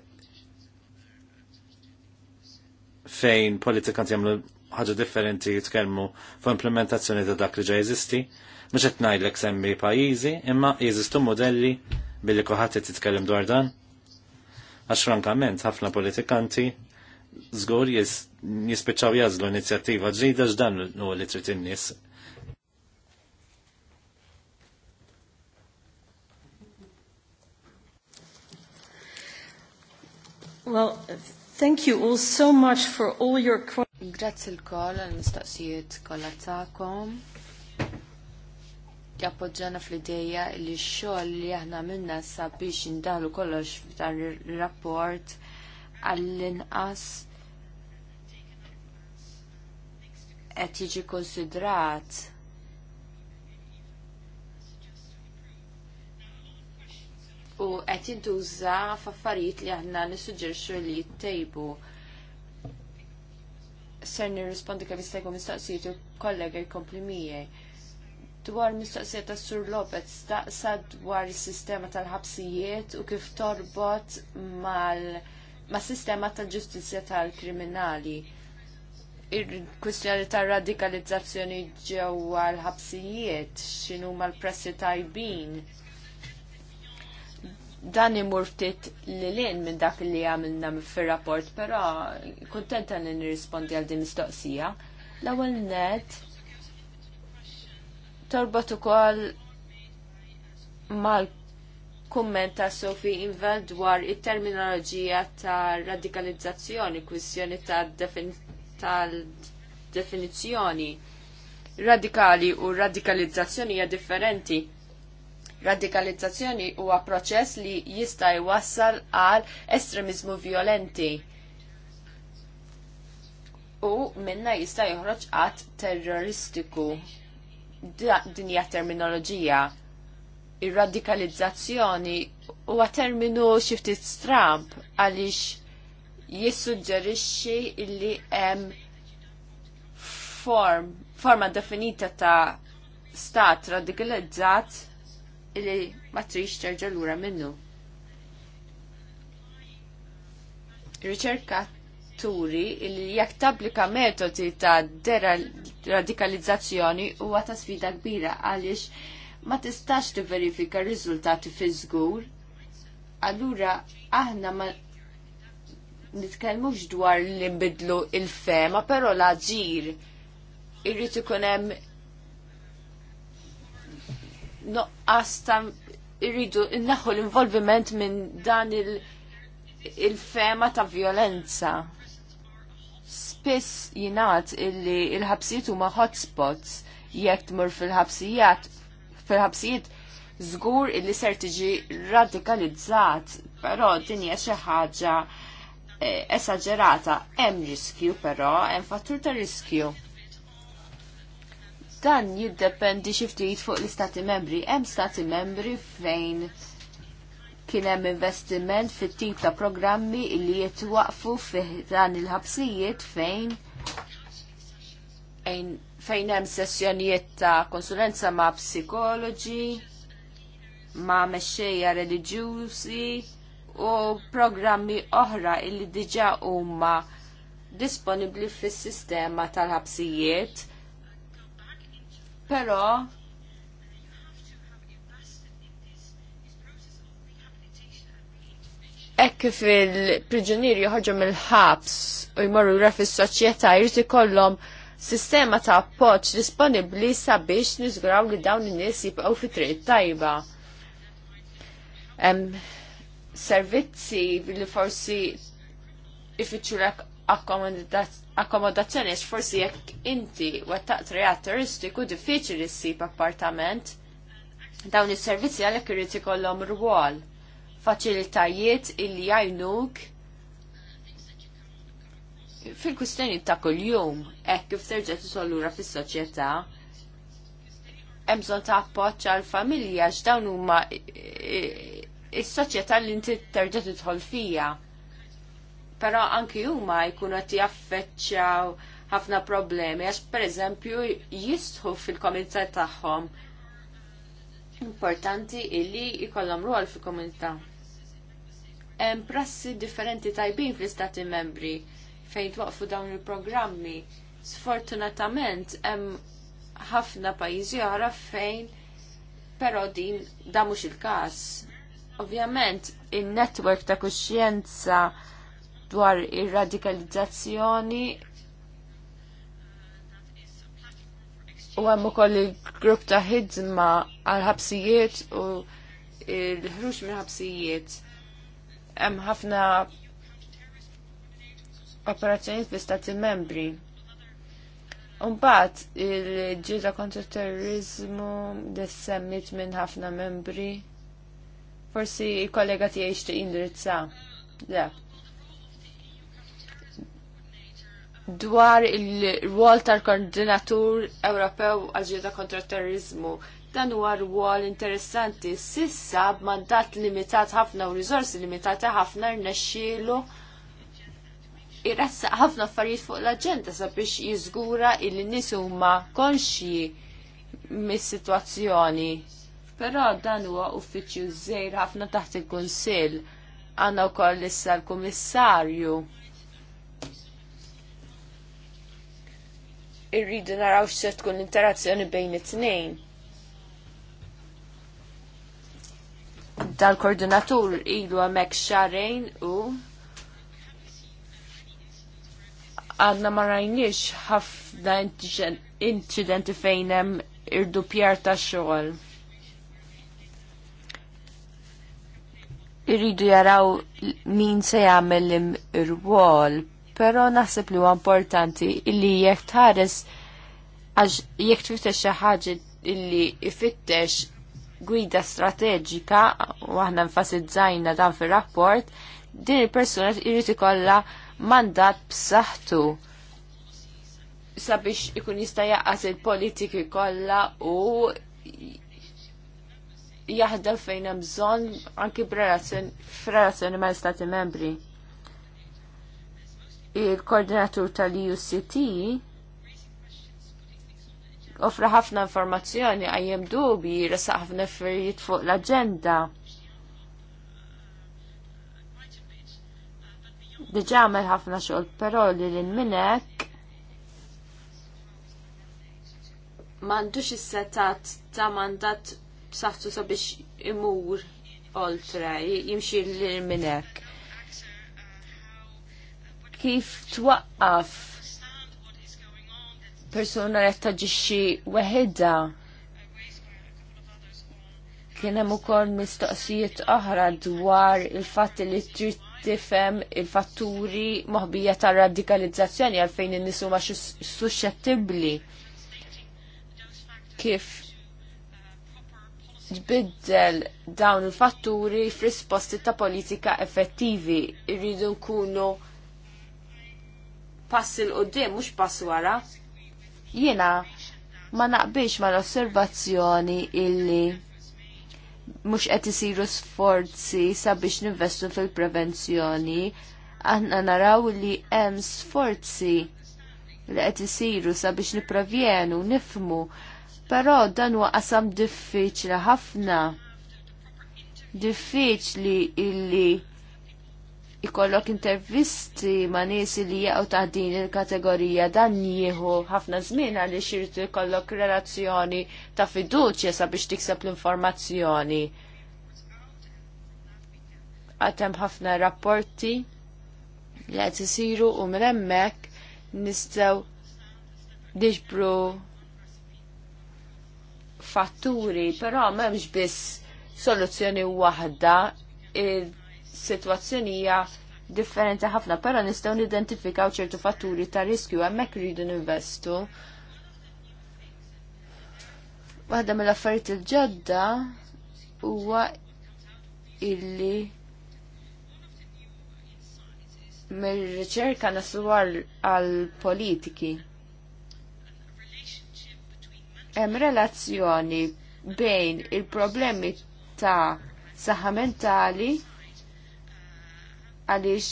fejn politikanti jagħmlu ħaġa differenti jitkellmu fuq implementazzjoni ta' dak li ġa jeżisti. Mhux qed ngħidlek semmi pajjiżi, imma jeżistu modelli billi kuħadd qed titkellem dwar dan. Għax frankament ħafna politikanti żgur jispiċċaw jażlu inizjattiva ġdida x'dan huwa li trid in-nies Well, thank you all so much for all your questions. Grazzi l-koll għal-mistaqsijiet kollha tagħkom. Jappoġġana fl-ideja li x-xogħol li aħna minna sabiex indalu kollox f'dan ir-rapport għall-inqas qed jiġi konsidrat u qed jintuża f'affarijiet li aħna nissuġġerxu li jittejbu. Ser nirrispondi kemm jista' jkun mistoqsijiet u kollega jkompli miegħi. Dwar mistoqsijiet ta' Sur Lopez staqsa dwar is-sistema tal-ħabsijiet u kif torbot mal ma' sistema tal-ġustizja tal-kriminali. Il-kwistjoni tar radikalizzazzjoni ġewwa l-ħabsijiet, x'inhuma l-pressi tajbin dan imur ftit li lin minn dak li għamilna fir rapport pero kontenta li nirrispondi għal din mistoqsija. L-ewwel net torbot ukoll mal-kumment ta' Sofi Invel dwar it-terminoloġija ta' radikalizzazzjoni, kwistjoni ta' tal-definizzjoni radikali u radikalizzazzjoni hija differenti Radikalizzazzjoni huwa proċess li jista' jwassal għal estremizmu violenti u minna jista' joħroġ għat terroristiku. Dinja terminoloġija. Ir-radikalizzazzjoni huwa terminu xi ftit stramp għaliex jissuġġerixxi illi hemm form, forma definita ta' stat radikalizzat li ma trix terġa' lura minnu. Riċerkaturi li jekk tapplika metodi ta' deradikalizzazzjoni huwa ta' sfida kbira għaliex ma tistax tivverifika r-riżultati fi żgur. Allura aħna ma nitkellmux dwar li nbidlu il-fema, però l-aġir irrid ikun hemm noqqas ta' irridu naħu l-involviment minn dan il-fema ta' violenza. Spiss jingħad illi il-ħabsijiet huma hotspots jekk tmur fil ħabsijiet fil-ħabsijiet żgur illi ser tiġi radikalizzat, però din hija xi ħaġa eh, esagerata, hemm riskju però, hemm fattur ta' riskju dan jiddependi xi ftit fuq l-istati membri. Hemm stati membri fejn kien hemm investiment fit-tip ta' programmi li jitwaqfu fih dan il-ħabsijiet fejn fejn hemm sessjonijiet ta' konsulenza ma' psikoloġi, ma' mexxejja reliġjużi u programmi oħra illi diġà huma disponibbli fis-sistema tal-ħabsijiet Però ekk kif il-priġunieri joħorġu mill-ħabs u jmorru jra fis-soċjetà jrid ikollhom sistema ta' appoġġ disponibbli sabiex niżguraw li dawn in-nies jibqgħu fi triq tajba. servizzi li forsi ifittxulek akkomodazzjoni forsi jekk inti wettaq trijat turistiku diffiċli ssib appartament dawn is-servizzi għalhekk irid ikollhom rwol faċilitajiet illi jgħinuk fil-kustjoni ta' kuljum hekk kif terġa' tisollura fis-soċjetà hemm bżonn ta' appoġġ għall familja x'dawn huma is-soċjetà li inti terġa' tidħol fija però anki huma jkunu qed jaffeċċjaw ħafna problemi għax pereżempju jistħu fil-komunità tagħhom. Importanti illi jkollhom rwol fil-komunità. Hemm prassi differenti tajbin fl-istati membri fejn twaqfu dawn il-programmi. Sfortunatament hemm ħafna pajjiżi oħra fejn però din da mhux il-każ. Ovvjament, in netwerk ta' kuxjenza dwar ir-radikalizzazzjoni u hemm ukoll il-grupp ta' ħidma għal ħabsijiet u l-ħruġ minn ħabsijiet. Hemm ħafna operazzjonijiet fi stati membri. Umbat, il-ġilda kontra terrorizmu dessemmit minn ħafna membri. Forsi il-kollega tiegħi xtieq indirizza. Le. dwar il-rwol tal-Koordinatur Ewropew għal-ġieda kontra terrorizmu. Dan huwa rwol interessanti sissa b'mandat limitat ħafna u rizorsi limitati ħafna rnexxielu irressaq ħafna affarijiet fuq l-aġenda sabiex jiżgura il nies huma konxji mis-sitwazzjoni. Però dan huwa uffiċċju żgħir ħafna taħt il-Kunsill għandna wkoll issa l-Kummissarju irridu naraw x'se tkun l-interazzjoni bejn it-tnejn. Dal-koordinatur ilu għamek xarejn u għadna ma rajniex ħafna incidenti fejn hemm pjar ta' xogħol. Irridu jaraw min se jagħmel ir-rwol Pero naħseb li huwa importanti illi jekk tħares għax jekk tfittex xi ħaġa illi ifittex gwida strateġika u aħna nfasizzajna dan fir-rapport, din il-persuna irid ikollha mandat b'saħħtu sabiex ikun jista' jaqqas il-politiki kollha u jaħdem fejn hemm bżonn anki f'relazzjoni mal-Stati Membri il-koordinatur tal-UCT offra ħafna informazzjoni għajjem dubi resaq ħafna affarijiet fuq l-agenda. Diġa għamel ħafna xogħol, pero li l-minnek m'għandux is-setat ta' mandat saftu sabiex imur oltre, jimxir l-minnek kif twaqqaf persuna li taġixxi weħida kien hemm ukoll mistoqsijiet oħra dwar il-fatt li trid tifhem il-fatturi moħbija tar-radikalizzazzjoni għalfejn in-nies huma suscettibbli kif tbiddel dawn il-fatturi f'risposti ta' politika effettivi irridu nkunu passi l qoddim mhux pass wara. Jiena ma naqbilx ma l-osservazzjoni illi mhux qed isiru sforzi sabiex ninvestu fil-prevenzjoni. Aħna naraw li hemm sforzi li qed isiru sabiex nippravjenu, nifmu, però dan huwa qasam diffiċli ħafna. Diffiċli illi ikollok intervisti ma' nisi li jgħu ta' din il-kategorija dan jieħu ħafna żmien għaliex xirtu ikollok relazzjoni ta' fiduċja sabiex tikseb l-informazzjoni. Għatem ħafna rapporti li qed isiru u minn hemmhekk nistgħu diġbru fatturi, però m'hemmx biss soluzzjoni waħda situazzjonija differenti ħafna, pero nistgħu nidentifikaw ċertu fatturi ta' riskju hemmhekk rridu ninvestu. Waħda mill-affarijiet il-ġodda huwa illi mir-riċerka naslu għal politiki. Hemm relazzjoni bejn il-problemi ta' saħħa mentali għaliex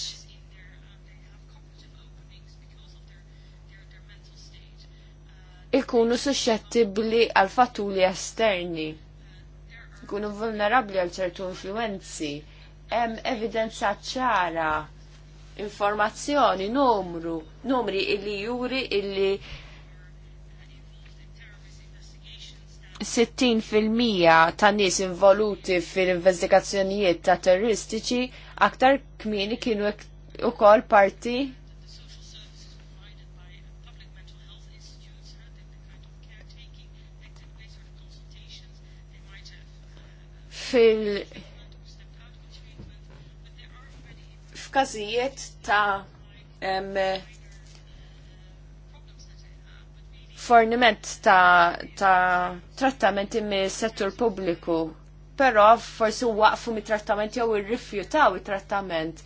ikunu suscettibli għal fatturi esterni. Ikunu vulnerabli għal ċertu influenzi. Hemm evidenza ċara, informazzjoni, numru, numri illi juri illi 60% ta' nies involuti fil-investigazzjonijiet ta' terroristiċi aktar kmini kienu u kol parti fil f'kazijiet ta' em, forniment ta', ta trattamenti mis settur pubbliku però forsi waqfu mit-trattament jew irrifjutaw it-trattament.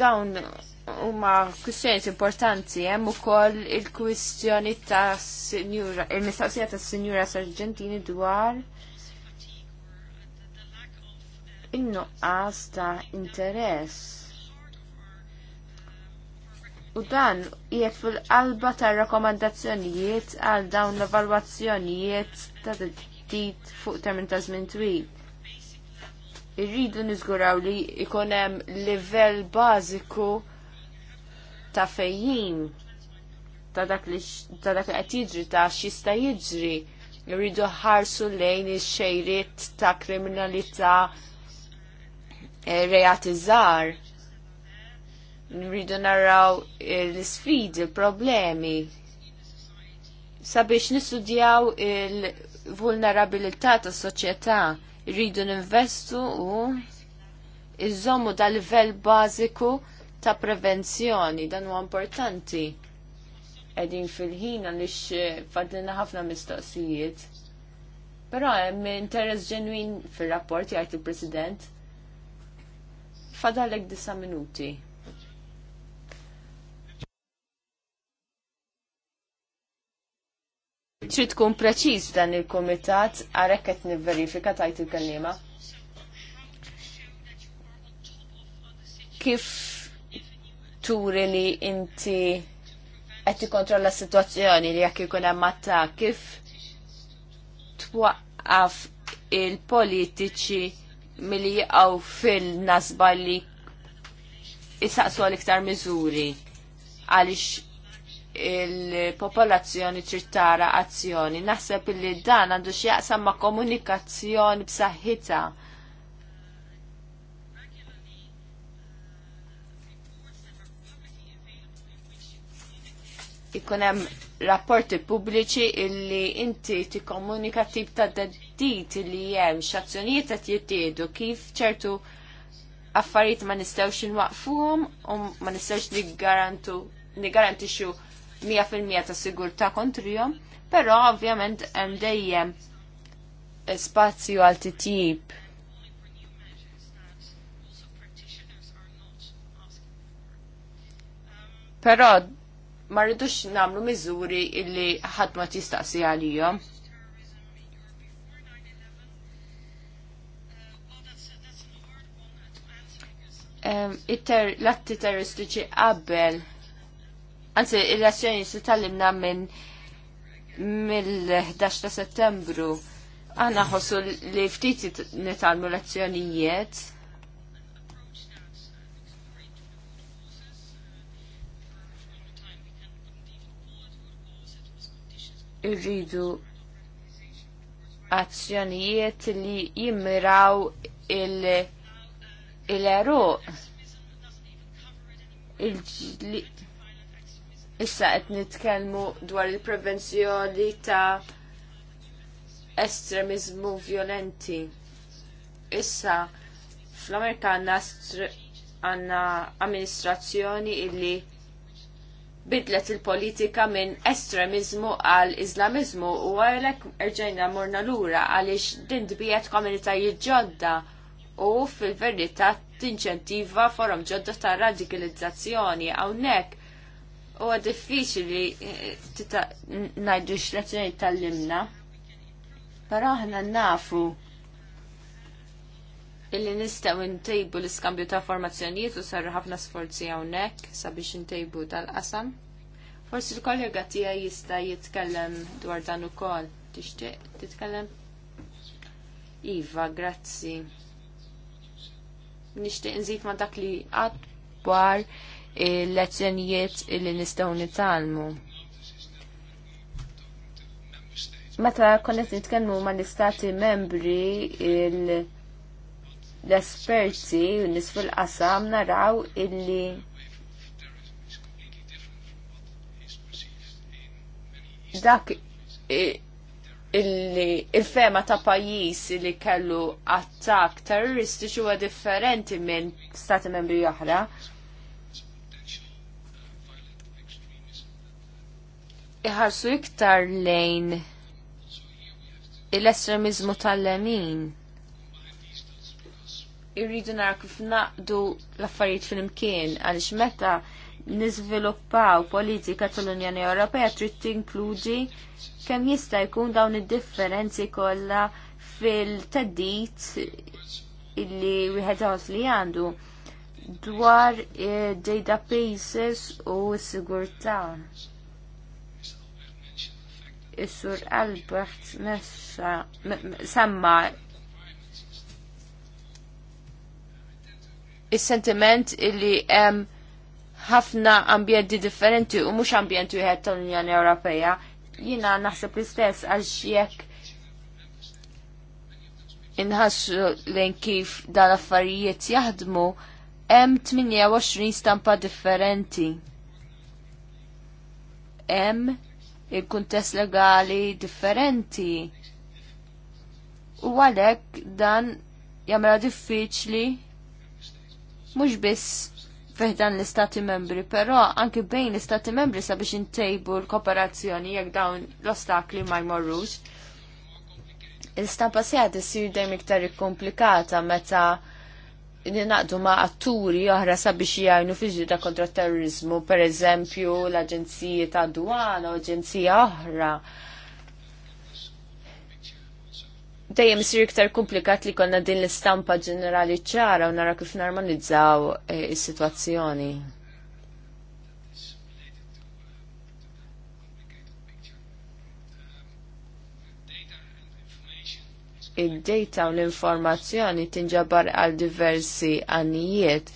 Dawn huma kwistjonijiet importanti hemm ukoll il-kwistjoni ta' sinjura il-mistaqsija ta' sinjura Sargentini dwar in-nuqqas ta' interess u dan jiet fil-qalba ta' rakomandazzjonijiet għal dawn l-evalwazzjonijiet ta' ġdid fuq termin ta' żmien twil. Irridu niżguraw li ikun hemm livell bażiku ta' fejjin ta' dak li qed jiġri ta' xista jiġri. Irridu ħarsu lejn ix-xejriet ta' kriminalità eh, reati żgħar. Nridu naraw l-sfidi, l-problemi, sabiex nistudjaw il- vulnerabilità tas soċjetà rridu ninvestu u iżommu dal livell bażiku ta' prevenzjoni dan huwa importanti. Qegħdin fil-ħin għaliex eh, fadlina ħafna mistoqsijiet. Però hemm interess ġenwin fir-rapport jgħid il-President. Fadalek disa' minuti. Trid tkun preċiż dan il-kumitat għalhekk qed nivverifika tajt il-kellima. Kif turi li inti qed tikkontrolla s-sitwazzjoni li jekk ikun hemm attak, kif twaqqaf il-politiċi milli jaqgħu fil-nasba li jisaqsu għal iktar miżuri għaliex il-popolazzjoni ċirtara azzjoni. Naħseb li dan għandu xieqsam ma' komunikazzjoni b'saħħita. Ikun hemm rapporti pubbliċi illi inti tikkomunika tip ta' deddit li hemm x'azzjonijiet qed jittiedu kif ċertu affarijiet ma nistgħux inwaqfuhom u ma nistgħux niggarantu nigarantixxu 100% ta' sigurtà kontrijom, pero ovvjament hemm dejjem spazju għal titjib. Pero marridux namlu mizuri illi ħadd ma tistaqsi għalihom. Um, l-atti terroristiċi qabel Anzi, il-reazzjoni si tal-limna minn mill-11 ta' settembru. Għana ħossu li ftit nitalmu lezzjonijiet. Irridu azzjonijiet li jimmiraw il-eruq. Il Issa qed nitkellmu dwar il-prevenzjoni ta' estremizmu violenti. Issa fl-Amerika għandna amministrazzjoni illi bidlet il-politika minn estremizmu għal islamizmu u għalek erġajna morna lura għalix din dbijet komunitajiet ġodda u fil-verità tinċentiva forum ġodda ta' radikalizzazzjoni għawnek u diffiċli eh, najdu x-lezzjoni tal-limna. Pero aħna nafu illi nistaw intejbu l-iskambju ta' formazzjonijiet u sarru ħafna sforzi hawnhekk sabiex intejbu tal-qasam. Forsi l-kollega tiegħi jista' jitkellem dwar dan ukoll. Tixtieq titkellem? Iva, grazzi. Nixtieq nżid ma' dak li għad dwar il-lezzjonijiet li nistgħu nitalmu. Meta konnet nitkellmu ma' l-istati membri l-esperti u nis fil-qasam naraw illi dak illi il-fema ta' pajis li kellu attak terroristiċi huwa differenti minn stati membri oħra iħarsu iktar lejn l-estremizmu tal-lemin. Irridu nara kif naqdu l-affarijiet fil-imkien għaliex meta niżviluppaw politika tal-Unjoni Ewropea trid tinkludi kemm jista' jkun dawn id-differenzi kollha fil-teddit illi wieħed li għandu dwar eh, data bases u s-sigurtà. Is-sur Albert messa semma is-sentiment illi hemm ħafna ambjenti differenti u mhux ambjent wieħed tal-Unjoni Ewropea. Jiena naħseb l-istess għax jekk inħassu lejn kif dan affarijiet jaħdmu hemm 28 stampa differenti. Hemm il-kuntest legali differenti. U għalek dan jamra diffiċli mux biss fiħdan l-istati membri, pero anki bejn l-istati membri sabiex intejbu l-kooperazzjoni jekk dawn l-ostakli ma jmorrux. Il-stampa sejħat issir dejjem iktar komplikata meta ninaqdu ma' atturi oħra sabiex jgħajnu fi ġida kontra terrorizmu, per eżempju l-Aġenzija ta' Dwana u Aġenzija oħra. Dejjem isir iktar komplikat li konna din l-istampa ġenerali ċara u nara kif normalizzaw eh, is-sitwazzjoni. id-data u l-informazzjoni tinġabar għal diversi għanijiet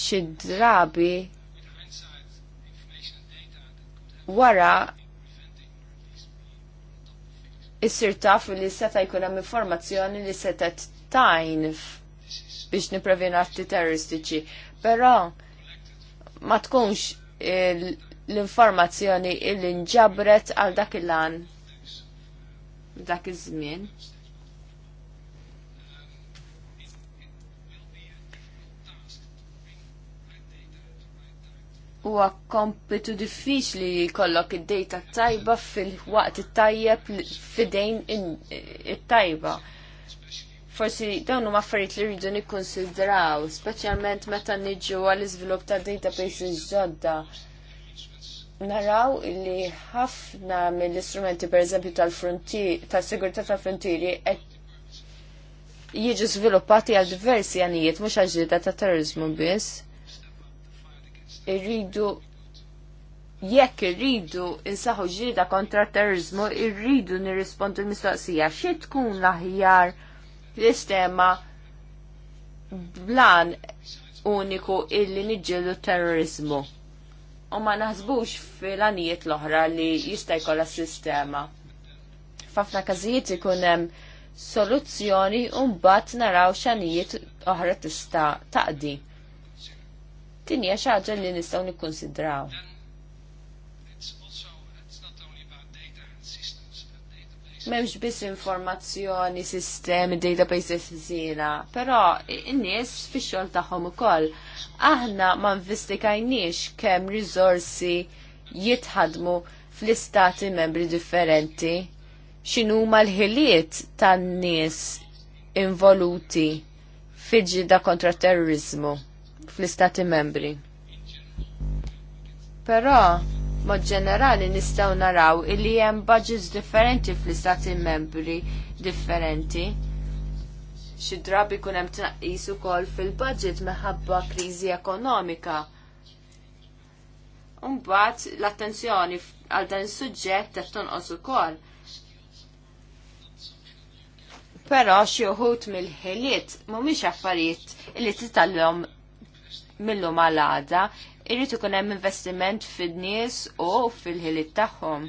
xi drabi wara issir taf li seta jkun hemm informazzjoni li seta tajn biex niprevina atti terroristiċi. Però ma tkunx l-informazzjoni il inġabret għal dak il-lan dak iż-żmien. huwa kompitu diffiċli li jkollok id-dejta tajba fil-waqt it-tajjeb fidejn it-tajba. Forsi dawn huma affarijiet li rridu nikkonsidraw, speċjalment meta niġu għall iżvilupp ta' databases ġodda naraw li ħafna mill-istrumenti per eżempju tal-sigurtà tal-frontieri qed jiġu sviluppati għal diversi għanijiet mhux għall-ġlieda ta' terrorizmu biss. Irridu jekk irridu insaħu ġrida kontra terrorizmu, irridu nirrispondu l-mistoqsija xi tkun l-aħjar sistema blan uniku illi niġġielu terrorizmu u ma naħsbux fil-anijiet l-oħra li jista' jkollha sistema. F'ħafna każijiet ikun hemm soluzzjoni u mbagħad naraw x'anijiet oħra tista' taqdi. Tinja xi ħaġa li nistgħu nikkunsidraw. Memx biss informazzjoni, sistemi, databases zina, però n-nies fix-xogħol tagħhom ukoll. Aħna ma investigajniex kemm rizorsi jitħadmu fl-istati membri differenti. X'inhu l-ħiliet tan-nies involuti da kontra terrorizmu fl-istati membri. Però mod ġenerali nistgħu naraw illi hemm budgets differenti fl-istati membri differenti. Xi drabi jkun hemm tnaqqis ukoll fil-budget minħabba kriżi ekonomika. Mbagħad l-attenzjoni għal dan is-suġġett qed tonqos ukoll. Però xi wħud mill-ħiliet mhumiex affarijiet li titallhom millum għal għada irrid ikun hemm investiment fid-nies u fil-ħiliet tagħhom.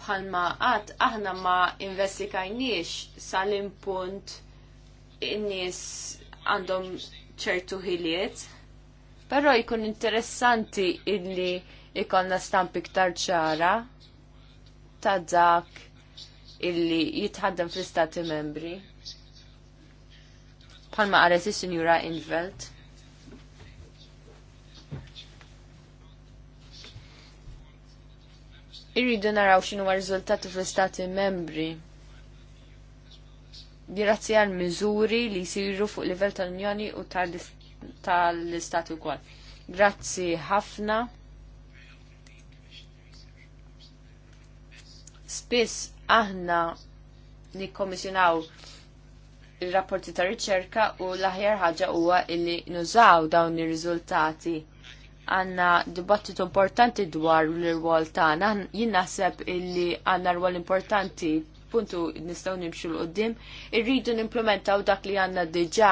Bħalma qatt aħna ma investikajniex sal-impunt in-nies għandhom ċertu ħiliet, però jkun interessanti illi ikonna stamp iktar ċara ta' dak illi jitħaddem fl-istati membri. Palma qalet is-Sinjura Invelt. Irridu naraw x'inhu riżultati fl-istati membri. Grazzi għal miżuri li jsiru fuq livell tal-Unjoni u tal-istati wkoll. Grazzi ħafna. Spiss aħna li komissjonaw il-rapporti ta' riċerka u l-aħjar ħaġa huwa illi nużaw dawn ir-riżultati għanna dibattitu importanti dwar l-rwol tagħna. Jien naħseb illi għanna rwol importanti puntu nistgħu nimxu l qudiem irridu nimplementaw dak li għanna diġà.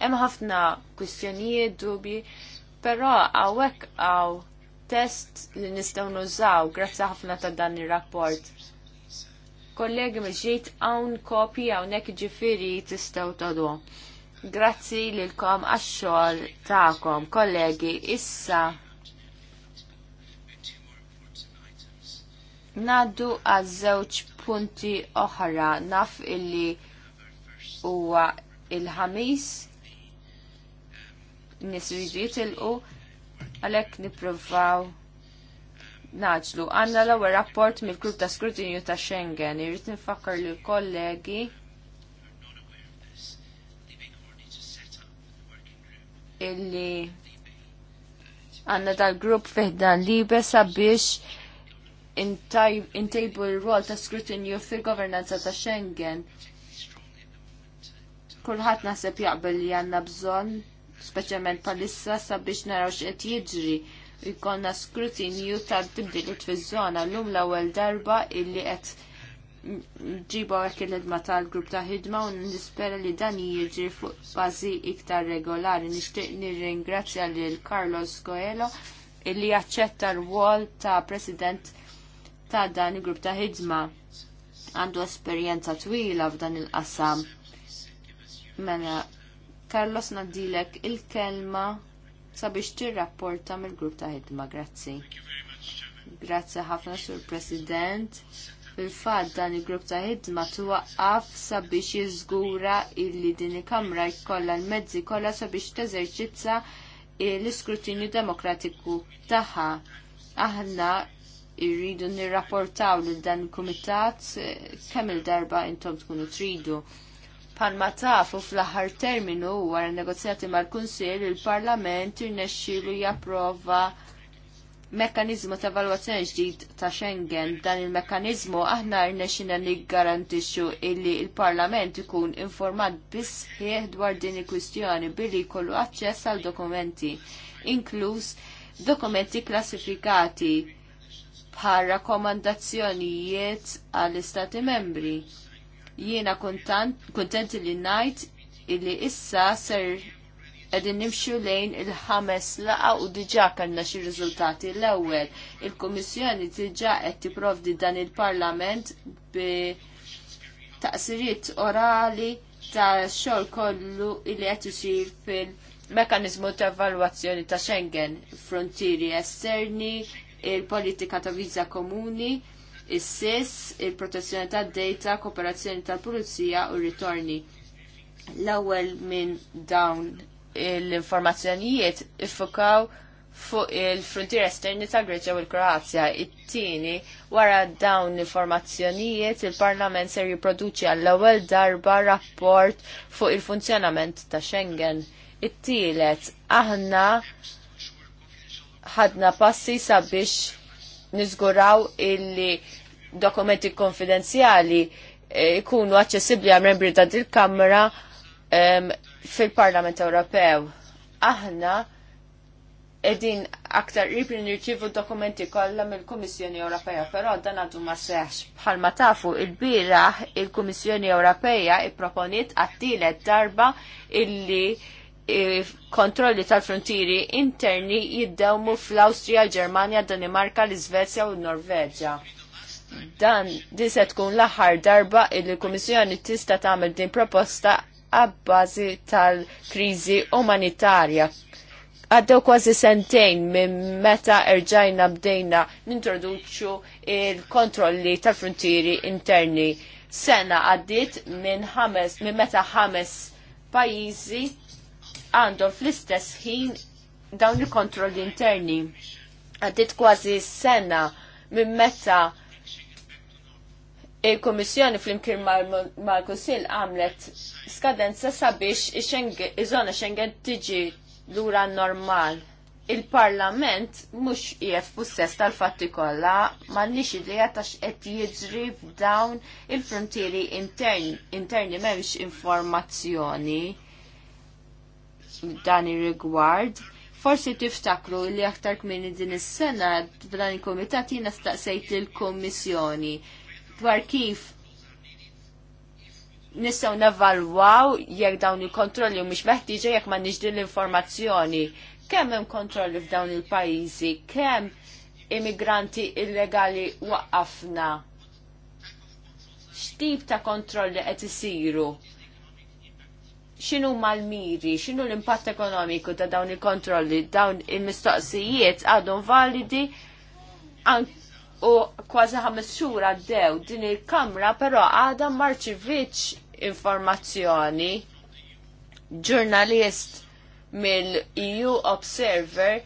Hemm ħafna kwistjonijiet dubi, però hawnhekk għaw test li nistgħu nużaw grazzi ħafna ta' dan ir-rapport. Kollegi mġiet hawn kopji hawnhekk ġifieri tistgħu tagħduhom. Grazzi lilkom għax-xogħol tagħkom, kollegi, issa Naddu għal żewġ punti oħra naf illi huwa il-ħamis nisridu jitilqu għalhekk nippruvaw naġlu. Għandna l-ewwel rapport mill-Grupp ta' Skrutinju ta' Schengen, irrid nifakkar lil kollegi illi għanna tal-grupp li besa sabiex intejbu l-rol ta' skrutinju fil-governanza ta' Schengen. Kulħat naħseb jaqbel li għanna bżon, speċjalment palissa sabiex naraw x'qed jiġri jkollna skrutinju tal-tibdilit fiż-żona l-lum l-ewwel darba illi qed ġibu għek il-edma tal-grupp ta' ħidma u nispera li dan jiġri fuq bazi iktar regolari. Nishtiq nirringrazzja lil Carlos Coelho illi jaċċetta r-wol ta' president ta' dan il-grupp ta' ħidma. Għandu esperjenza twila f'dan il-qasam. Mela, Carlos nadilek il-kelma sabiex tirrapporta mill-grupp ta' ħidma. Grazzi. Grazzi ħafna sur President. Fil-fatt dan il-grupp ta' ħidma twaqqaf sabiex jiżgura illi din il-Kamra jkollha l-mezzi kollha sabiex teżerċizza l-iskrutinju demokratiku tagħha. Aħna irridu nirrapportaw lil dan il-kumitat eh, kemm il-darba intom tkunu tridu. Palma tafu fl-aħħar terminu wara negozjati mal-Kunsill il-Parlament irnexxielu japprova mekkanizmu ta' valwazzjoni ġdid ta' Schengen dan il-mekkanizmu aħna rnexxina niggarantixxu illi il-Parlament ikun informat biss ħieħ dwar din il-kwistjoni billi jkollu aċċess għal dokumenti, inkluż dokumenti klassifikati bħal rakkomandazzjonijiet għall istati membri. Jiena kontent li ngħid illi issa ser qegħdin nimxu lejn il-ħames laqa u diġà kellna xi riżultati l-ewwel. Il-Kummissjoni diġà qed tipprovdi dan il-Parlament bi taqsiriet orali ta' xogħol kollu li qed isir fil-mekkaniżmu ta' evalwazzjoni ta' Schengen, frontieri esterni, il-politika ta' viza komuni, is-sis, il protezzjoni tad-data, kooperazzjoni tal-pulizija u ritorni l-ewwel minn dawn l-informazzjonijiet iffukaw fuq il-frontier esterni ta' Greċja u l-Kroazja. It-tieni wara dawn l-informazzjonijiet il-Parlament ser jipproduċi għall-ewwel darba rapport fuq il-funzjonament ta' Schengen. It-tielet aħna ħadna passi sabiex niżguraw illi dokumenti konfidenzjali eh, ikunu aċċessibbli għal membri ta' dil-Kamra fil-Parlament Ewropew aħna edin aktar ribri nirċivu dokumenti kollha mill-Kummissjoni Ewropea, però dan għadu ma seħx. Bħalma tafu il-biraħ il-Kummissjoni Ewropea ipproponiet għattilet darba illi kontrolli tal-frontieri interni jiddewmu fl-Awstrija, Ġermanja, Danimarka, l-Iżvezja u l norveġġa Dan din se tkun l-aħħar darba illi l-Kummissjoni tista' tagħmel din proposta għabbażi tal-krizi umanitarja. Għaddew kważi sentejn minn meta erġajna bdejna nintroduċu il-kontrolli tal-frontieri interni. Sena għaddit minn min meta ħames pajizi għandhom fl-istess ħin dawn il-kontrolli interni. Għaddit kważi sena minn meta il-Komissjoni fl-imkien mal-Kunsil għamlet skadenza sabiex iż-żona Schengen tiġi lura normal. Il-Parlament mhux jef possess tal-fatti kollha m'għandniex idea ta' x'qed jiġri f'dawn il-frontieri interni m'hemmx informazzjoni dan ir-rigward. Forsi tiftakru li aktar kmini din is-sena b'dan il-Kumitat jiena staqsejt il kummissjoni dwar kif nistgħu nevalwaw jekk dawn il-kontrolli u mhix meħtieġa jekk ma din l-informazzjoni. Kemm hemm kontrolli f'dawn il-pajjiżi, kemm immigranti illegali waqafna. X'tip ta' kontrolli qed isiru? X'inhuma mal-miri, x'inhu l-impatt ekonomiku ta' dawn il-kontrolli, dawn il-mistoqsijiet għadhom validi u kważi ħames xhur għaddew din il-kamra però għadha rċivitx informazzjoni ġurnalist mill-EU Observer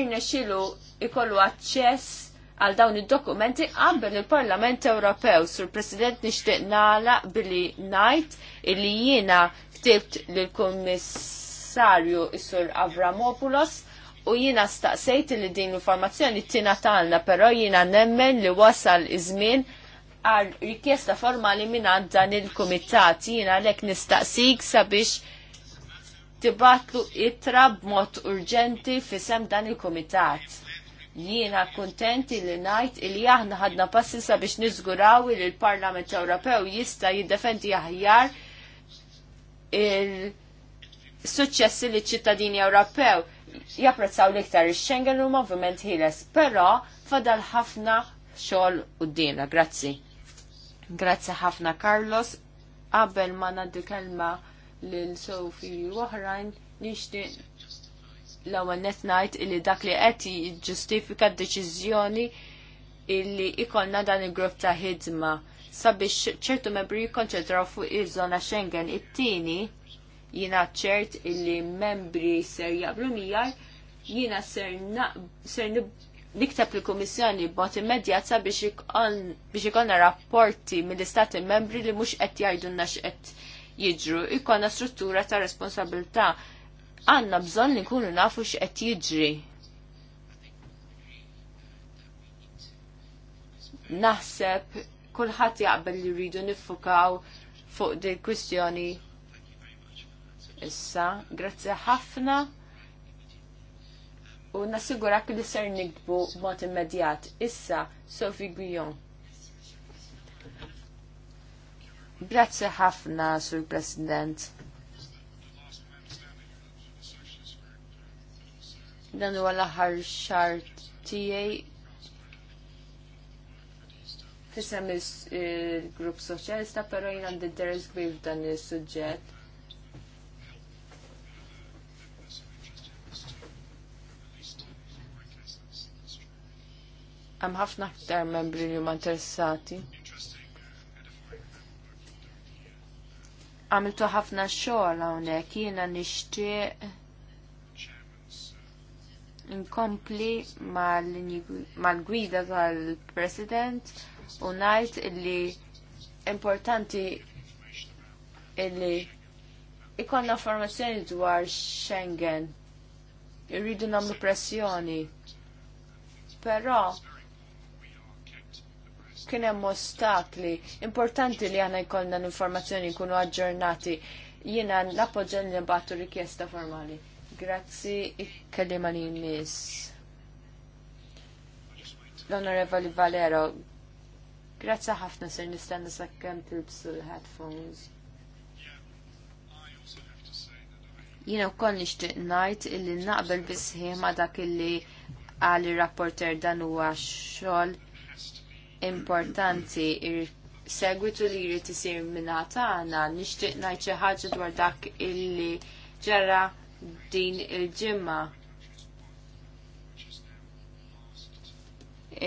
irnexilu ikollu aċċess għal dawn id-dokumenti qabel il-Parlament Ewropew sur President nixtieq nala billi ngħid illi jiena ktibt lill-Kummissarju is-Sur Avramopoulos u jina staqsejt li din l-informazzjoni tina talna, pero jina nemmen li wasal iż-żmien għal rikjesta formali minn dan il-komitat jina lek nistaqsik sabiex tibatlu itra b'mod urġenti fisem dan il-komitat. Jiena kontenti li najt li aħna ħadna passi sabiex nizguraw li l-Parlament Ewropew jista' jiddefendi aħjar il-suċċessi li ċittadini Ewropew japprezzaw liktar il-Schengen Room movement ħiles, però fadal ħafna xogħol dina, Grazzi. Grazzi ħafna Carlos. Qabel ma naddi kelma lil Sofi oħrajn nixtieq l-ewwel net ngħid illi dak li qed jiġġustifika d-deċiżjoni illi ikolna dan il-grupp ta' ħidma sabiex ċertu mebri jikkonċentraw fuq iż-żona Schengen it-tieni Jina ċert illi membri ser jablu mijar, jina ser, na, ser niktab il komissjoni bot immedjata biex ikonna rapporti mill-Istati membri li mux qed jgħidu nax qed jiġru. Ikonna struttura ta' responsabilta' għanna bżon li nkunu nafu x'qed jiġri. Naħseb kulħadd jaqbel li rridu niffukaw fuq di kwistjoni issa. Grazzi ħafna u nasigura li ser nikbu mod immedjat. Issa, Sofi Guillon. Grazzi ħafna, Sur President. Dan u l ħar xart tiegħi fisem il-grupp soċjalista, però jina għandi deres kbir dan is-suġġett Hemm ħafna aktar membri li huma interessati. Għamiltu ħafna xogħol hawnhekk jiena nixtieq inkompli mal-gwida tal-President u ngħid li importanti illi ikonna formazzjoni dwar Schengen. Irridu namlu pressjoni. Però kien hemm ostakli. Importanti li għana jkollna l-informazzjoni nkunu aġġornati. Jiena nappoġġa li nbagħtu rikjesta formali. Grazzi ikkellima li miss. L-Onorevoli Valero, grazzi ħafna sir nistenna sakkemm tilbsu l-headphones. Jiena wkoll nixtieq ngħid illi naqbel bisħi ma dak illi għali rapporter dan huwa xogħol importanti segwitu li jrid isir minnata għana nixtieq ngħid xi ħaġa dwar dak illi ġara din il ġimma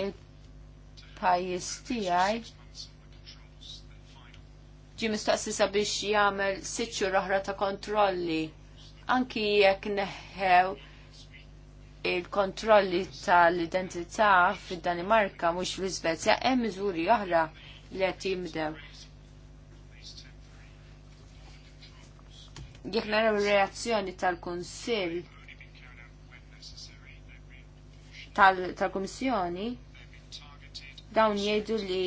Il-pajjiż tiegħi ġi mistoqsi sabiex jagħmel sitt xhur oħra ta' kontrolli anki jekk neħħew il-kontrolli tal-identità fid-Danimarka mhux fl-Iżvezja hemm miżuri oħra li qed jimdew. Jekk naraw ir-reazzjoni tal-Kunsill tal-Kummissjoni dawn jgħidu li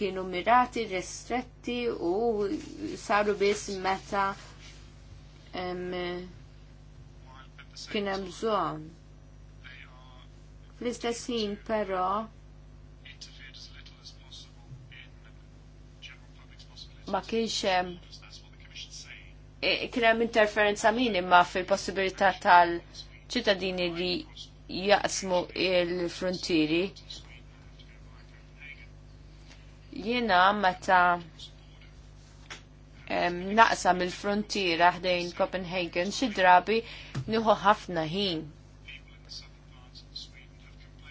kienu mirati, restretti u saru biss meta kien hemm bżonn. Fl-istess però ma kienx hemm e, kien hemm interferenza minima fil-possibilità tal-ċittadini li jaqsmu il-frontieri. Jiena meta naqsam il-frontiera ħdejn Copenhagen xi drabi nieħu ħafna ħin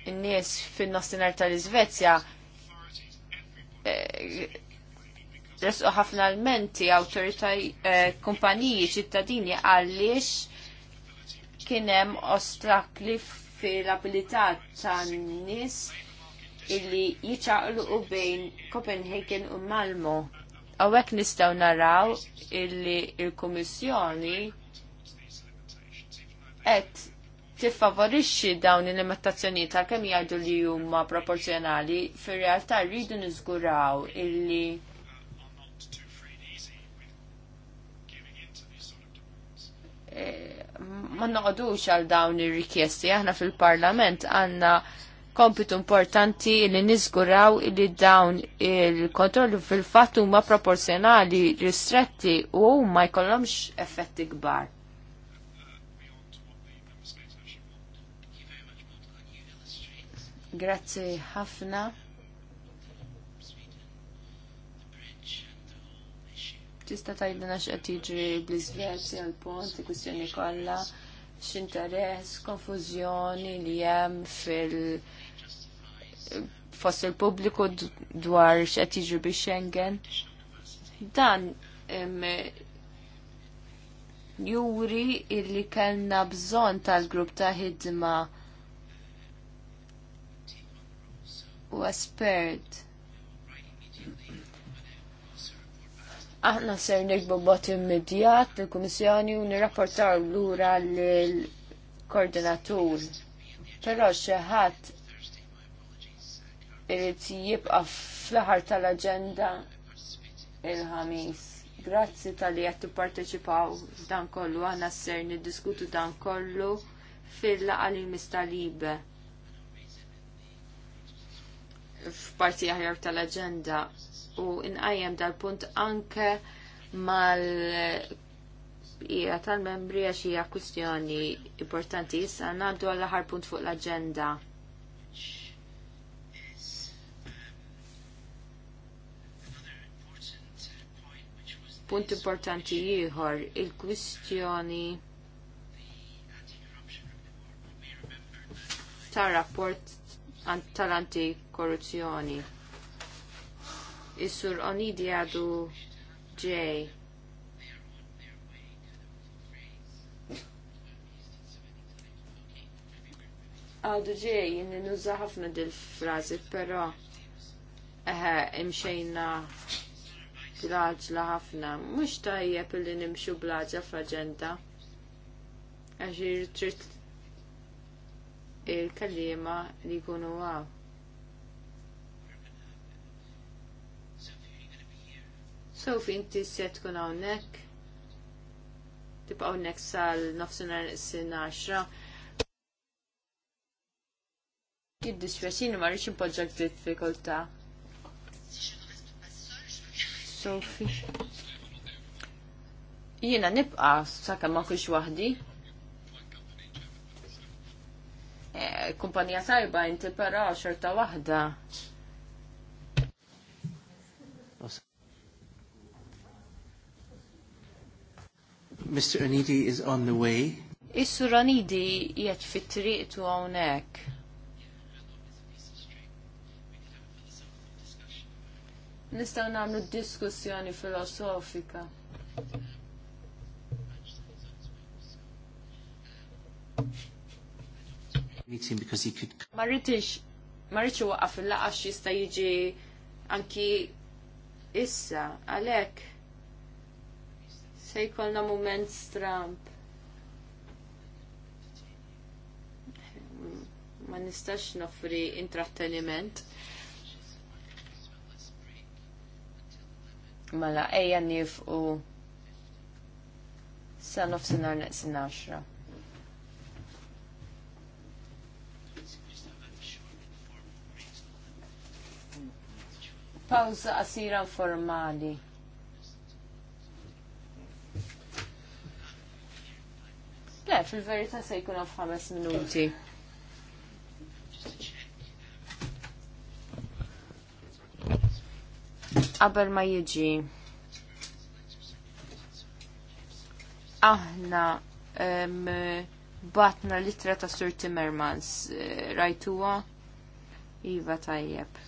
n-nies fin-nofsinhar tal-Iżvezja eh, resu ħafna l-menti awtoritaj eh, kumpaniji ċittadini għaliex kienem ostakli fil-abilità tan-nies illi u bejn Copenhagen u Malmo. Għawek nistaw naraw illi il-Komissjoni qed tiffavorixxi dawn il-limitazzjonijiet tal-kemm jgħidu li huma proporzjonali, fir-realtà rridu niżguraw illi eh, ma noqodux għal dawn ir-rikjesti. Aħna fil-Parlament għandna kompitu importanti li niżguraw li dawn il-kontrolli fil-fatt huma proporzjonali, ristretti u ma jkollhomx effetti kbar. Grazzi ħafna. Tista tajdina x'qed jiġri bl-iżvjerzi għal-pont, kwistjoni kollha, x'interess, konfużjoni li hemm fil- fost il-pubbliku dwar x'qed jiġri bi Schengen. Dan juri illi kellna bżonn tal-grupp ta' ħidma u espert. Aħna ser nikbu bot immedjat l-Kummissjoni u nirrapportaw lura l-koordinatur. Però xi ħadd jibqa' fl-aħħar tal-aġenda il-ħamis. Grazzi tal-li għattu parteċipaw dan kollu, għana ser niddiskutu dan kollu fil-laqalim mistalibe f'parti aħjar tal-agenda u inqajjem dal-punt anke mal hija tal-membri għax hija kwistjoni importanti issa ngħaddu għall aħar punt fuq l-aġenda. Punt importanti ieħor il-kwistjoni tar rapport tal korruzzjoni. Is-sur Onidi għadu ġej. Għadu ġej, jinni nuża ħafna dil-frazi, pero eħe, imxejna blaġla ħafna. Mux tajjeb li nimxu blaġla fl-agenda. Għaxir trid il-kallima li jkunu għaw. Sofi, inti se tkun hawnhekk. Tibqa' nek sal-nofsinhar sin-10. Jiddispjaċini ma rridx impoġġak diffikultà. Sofi. Jiena nibqa' sakemm ma kienx waħdi. Eh, kumpanija tajba inti para xorta wahda. Mr. Anidi is on the way. Issu Ranidi Anidi jgħet fit-triq tu għonek. Nistaw namlu diskussjoni filosofika. meeting because he could Maritish Maritish waqaf il-laqa jista' jiġi anki issa Alek. se jkollna moment stramp. Ma nistax noffri intratteniment. Mala ejja u sa nofsinar neqsin 10. Pawza qasira formali. Le, fil-verità se jkun għaf ħames minuti. Qabel ma jiġi. Aħna um, batna litra ta' Sur Timmermans, eh, rajtuwa? Iva tajjeb.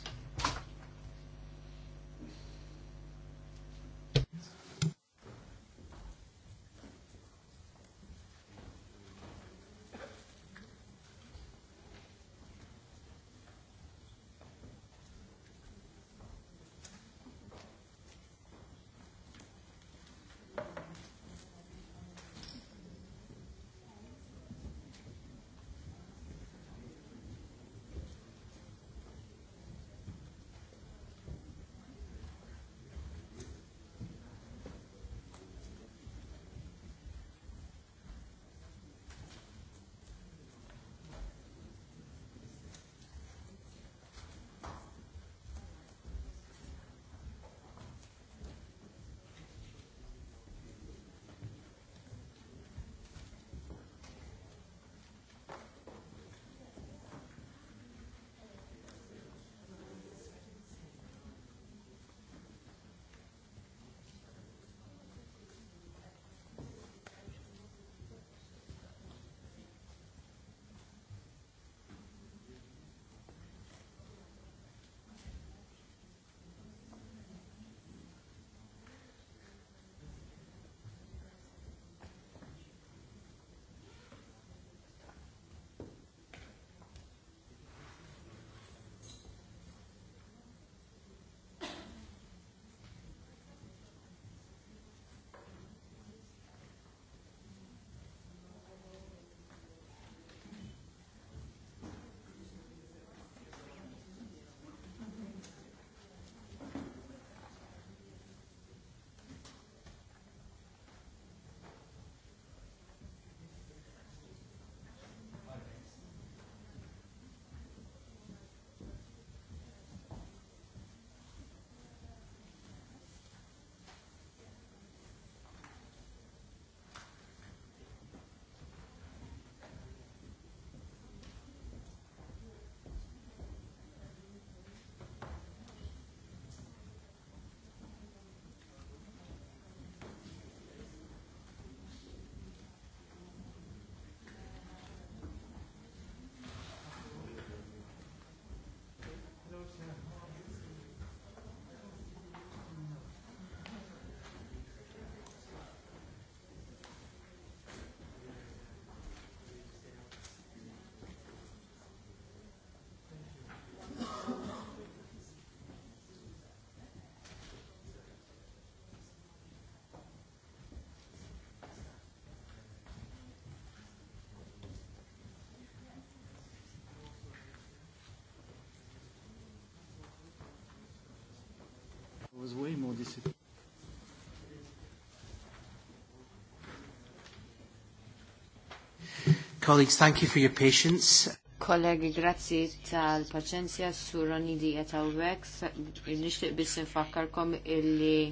Colleagues, thank you for your patience. Kollegi, grazzi tal-paċenzja suroni di għetaw Nishtiq bis infakkarkom illi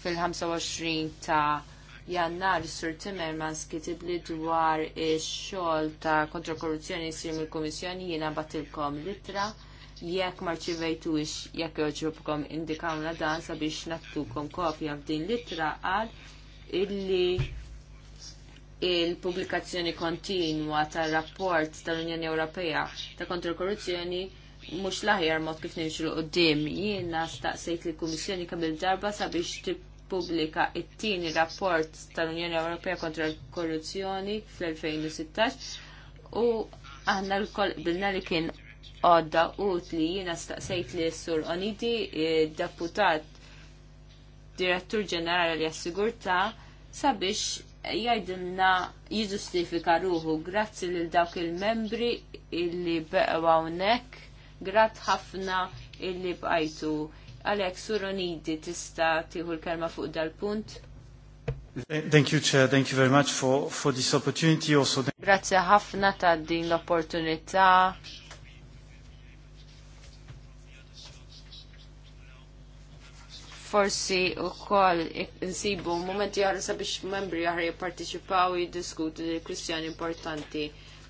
fil-25 ta' jannar Sur Timmermans kitib li dwar ix-xogħol ta' kontra korruzzjoni jsir mill-Kummissjoni jiena batilkom litra jekk marċivejtux jekk joġobkom indikawna dan sabiex nattukom kopja f'din litra għal illi il-publikazzjoni kontinwa tar rapport tal-Unjoni Ewropea ta' kontra korruzzjoni mhux l-aħjar mod kif nimxu qoddim Jiena staqsejt lill kummissjoni kemm il-darba sabiex tippubblika t tieni rapport tal-Unjoni Ewropea kontra l-korruzzjoni fl-2016 u aħna l-koll bilna li kien għodda utli jiena staqsejt li sur Onidi, deputat direttur ġenerali għas-sigurta, sabiex jgħidilna jizustifika ruħu grazzi lil dawk il-membri illi beqgħu hawnhekk, grat ħafna illi bqajtu. Alex Suronidi tista' tieħu l-kelma fuq dal-punt. Thank you, Chair. Thank you very much for, for this opportunity also. Grazie ħafna ta' din l-opportunità forsi wkoll insibu mumenti għarra sabiex membri għarra jipparteċipaw jiddiskutu di kwistjoni importanti.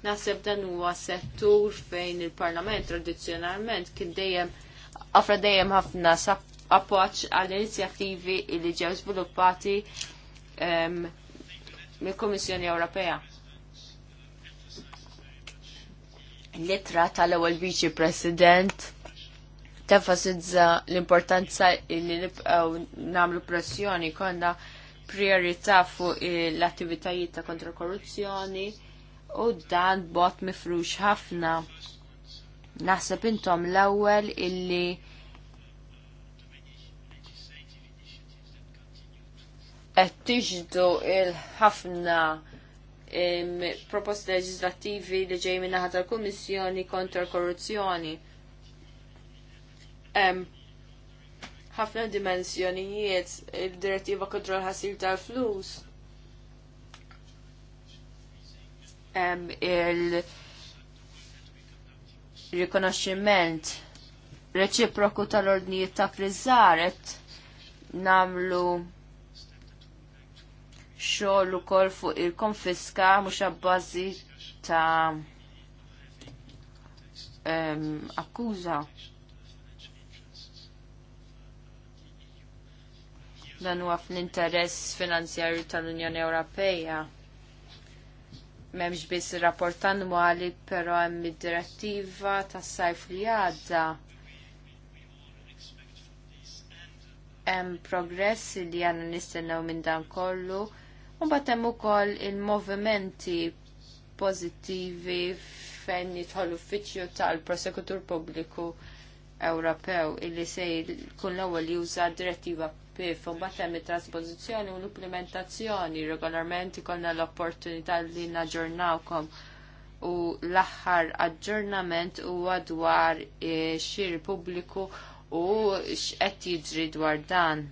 Naħseb dan huwa settur fejn il-Parlament tradizzjonalment kien dejjem għafra dejjem ħafna appoċ għall-inizjattivi li ġew sviluppati ehm, mill-Kummissjoni Ewropea. Litra tal-ewwel Viċi President tefasizza l-importanza li nibqaw namlu pressjoni konna priorità fuq l-attivitajiet ta' kontra korruzzjoni u dan bot mifrux ħafna. Naħseb intom l-ewwel illi qed tiġdu il-ħafna proposti leġislattivi li ġej minnaħa tal-Kummissjoni kontra korruzzjoni ħafna dimensjonijiet il-direttiva kontrol ħasil tal-flus il-rikonoxximent reċiproku tal-ordnijiet ta' frizzaret namlu xogħol ukoll fuq il-konfiska mhux abbażi ta' um, akkuża. dan huwa fl-interess finanzjarju tal-Unjoni Ewropea. M'hemmx biss ir-rapport annwali, però hemm id-direttiva tas-sajf li għadda. Hemm progress li għandna nistennew minn dan kollu, u mbagħad hemm ukoll il-movimenti pożittivi fejn jidħol uffiċċju tal-Prosekutur Pubbliku Ewropew illi se jkun l-ewwel juża direttiva PIF, un hemm it traspożizzjoni u l-implementazzjoni, regolarment ikollna l-opportunità li naġġornawkom u l-aħħar aġġornament huwa dwar e, xir pubbliku u x'qed jiġri dwar dan.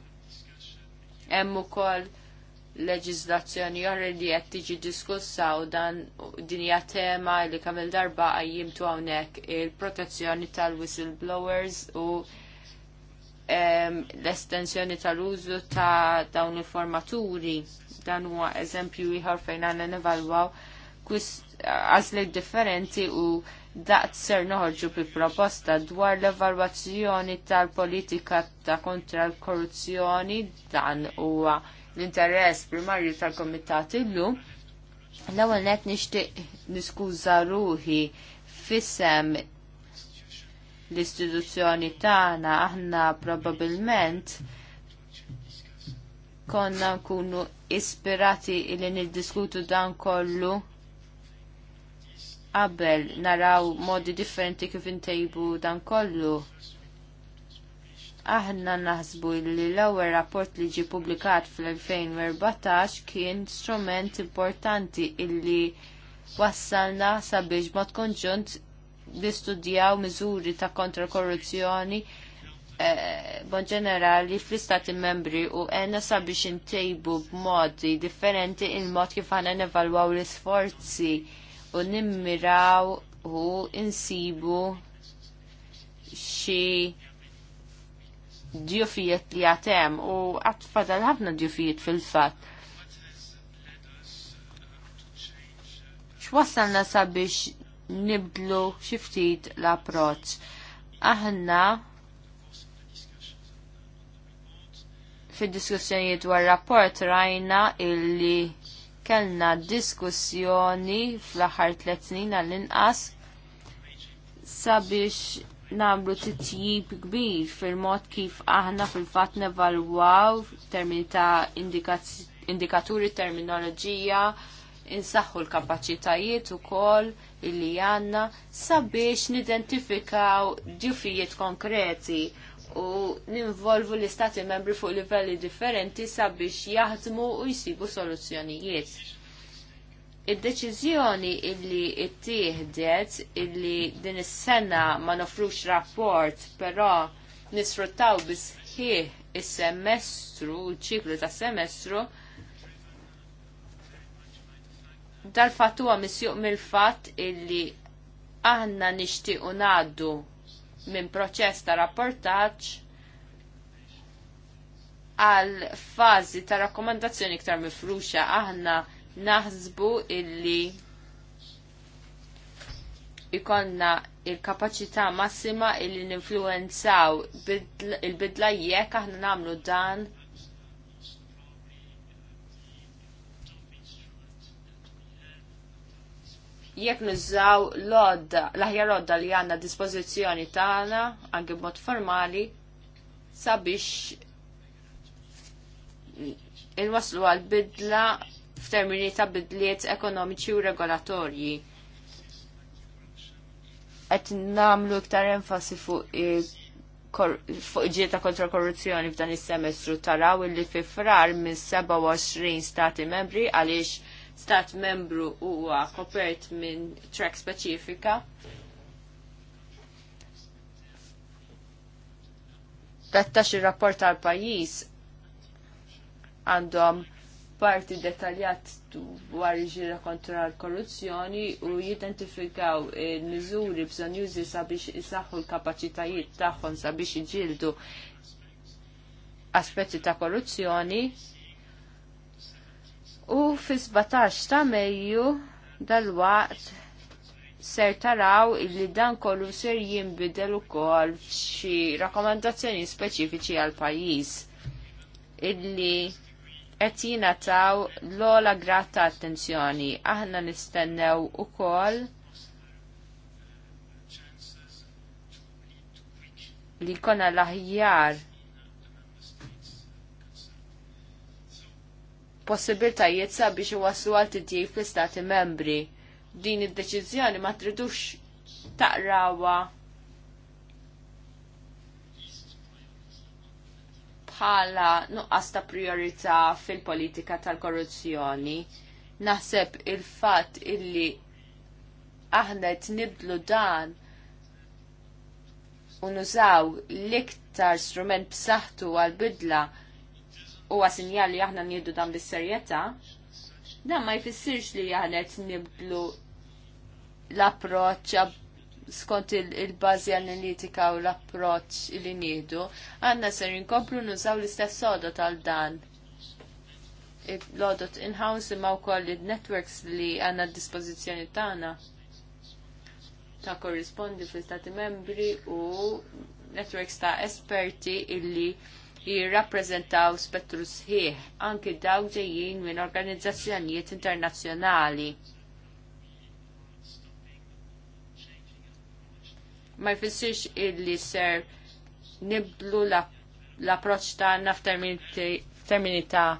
Hemm ukoll leġiżlazzjoni oħra li qed tiġi diskussa u dan din hija tema li kemm il-darba qajjimtu hawnhekk il-protezzjoni tal-whistleblowers u l-estensjoni tal-użu ta' dawn il-formaturi dan huwa eżempju ieħor fejn għandna nevalwaw għażliet differenti u daqt ser noħorġu bi proposta dwar l-evalwazzjoni tal-politika ta' kontra l-korruzzjoni dan huwa l-interess primarju tal-komitat illum. L-ewwel net nixtieq niskuża ruħi fissem l-istituzzjoni tagħna aħna probabbilment konna nkunu ispirati li niddiskutu dan kollu qabel naraw modi differenti kif intejbu dan kollu. Aħna naħsbu li l-ewwel rapport li ġie pubblikat fl-2014 kien strument importanti illi wassalna sabiex mod konġunt nistudjaw miżuri ta' kontra korruzzjoni eh, bon ġenerali fl-istati membri u għenna sabiex intejbu b'modi differenti il-mod kif għana nevalwaw l isforzi u nimmiraw u insibu xie djufijiet li għatem u għatfadal ħafna djufijiet fil-fat. X'wassalna sabiex nibdlu xi ftit l-approċċ. Aħna fid-diskussjonijiet dwar rapport rajna illi kellna diskussjoni fl-aħħar tliet snin għall-inqas sabiex nagħmlu titjib kbir fil-mod kif aħna fil-fatt nevalwaw termini ta' indikaturi terminoloġija, insaħħu l-kapaċitajiet ukoll illi għanna sabiex nidentifikaw ġufijiet konkreti u ninvolvu l-istati membri fuq livelli differenti sabiex jaħdmu u jisibu soluzzjonijiet. Id-deċiżjoni illi ittieħdet illi din is-sena ma nofrux rapport però nisfruttaw bisħieħ is-semestru, ċiklu ta' semestru, dal-fatt huwa misjuq mill-fatt illi aħna nixtiequ ngħaddu minn proċess ta' rapportaġġ għal fażi ta' rakkomandazzjoni iktar mifruxa aħna naħsbu illi ikonna il-kapacità massima illi ninfluenzaw il-bidla jekk aħna nagħmlu dan jekk nużaw l-odda, l-aħjar odda li għanna dispozizjoni tagħna anke b'mod formali sabiex il-waslu għal bidla f'termini ta' bidliet ekonomiċi u regolatorji. Qed namlu iktar enfasi fuq fuq ġieta kontra korruzzjoni f'dan is-semestru taraw illi fi frar minn 27 stati membri għaliex stat membru huwa kopert minn track speċifika. Tattax il rapport għal pajjiż għandhom parti detaljat dwar ġira kontra l-korruzzjoni u jidentifikaw il-miżuri bżon jużi sabiex isaħħu l-kapacitajiet tagħhom sabiex iġildu aspetti ta' korruzzjoni U fi 17 ta' Mejju dal-waqt ser taraw illi dan kollu ser jinbidel ukoll f'xi rakkomandazzjoni speċifiċi għal pajjiż illi qed jingħataw l ogħla grat ta' attenzjoni. Aħna nistennew ukoll li jkollna l-aħjar possibiltajiet sabiex iwasslu għal tidjib fl-istati membri. Din id-deċiżjoni ma tridux taqrawa bħala nuqqas ta' priorità fil-politika tal-korruzzjoni. Naħseb il-fatt illi aħna nibdlu dan u nużaw l-iktar strument b'saħħtu għal-bidla u għasinjal li aħna nieħdu dan bis-serjetà, dan ma jfissirx li jaħlet niblu l-approċċ skont il-bazi analitika u l-approċ li nieħdu, għanna ser inkomplu nużaw l-istess odot għal dan. L-odot in-house imma wkoll il-networks li għanna d-dispożizzjoni tagħna ta' korrispondi fl-Stati membri u networks ta' esperti illi jirrappreżentaw spettru sħiħ anki dawk ġejjin minn organizzazzjonijiet internazzjonali. Ma jfissirx illi ser niblu l-approċ tagħna f'termini ta'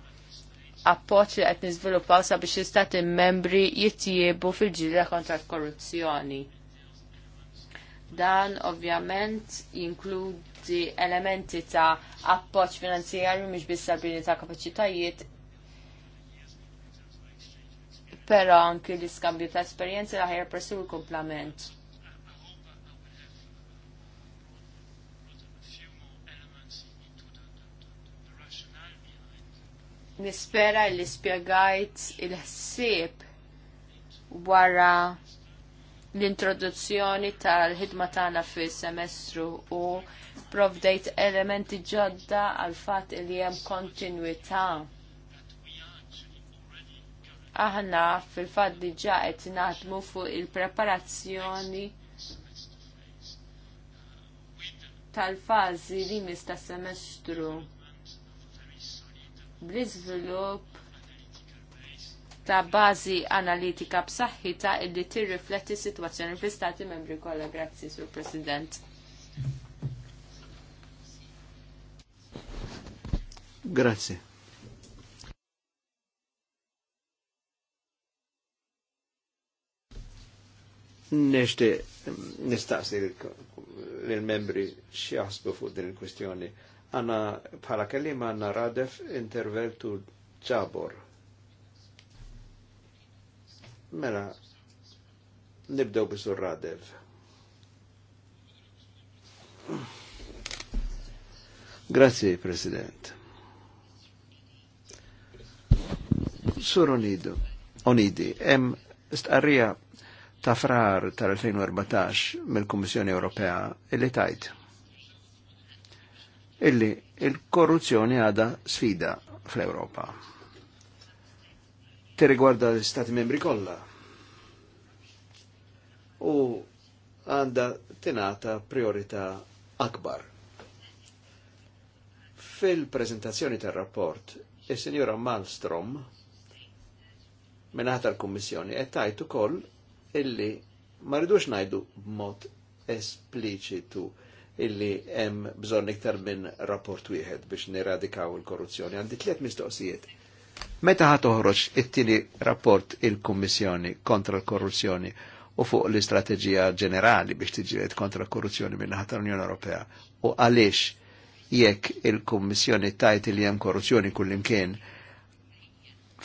appoċ li qed niżviluppaw sabiex l-istati membri jittiebu fil-ġilja kontra l-korruzzjoni. Dan ovvjament jinkludi jipprovdi elementi ta' appoġġ finanzjarju mhux biss sabrini ta' kapaċitajiet però anki l-iskambju ta' esperjenzi l-ħajja persu l-komplament. nispera l spiegajt il-ħsieb wara l-introduzzjoni tal-ħidma tagħna fis-semestru u provdejt elementi ġodda għal fatt li hemm kontinwità. Aħna fil-fatt diġà qed naħdmu fuq il-preparazzjoni tal-fażi li mista tas-semestru bl-iżvilupp ta' bazi analitika b'saħħita illi tirrifletti s-sitwazzjoni fl-Istati membri kollha. Grazzi, Sur President. Grazie. Nishti nistaqsi l-membri xjaħsbu fuq din il-kwestjoni. Għanna bħala kellima għanna Radef, Interveltu, Ġabor. Mela, nibdew bi Surradev. Grazie, President. Sur Onido, Onidi, em stqarrija ta' frar tal-2014 mill kummissjoni Ewropea illi tajt. Illi il-korruzzjoni għada sfida fl-Europa riguarda l-Stati membri kollha. U għanda tenata priorità akbar. Fil-prezentazzjoni tal-rapport, il signora Malmstrom menata l-Kommissjoni e tajtu koll illi ma ridux ngħidu b'mod esplicitu illi hemm bżonn iktar minn rapport wieħed biex neradikaw il-korruzzjoni. Għandi tliet mistoqsijiet Meta ħat toħroġ it-tieni rapport il-Kummissjoni kontra l-korruzzjoni u fuq l istrategija ġenerali biex tiġiet kontra l-korruzzjoni minn ħat l-Unjoni Ewropea u għaliex jekk il kommissjoni tajt li hemm korruzzjoni kullimkien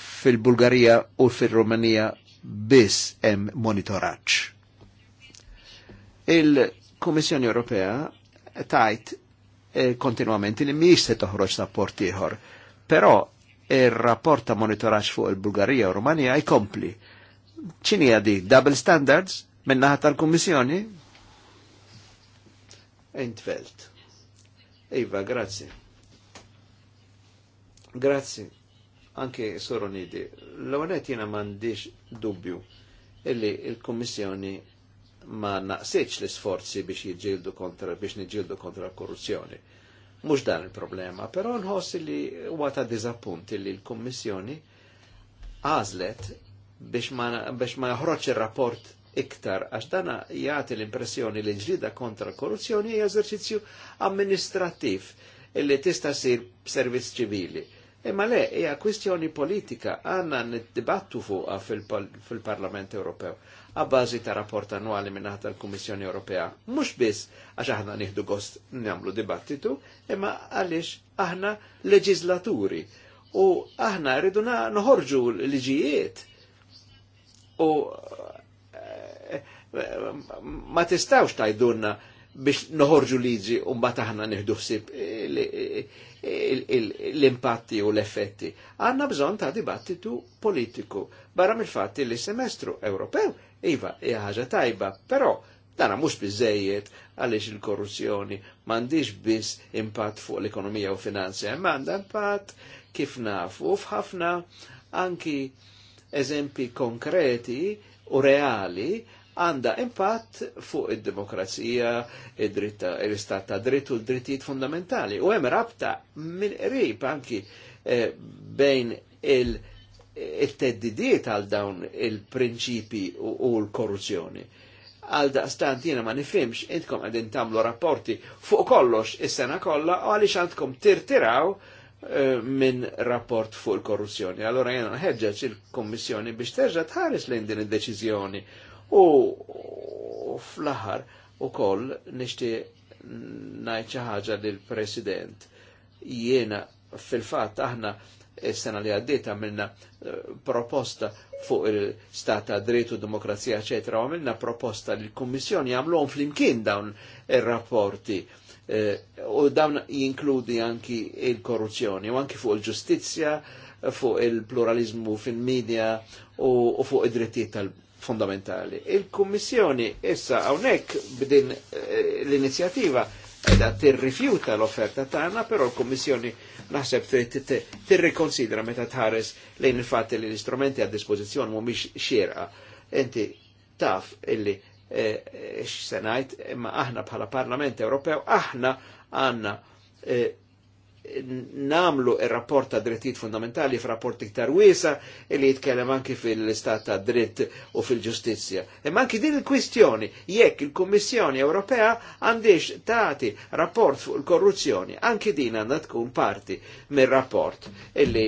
fil-Bulgarija u fil-Rumanija biss hemm monitoraċ. Il-Kummissjoni Ewropea tajt eh, kontinuament li mhijiex se toħroġ rapport ieħor, però il-rapport ta' monitoraċ fuq il-Bulgarija u Rumanija jkompli. ċini di double standards minnaħa tal-Kummissjoni? Entfelt. Iva, grazzi. Grazzi. Anke nidi. l-għonet jina mandiġ dubju illi il-Kommissjoni ma naqsitx l-sforzi biex jġildu kontra, biex nġildu kontra korruzzjoni. korruzzjoni mhux dan il-problema, però nħoss li huwa ta' dizappunti li l-Kummissjoni għażlet biex ma, joħroġ ir-rapport iktar, għax dana jgħati l-impressjoni li ġlida kontra korruzzjoni hija eżerċizzju amministrattiv illi tista' sir servizz ċivili. Imma le, hija kwistjoni politika għandna niddibattu fuqha fil-Parlament Ewropew għabbażi ta' rapport annuali minna tal-Kummissjoni Ewropea. Mux biss għax aħna nieħdu gost nagħmlu dibattitu, imma għaliex aħna leġislaturi u aħna rridu noħorġu l liġijiet. U eh, eh, ma tistawx tajdunna biex noħorġu liġi u mbagħad aħna nieħdu ħsieb l-impatti u l-effetti. Għanna bżonn ta' dibattitu politiku barra mill-fatti li semestru Ewropew Iva, hija ħaġa tajba, però dana mhux biżejjed għaliex il-korruzzjoni m'għandix biss impatt fuq l-ekonomija u finanzja, imma għandha impatt kif nafu f'ħafna anki eżempi konkreti u reali għanda impatt fuq id-demokrazija, l-istat ta' dritt u l-drittijiet fundamentali. U hemm rabta minn qrib anki eh, bejn il- it-teddidiet għal dawn il-prinċipi u l-korruzzjoni. Għal daqstant jena ma nifimx, intkom għedin tamlu rapporti fuq kollox is-sena kollha u għaliex għandkom tirtiraw eh, minn rapport fuq il-korruzzjoni. Allora jena nħedġaċ il-Kommissjoni biex terġa tħares lejn din id-deċiżjoni u fl-aħħar ukoll nixtieq ngħid xi ħaġa lill-President. Jiena fil-fatt aħna s-sena li għaddit għamilna eh, proposta fuq il-stata drittu demokrazija, ecc. għamilna proposta li l-Kommissjoni għamluħom fl-imkien dawn il-rapporti eh, u dawn jinkludi anki il-korruzzjoni u anki fuq il-ġustizja, fuq il-pluralizmu fil-medja u fuq id-drittijiet tal fundamentali. il kommissjoni issa għonek b'din eh, l inizjativa edha tirrifjuta l-offerta tagħna, pero l-Kummissjoni naħseb tirrikonsidra meta tħares lejn il-fatt li l-istrumenti għad mu mhumiex xierqa. Enti taf illi eh, eh, x-senajt, imma aħna bħala Parlament Ewropew aħna għanna eh, namlu il-rapport ta' drittijiet fundamentali f'rapport iktar wiesa li jitkellem anki fil-istat ta' dritt u fil ġustizja E anki din il-kwistjoni jekk il kommissjoni Ewropea għandix tati rapport fuq il-korruzzjoni, anki din għandha tkun parti mir-rapport illi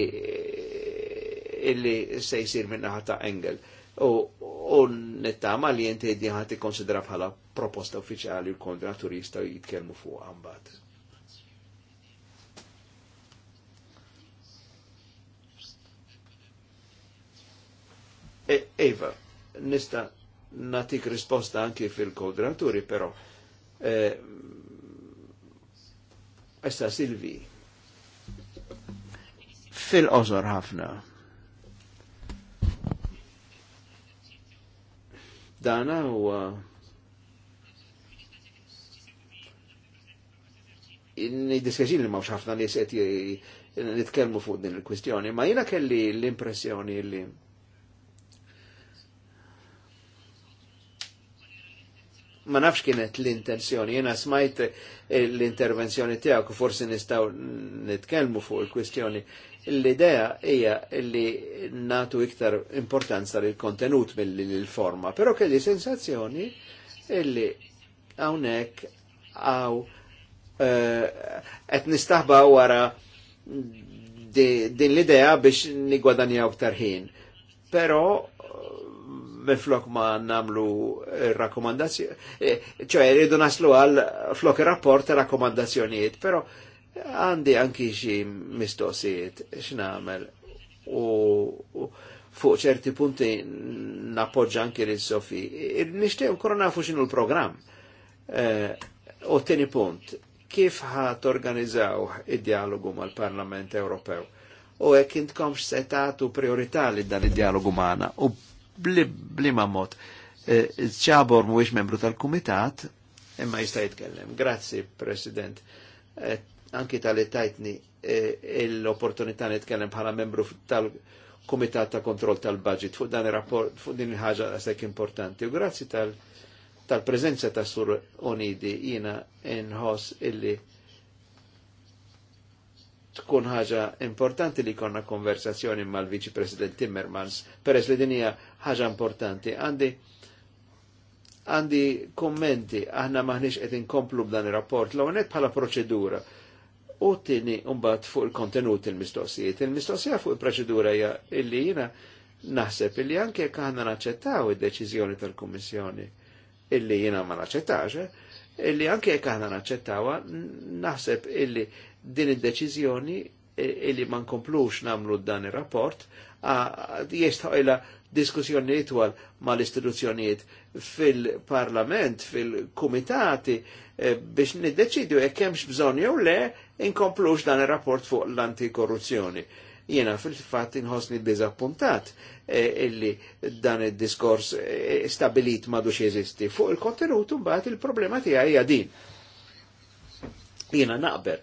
illi se jsir minna ta' Engel. U nittama li jinti diħati konsidera bħala proposta uffiċjali u l-kondra turista jitkellmu fuq għambat. E, Eva, nista natik risposta anki fil-kodraturi, però. Issa e, eh, Silvi. Fil-qosor ħafna. Dana huwa nidiskeċin li mawx ħafna nies qed nitkellmu fuq din il-kwistjoni, ma jiena kelli l-impressjoni li, li ma nafx kienet l-intenzjoni, jena smajt eh, l-intervenzjoni tijak u forsi nistaw nitkelmu fuq il-kwistjoni. L-idea hija li natu iktar importanza l kontenut mill-forma, pero kelli sensazzjoni illi għawnek għaw eh, qed nistaħba wara din l-idea biex nigwadanja iktar ħin. Pero minflok ma namlu eh, rakkomandazzjoni, eh, ċoħe rridu naslu għal flok rapport rakkomandazzjonijiet, pero għandi anki xi mistoqsijiet x'namel u fuq ċerti punti napoġġa anki lil Sofi. Nixtieq ukoll nafu x'inhu l-programm. Eh, u tieni punt, kif ħat organizzaw id-dialogu mal-Parlament Ewropew? u hekk komx setatu priorità li dan id-dialogu magħna u blima mod. E, Ċabor mu membru tal-kumitat, imma jista' jitkellem. Grazzi, President. E, anki tal-li tajtni e, l-opportunità nitkellem bħala membru tal-Kumitat ta' Kontroll tal-Budget fuq dan il rapport fuq din il-ħaġa sekk importanti. U grazzi tal-preżenza ta' Sur Onidi jina inħoss illi tkun ħaġa importanti li konna konversazzjoni mal-Viċi President Timmermans, peress li dinija ħaġa importanti. Għandi għandi kommenti, aħna maħniex qed inkomplu b'dan ir-rapport, l għonet bħala proċedura. U tini umbat fuq il-kontenut il-mistoqsijiet. Il-mistoqsija fuq il-proċedura ja illi jina naħseb illi anke jekk aħna naċċettaw id-deċiżjoni tal-Kummissjoni illi jina ma naċċettax, eh, illi anke jekk aħna naċċettawha, naħseb illi din id-deċiżjoni eh, illi ma nkomplux namlu dan ir-rapport, jistaw diskussjoni ma mal-istituzzjonijiet fil-parlament, fil-kumitati, eh, biex niddeċidju jekk hemmx bżonn jew le inkomplux dan ir-rapport fuq l-antikorruzzjoni. Jiena fil-fatt inħossni dizappuntat eh, illi dan id-diskors eh, stabilit madux jeżisti. Fuq il-kontenut mbagħad il-problema tiegħi hija din. Jiena naqber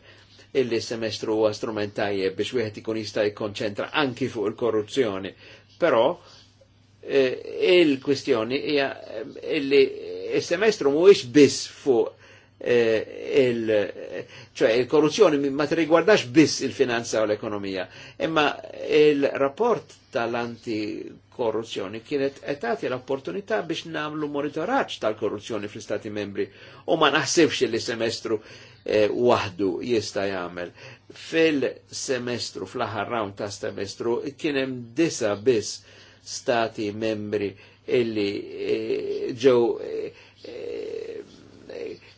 illi semestru huwa strument tajjeb biex wieħed ikun jista' jikkonċentra anki fuq il-korruzzjoni. Però Eh, il-kwistjoni hija eh, li s semestru mhuwiex biss fuq eh, il il-korruzzjoni ma t biss il-finanza u l-ekonomija. Imma il-rapport tal-antikorruzzjoni kienet etati l-opportunità biex namlu monitoraċ tal-korruzzjoni fl-Stati membri u ma naħsibx li semestru wahdu jista jagħmel. Fil-semestru, fl-aħħar round ta' semestru, kienem disa biss stati membri illi eh, ġew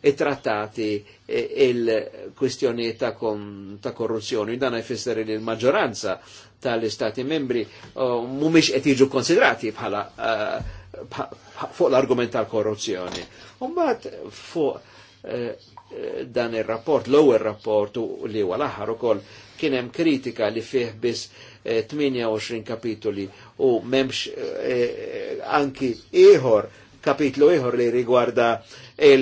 it-trattati eh, eh, il-kwistjoni ta', ta korruzzjoni. Dan jfisser li l-maġġoranza tal-istati membri mumiex qed jiġu konsidrati bħala fuq l-argument tal-korruzzjoni. Umbat fuq dan il-rapport, l-ewwel rapport u li huwa l-aħħar ukoll kien hemm kritika li fih biss 28 eh, kapitoli u memx eh, anki ieħor kapitlu ieħor li rigwarda eh,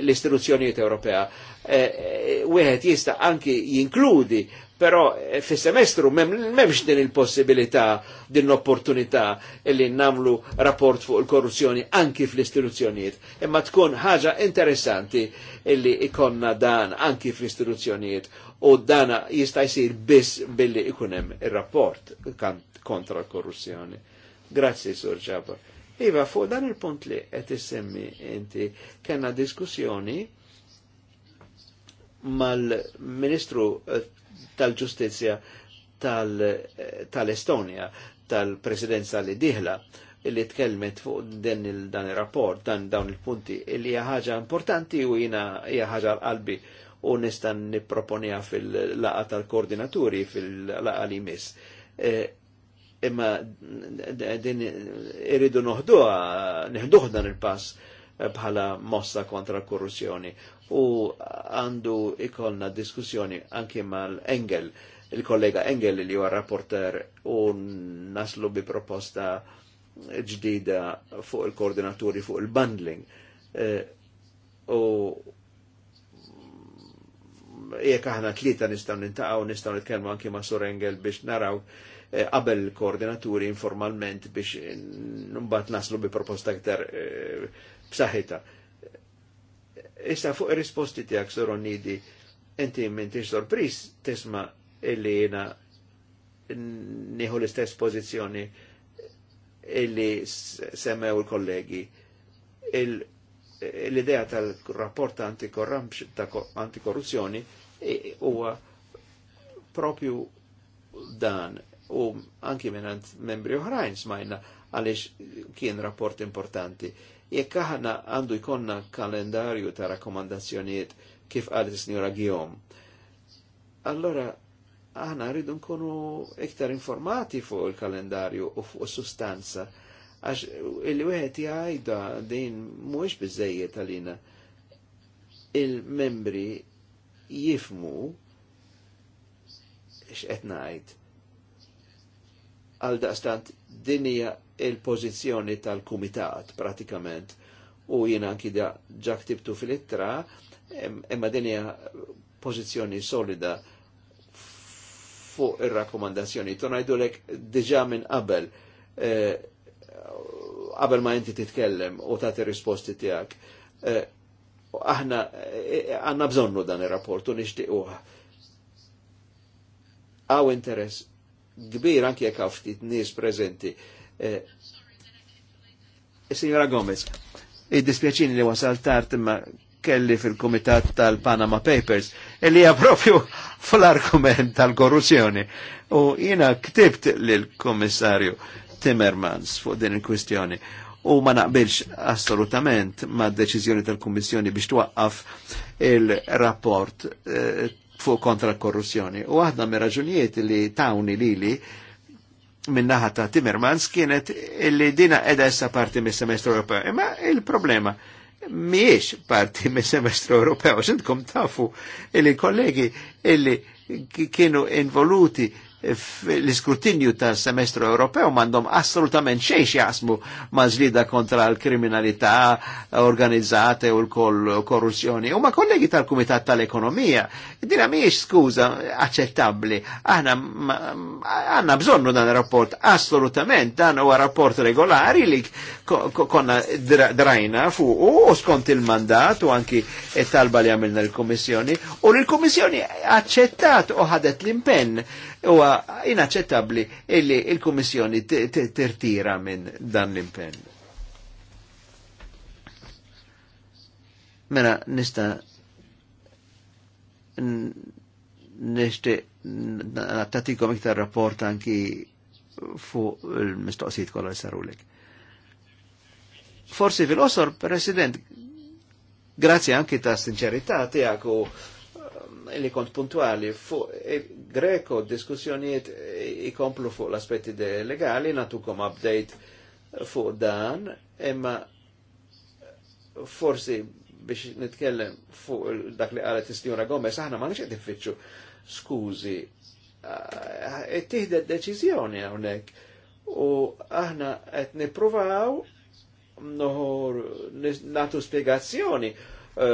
l-istituzzjonijiet Ewropea. Eh, eh, wieħed jista' anki jinkludi Però eh, fis-semestru m'hemmx din il-possibilità, din l-opportunità li namlu rapport fuq il-korruzzjoni anki fl-istituzzjonijiet. Imma tkun ħaġa interessanti li ikonna dan anki fl-istituzzjonijiet u dana jista' jsir biss billi ikun hemm ir-rapport kontra l-korruzzjoni. Grazzi, Sur Ġabar. Iva, fuq dan il-punt li qed issemmi inti kellna diskussjoni mal-Ministru eh, tal-Ġustizja eh, tal-Estonia, -tal tal-Presidenza li diħla, li tkellmet fuq den il dan il-rapport, dan dawn il-punti, li hija ħaġa importanti u jina hija ħaġa qalbi u nistan niproponija fil-laqa tal-koordinaturi fil-laqa li mis. Eh, imma din irridu noħduha, neħduh dan il-pass bħala mossa kontra korruzzjoni u għandu ikolna diskussjoni anki mal-Engel, il-kollega Engel li huwa rapporter u naslu bi proposta ġdida fuq il-koordinaturi fuq il-bundling. E, u jek aħna tlieta nistgħu nintaqgħu nistgħu nitkellmu anki ma' Sur Engel biex naraw e, qabel koordinaturi informalment biex mbagħad naslu bi proposta aktar eh, b'saħħitha. Issa fuq ir-risposti tiegħek Soronidi, inti m'intix sorpris tisma' illi jiena nieħu l-istess pożizzjoni illi semmew il-kollegi. L-idea tal-rapport ta' antikorruzzjoni huwa propju dan u anki minn membri oħrajn smajna għaliex kien rapport importanti. Jekk aħna għandu jkonna kalendarju ta' rakkomandazzjonijiet kif qalet is-Sinjora Gijom, allora aħna rridu nkunu iktar informati fuq il-kalendarju u fuq sustanza għax il-wieħed jgħidha din mhuwiex biżejjed għalina il-membri jifmu x'qed ngħid għal daqstant hija il-pozizjoni tal-kumitat pratikament u jina anki ġa ktibtu fil-ittra imma dinja pozizjoni solida fuq ir-rakkomandazzjoni. Tonajdulek diġa minn qabel eh, qabel ma inti titkellem u tagħti risposti tiegħek. Eh, aħna eh, għanna bżonnu dan ir-rapport u nixtiequh. Għaw interess kbir anke jekk ftit nies preżenti Eh, signora Gomez, id-dispjaċini li wasal tart ma kelli fil-Komitat tal-Panama Papers, e li hija propju <laughs> fl-argument tal-korruzzjoni. U jina ktibt lill-Komissarju Timmermans fuq din il-kwistjoni u ma naqbilx assolutament ma deċizjoni tal-Kummissjoni biex twaqqaf il-rapport eh, fuq kontra korruzzjoni. U aħna mir raġunijiet li tawni li li minnaħa ta' Timmermans kienet illi dina edha essa parti mis semestru Ewropew. Imma il-problema miex parti mis semestru Ewropew, xintkom tafu illi kollegi illi kienu involuti l-iskrutinju ta' semestru Ewropew mandom assolutament xejx jasmu ma' zlida kontra l-kriminalità organizzate u l-korruzzjoni. U ma' kollegi tal-Kumitat tal-Ekonomija, dina miex skuza accettabli. Aħna għanna bżonnu dan rapport assolutament, dan u rapport regolari li konna drajna fu u skont il-mandat u anki talba li għamilna l-Komissjoni u l-Komissjoni accettat u ħadet l-impenn huwa inaċċettabbli illi il-Kummissjoni tirtira minn dan l-impenn. Mela nista' nishtiq nattatikom iktar rapport anki fuq il-mistoqsijiet kollha sarulek. Forsi fil osor President, grazzi anki ta' sinċerità tiegħek u li kont puntuali fuq e, Greko diskussjonijiet e, ikomplu fuq l-aspetti legali natukom update fuq dan imma forsi biex nitkellem fuq dak li għalet is-Sinjora Gomez aħna ma nix qed skuzi skużi qed tieħdet deċiżjoni u aħna qed nippruvaw noħor natu spiegazzjoni e,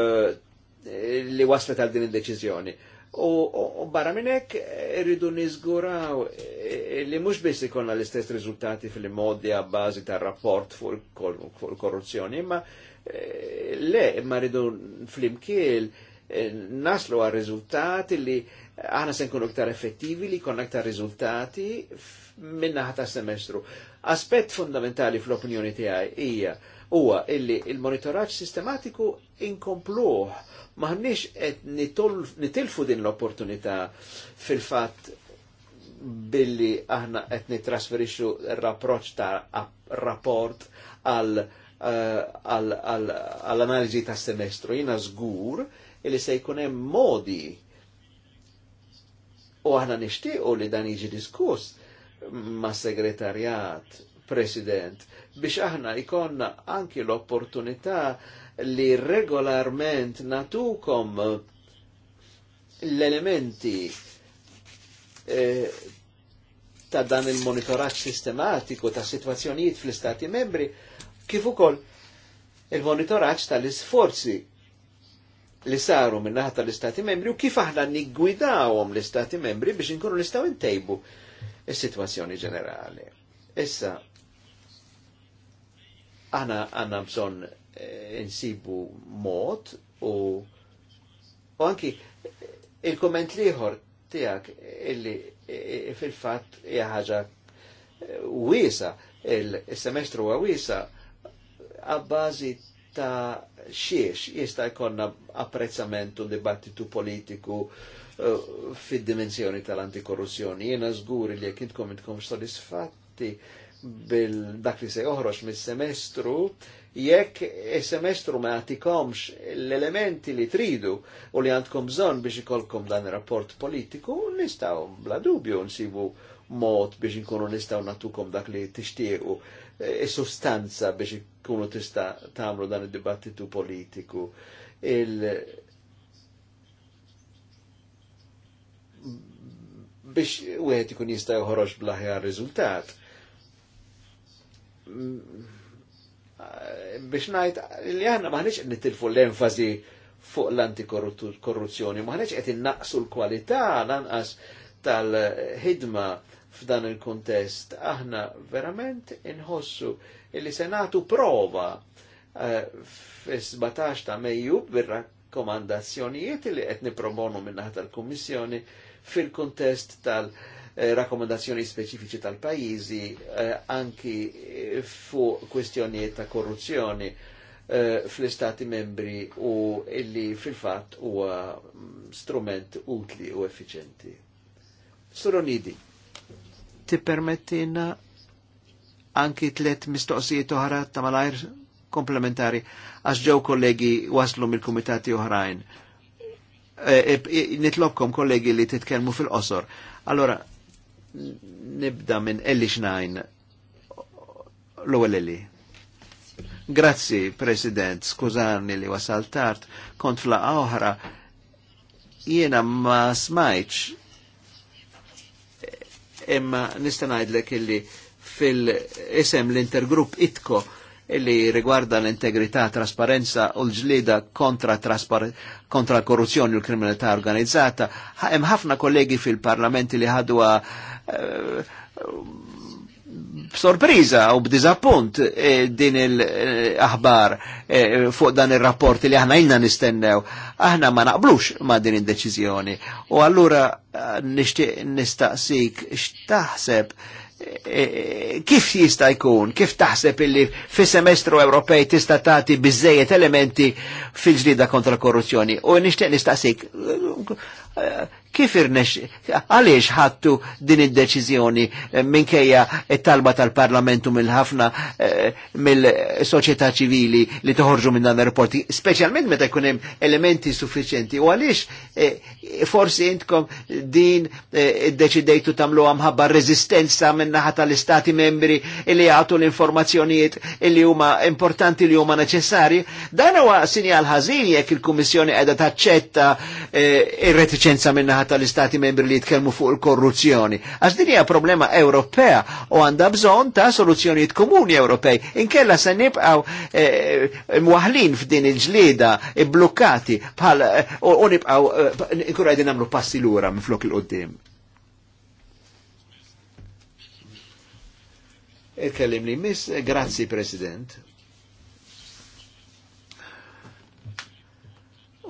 li waslet għal din il-deċizjoni. U barra minnek rridu nizguraw eh, li mux biss ikonna l-istess rizultati fil-modi għabbażi ta' rapport fuq il-korruzzjoni, imma eh, le, imma rridu fl-imkiel eh, naslu għal rizultati li għana sen kunu ktar effettivi li konna ktar rizultati minna ħata semestru. Aspett fundamentali fl-opinjoni tijaj ija, huwa illi il monitoraċ sistematiku inkompluh maħnix qed nitilfu din l-opportunità fil-fatt billi aħna qed nitrasferixxu r-rapproċ ta' rapport għal eh, għall-analiżi ta' semestru. Jina żgur li se jkun hemm modi u aħna nixtiequ li dan iġi diskuss ma' segretarjat, president, biex aħna ikonna anki l-opportunità li regolarment natukom l-elementi eh, ta' dan il-monitoraġġ sistematiku ta' situazzjonijiet fl-Istati membri, kif ukoll il-monitoraġġ tal-isforzi li saru minnaħat tal-Istati membri u kif aħna niggwidawhom l-Istati membri biex inkunu nistgħu ntejbu is-sitwazzjoni ġenerali. Issa aħna għandna bżonn Eh, insibu mod u u anki il-komment liħor tijak illi fil-fat jaħħaġa eh, wisa il-semestru huwa wisa għabbazi ta' xiex jista' jkonna apprezzamentu dibattitu politiku uh, fid-dimensjoni tal-antikorruzzjoni. Jiena żgur li jekk intkom intkom soddisfatti bil-dak li se joħroġ mis-semestru, jekk semestru ma jagħtikomx l-elementi li tridu u li għandkom bżon biex ikolkom dan rapport politiku, nistaw bla dubju nsibu mod biex nkunu nistaw natukom dak li tixtiequ is-sustanza e, e, biex ikunu tista' tagħmlu dan il dibattitu politiku. Il biex wieħed ikun jista' joħroġ bl-aħjar biex najt li għanna maħniċ nittilfu l enfazi fuq l-antikorruzzjoni, maħniċ qed innaqsu l-kwalità lanqas tal-ħidma f'dan il-kontest. Aħna verament inħossu il-li senatu prova eh, f-17 ta' Mejju bir-rakkomandazzjonijiet li qed niproponu minnaħ tal-Kummissjoni fil-kontest tal-, -tal Eh, rakkomandazzjoni speċifiċi tal eh, anki fuq kwestjonijiet ta' korruzzjoni eh, fl-istati membri u illi fil-fatt huwa mm, strument utli u effiċenti. Suronidi, ti permettina anki tlet mistoqsijiet oħra ta' malajr komplementari għax ġew kollegi waslu mill-kumitati oħrajn. E, e, nitlobkom kollegi li titkellmu fil-qosor. Allora, nibda minn Elli Xnajn l-ewwel Elli. Grazzi, President, skużani li wasal tard, kont fla oħra, jiena ma smajċ imma nista' ngħidlek illi fil-isem l-intergrupp itko illi rigwarda l-integrità, trasparenza u l-ġlida kontra, kontra l-korruzzjoni u l-kriminalità organizzata. Hemm ħafna kollegi fil-parlamenti li ħadwa b'sorpriża eh, u b'diżappunt eh, din il-aħbar eh, fuq dan ir-rapport li aħna jilna nistennew. Aħna ma naqblux ma' din id-deċiżjoni. U allura nixtieq nistaqsik x'taħseb kif jista' jkun, kif taħseb illi fis semestru Ewropej tista' tagħti biżejjed elementi fil-ġlida kontra korruzzjoni. U nixtieq nistaqsik Kif irnex, għaliex ħattu din id-deċizjoni eh, minkejja talba tal-parlamentu mill-ħafna eh, mill-soċjetà ċivili li toħorġu minn dan il-reporti, speċjalment meta jkun hemm elementi suffiċenti. U għaliex eh, forsi intkom din id-deċidejtu tamlu għamħabba rezistenza minn naħa tal-istati membri li jagħtu l-informazzjonijiet li huma importanti li huma neċessari, dan huwa sinjal ħażin jekk il-Kummissjoni qiegħda taċċetta ir-reticenza minn naħa tal-istati membri li jitkelmu fuq il-korruzzjoni. Għax din hija problema Ewropea u għandha bżonn ta' soluzzjonijiet komuni Ewropej. Inkella se nibqgħu eh, mwaħlin f'din il-ġlieda bblukkati bħal eh, u nibqgħu inkur eh, qegħdin nagħmlu passi lura minflok il-qudiem. Il-kellim miss, eh, grazzi President.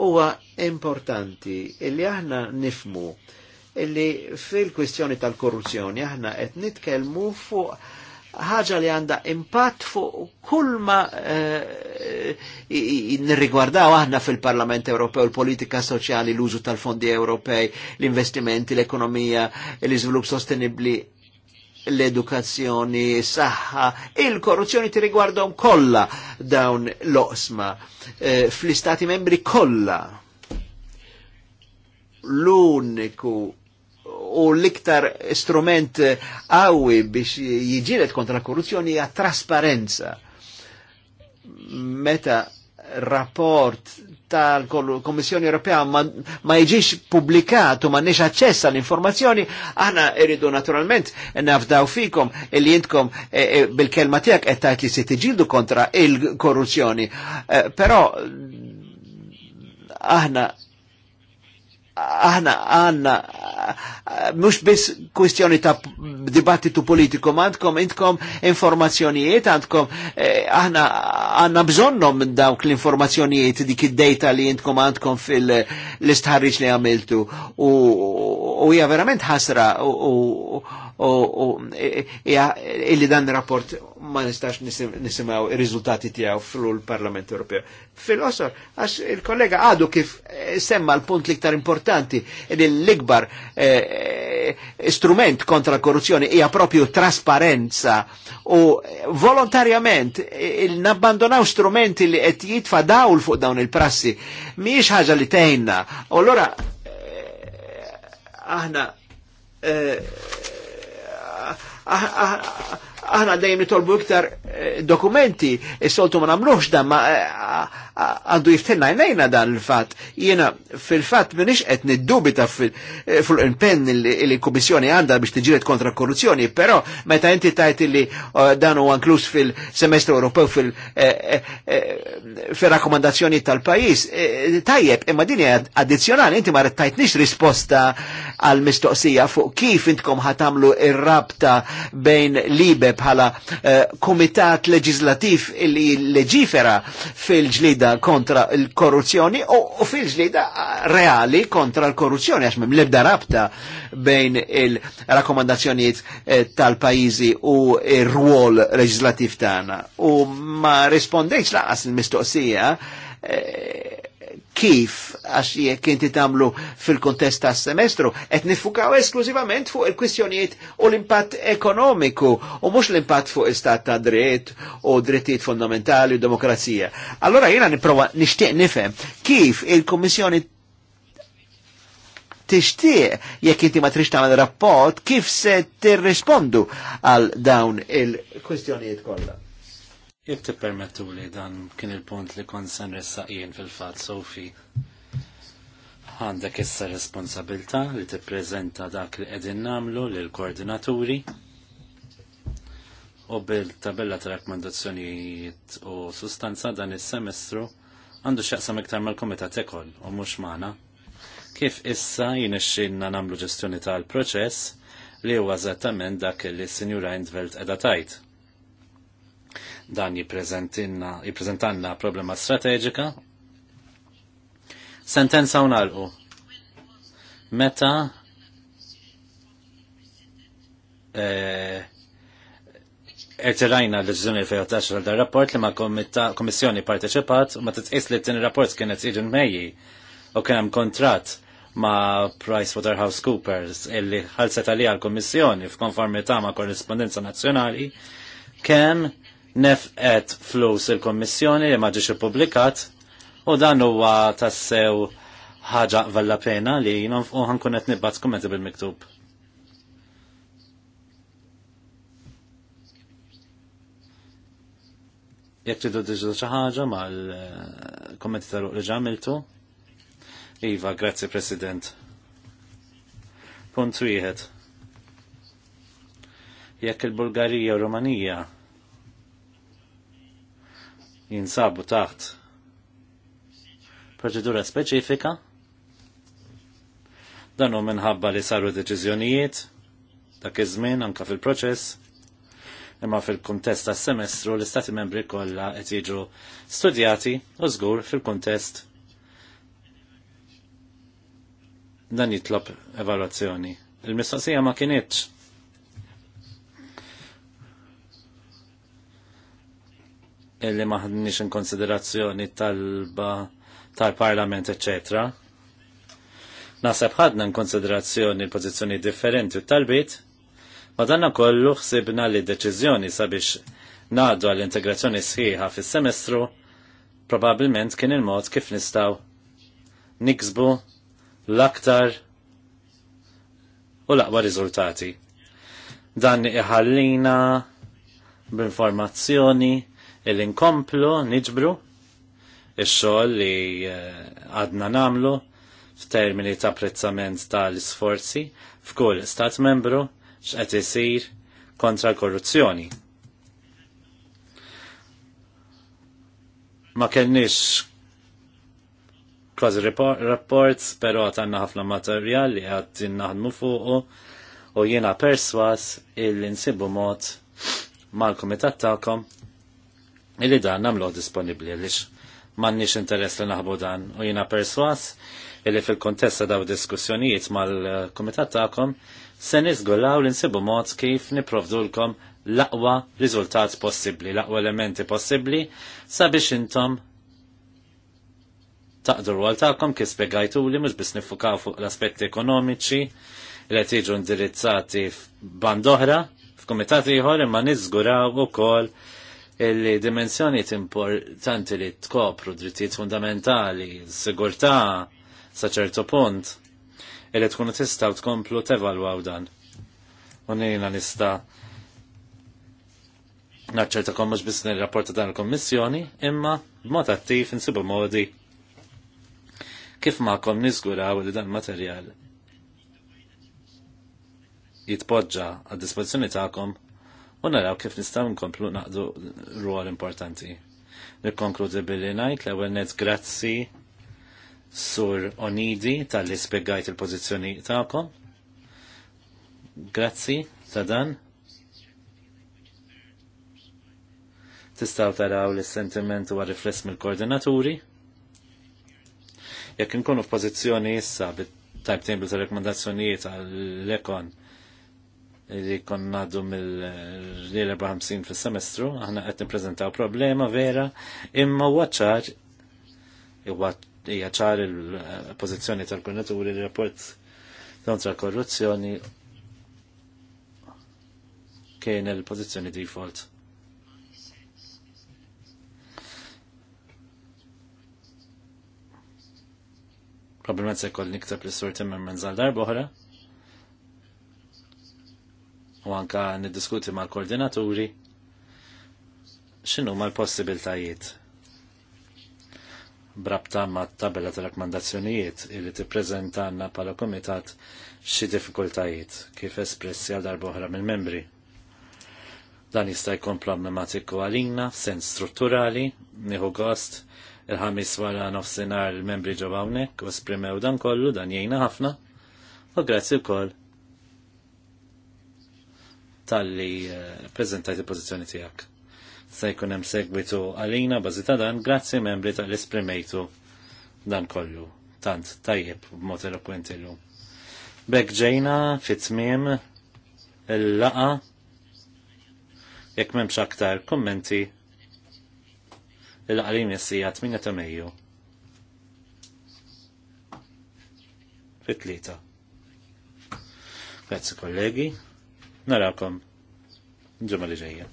huwa importanti illi aħna nifmu illi fil-kwistjoni tal-korruzzjoni aħna qed nitkellmu fuq ħaġa li għanda impatt fuq kull ma eh, nirrigwardaw aħna fil-Parlament Ewropew l politika soċjali, l-użu tal-fondi Ewropej, l-investimenti, l-ekonomija, l-iżvilupp sostenibli, l-edukazzjoni, saħħa, il-korruzzjoni ti rigwardhom kollha dawn l-oqsma eh, fl-istati membri kollha. L-uniku u l-iktar strument għawi biex jiġilet kontra korruzzjoni hija trasparenza. Meta rapport tal-Kommissjoni Ewropea ma, ma jġiex publikat u ma nix aċċess għall-informazzjoni, aħna irridu naturalment nafdaw fikom il-li jintkom e, e, bil-kelma tijak ettajt li se tiġildu kontra il-korruzzjoni. E, però aħna aħna għanna mux bis kwestjoni ta' dibattitu politiku, ma għandkom intkom informazzjonijiet, għandkom aħna għanna bżonnom minn dawk l-informazzjonijiet dik id-data li intkom għandkom fil-istħarriċ li għamiltu u hija verament ħasra u illi dan rapport ma nistax nisimaw il-rizultati tijaw fil-Parlament Ewropew. Fil-osor, għax il-kollega għadu kif eh, semma l-punt liktar importanti ed l-ikbar eh, strument kontra korruzzjoni hija propju trasparenza u volontarjament il-nabbandonaw strumenti li qed jitfadaw fuq dawn il-prassi miex ħaġa li tejna. U l-ora, eh, aħna ah, ah, aħna dejjem nitolbu iktar eh, dokumenti, is-soltu ma nagħmluhx dan ma eh, għandu jiftenna jnejna dan il-fat. Jena fil-fat minix qed niddubita fil eh, impen il-Komissjoni għanda biex tiġiret kontra korruzzjoni, però meta inti tajt li eh, dan u għanklus fil-semestru Ewropew fil-rakkomandazzjoni eh, tal-pajis, tajjeb, imma din addizzjonali, inti ma nix risposta għal-mistoqsija fuq kif intkom ħatamlu ir-rabta bejn libe bħala komitat leġislativ li leġifera fil-ġlida fil-ġlida kontra l-korruzzjoni u fil-ġlida reali kontra l-korruzzjoni, għax mim lebda rabta bejn il-rakomandazzjoniet eh, tal-pajizi u il-ruol leġislativ tana. U ma rispondejx laqas il-mistoqsija eh, kif għax jekk inti tagħmlu fil-kontest tas semestru qed nifukaw esklusivament fuq il-kwistjonijiet u l-impatt ekonomiku u mhux l-impatt fuq istat ta' dritt u drittijiet fondamentali u demokrazija. Allora jena nipprova nixtieq nifhem kif il-Kummissjoni tixtieq jekk inti ma trix tagħmel rapport kif se tirrispondu għal dawn il-kwistjonijiet kollha. Jek ti permettu li dan kien il-punt li kon sen ressaqien fil-fat, Sofi, għandek issa responsabilta li ti prezenta dak li edin namlu li l-koordinaturi u bil-tabella ta' rakkomandazzjonijiet u sustanza dan is-semestru għandu xaqsam iktar mal-komitat ekol u mhux magħna. Kif issa jinexxinna namlu ġestjoni tal-proċess li huwa eżattament dak li s-Sinjura Endvelt qiegħda tajt dan jiprezentanna problema strateġika. Sentenza unalqu. Meta Ertirajna eh, l-ġizjoni 2011 għal rapport li ma komissjoni parteċipat u ma titqis li t-tini rapport kienet iġin meji u kienem kontrat ma PricewaterhouseCoopers illi ħalset għalija l-Komissjoni f'konformità ma' korrespondenza nazzjonali kien Nef et flus il-Kommissjoni li ma publikat ippubblikat u dan huwa tassew ħaġa valla pena li u ħankun qed nibgħat kummenti bil-miktub. Jekk tridu diġdu xi ħaġa mal-kummenti tal-ruq li ġamiltu. Iva, grazie, President. Punt wieħed. Jekk il-Bulgarija u Rumanija jinsabu taħt proċedura speċifika dan hu minħabba li saru deċiżjonijiet dak iż-żmien anke fil-proċess imma fil-kuntest tas-semestru l-istati membri kollha qed jiġu studjati u żgur fil-kuntest dan jitlob evalwazzjoni. Il-mistoqsija ma kienietx illi maħdniex in konsiderazzjoni tal-parlament, eccetera. Nasab ħadna n-konsiderazzjoni l-pozizjoni differenti u tal-bit, ma danna kollu xsibna li deċizjoni sabiex naħdu għall-integrazzjoni sħiħa fis semestru probabilment kien il-mod kif nistaw niksbu l-aktar u l-aqwa riżultati. Dan iħallina b'informazzjoni il-inkomplu niġbru il-xol li eh, għadna namlu f'termini ta' prezzament tal-sforzi f'kull stat membru x'qed isir kontra korruzzjoni. Ma kellniex kważi rapports, però għandna ħafna materjal li għad naħdmu fuqu u jiena perswas il-insibu mod mal-komitat ta'kom illi dan namluħ disponibli għalix mannix interess li naħbu dan u jina perswas illi fil-kontesta daw diskussjonijiet mal-komitat ta'kom se nizgulaw li nsibu mod kif niprovdulkom l-aqwa riżultat possibli, l-aqwa elementi possibli sabiex intom taqdur għal ta'kom kif spiegajtu li mhux biss nifukaw fuq l-aspetti ekonomiċi li tiġu jiġu indirizzati f'band oħra, f'kumitat ieħor imma niżguraw ukoll il dimensjoni importanti li tkopru drittijiet fundamentali, sigurtà sa ċertu punt, il-li tkunu tistaw tkomplu tevalwaw dan. Unina nista naċċerta kommux bis nir-rapporta dan il-kommissjoni, imma b'mod attiv insibu modi kif ma kom nizguraw li dan materjal jitpoġġa għad-dispozizjoni ta'kom u naraw kif nistgħu nkomplu naqdu ruol importanti. Nikkonkludi billi ngħid l-ewwel net grazzi sur Onidi tal-li spiegajt il pozizjoni ta'kom. Grazzi ta' dan. Tistaw taraw li s-sentiment rifless mill-koordinaturi. Jekk inkunu f'pożizzjoni issa bit-timetable ta' rekomendazzjonijiet għall-ekon li konnadu mill-54 fil-semestru, aħna qed nippreżentaw problema vera, imma waċċar, hija il-pożizzjoni tal-konneturi l rapport kontra korruzzjoni kien il-pożizzjoni default. Probabilment se kol niktab l-sorti minn menżal darba u anka niddiskuti mal-koordinaturi x'inhu mal-possibiltajiet brabta ma' tabela ta' rakkomandazzjonijiet illi tippreżentanna bħala komitat xi diffikultajiet kif espressi għal darboħra mill-membri. Dan jista' jkun problematiku għalina sen strutturali, nieħu gost il-ħamis wara nofsinhar il-membri ġew hawnhekk u esprimew dan kollu dan jgħinna ħafna u grazzi wkoll tal-li eh, prezentajt il-pozizjoni tijak. Se jkun hemm segwitu għalina bażi ta' dan, grazzi membri tal-esprimejtu dan kollu. Tant tajjeb b'mod eloquenti l Bek ġejna fit-tmiem il-laqa jekk m'hemmx aktar kommenti, il-qalim jessija 8 ta' Mejju. Fit-tlieta. Grazzi kollegi. Narakom ġemma li ġejja.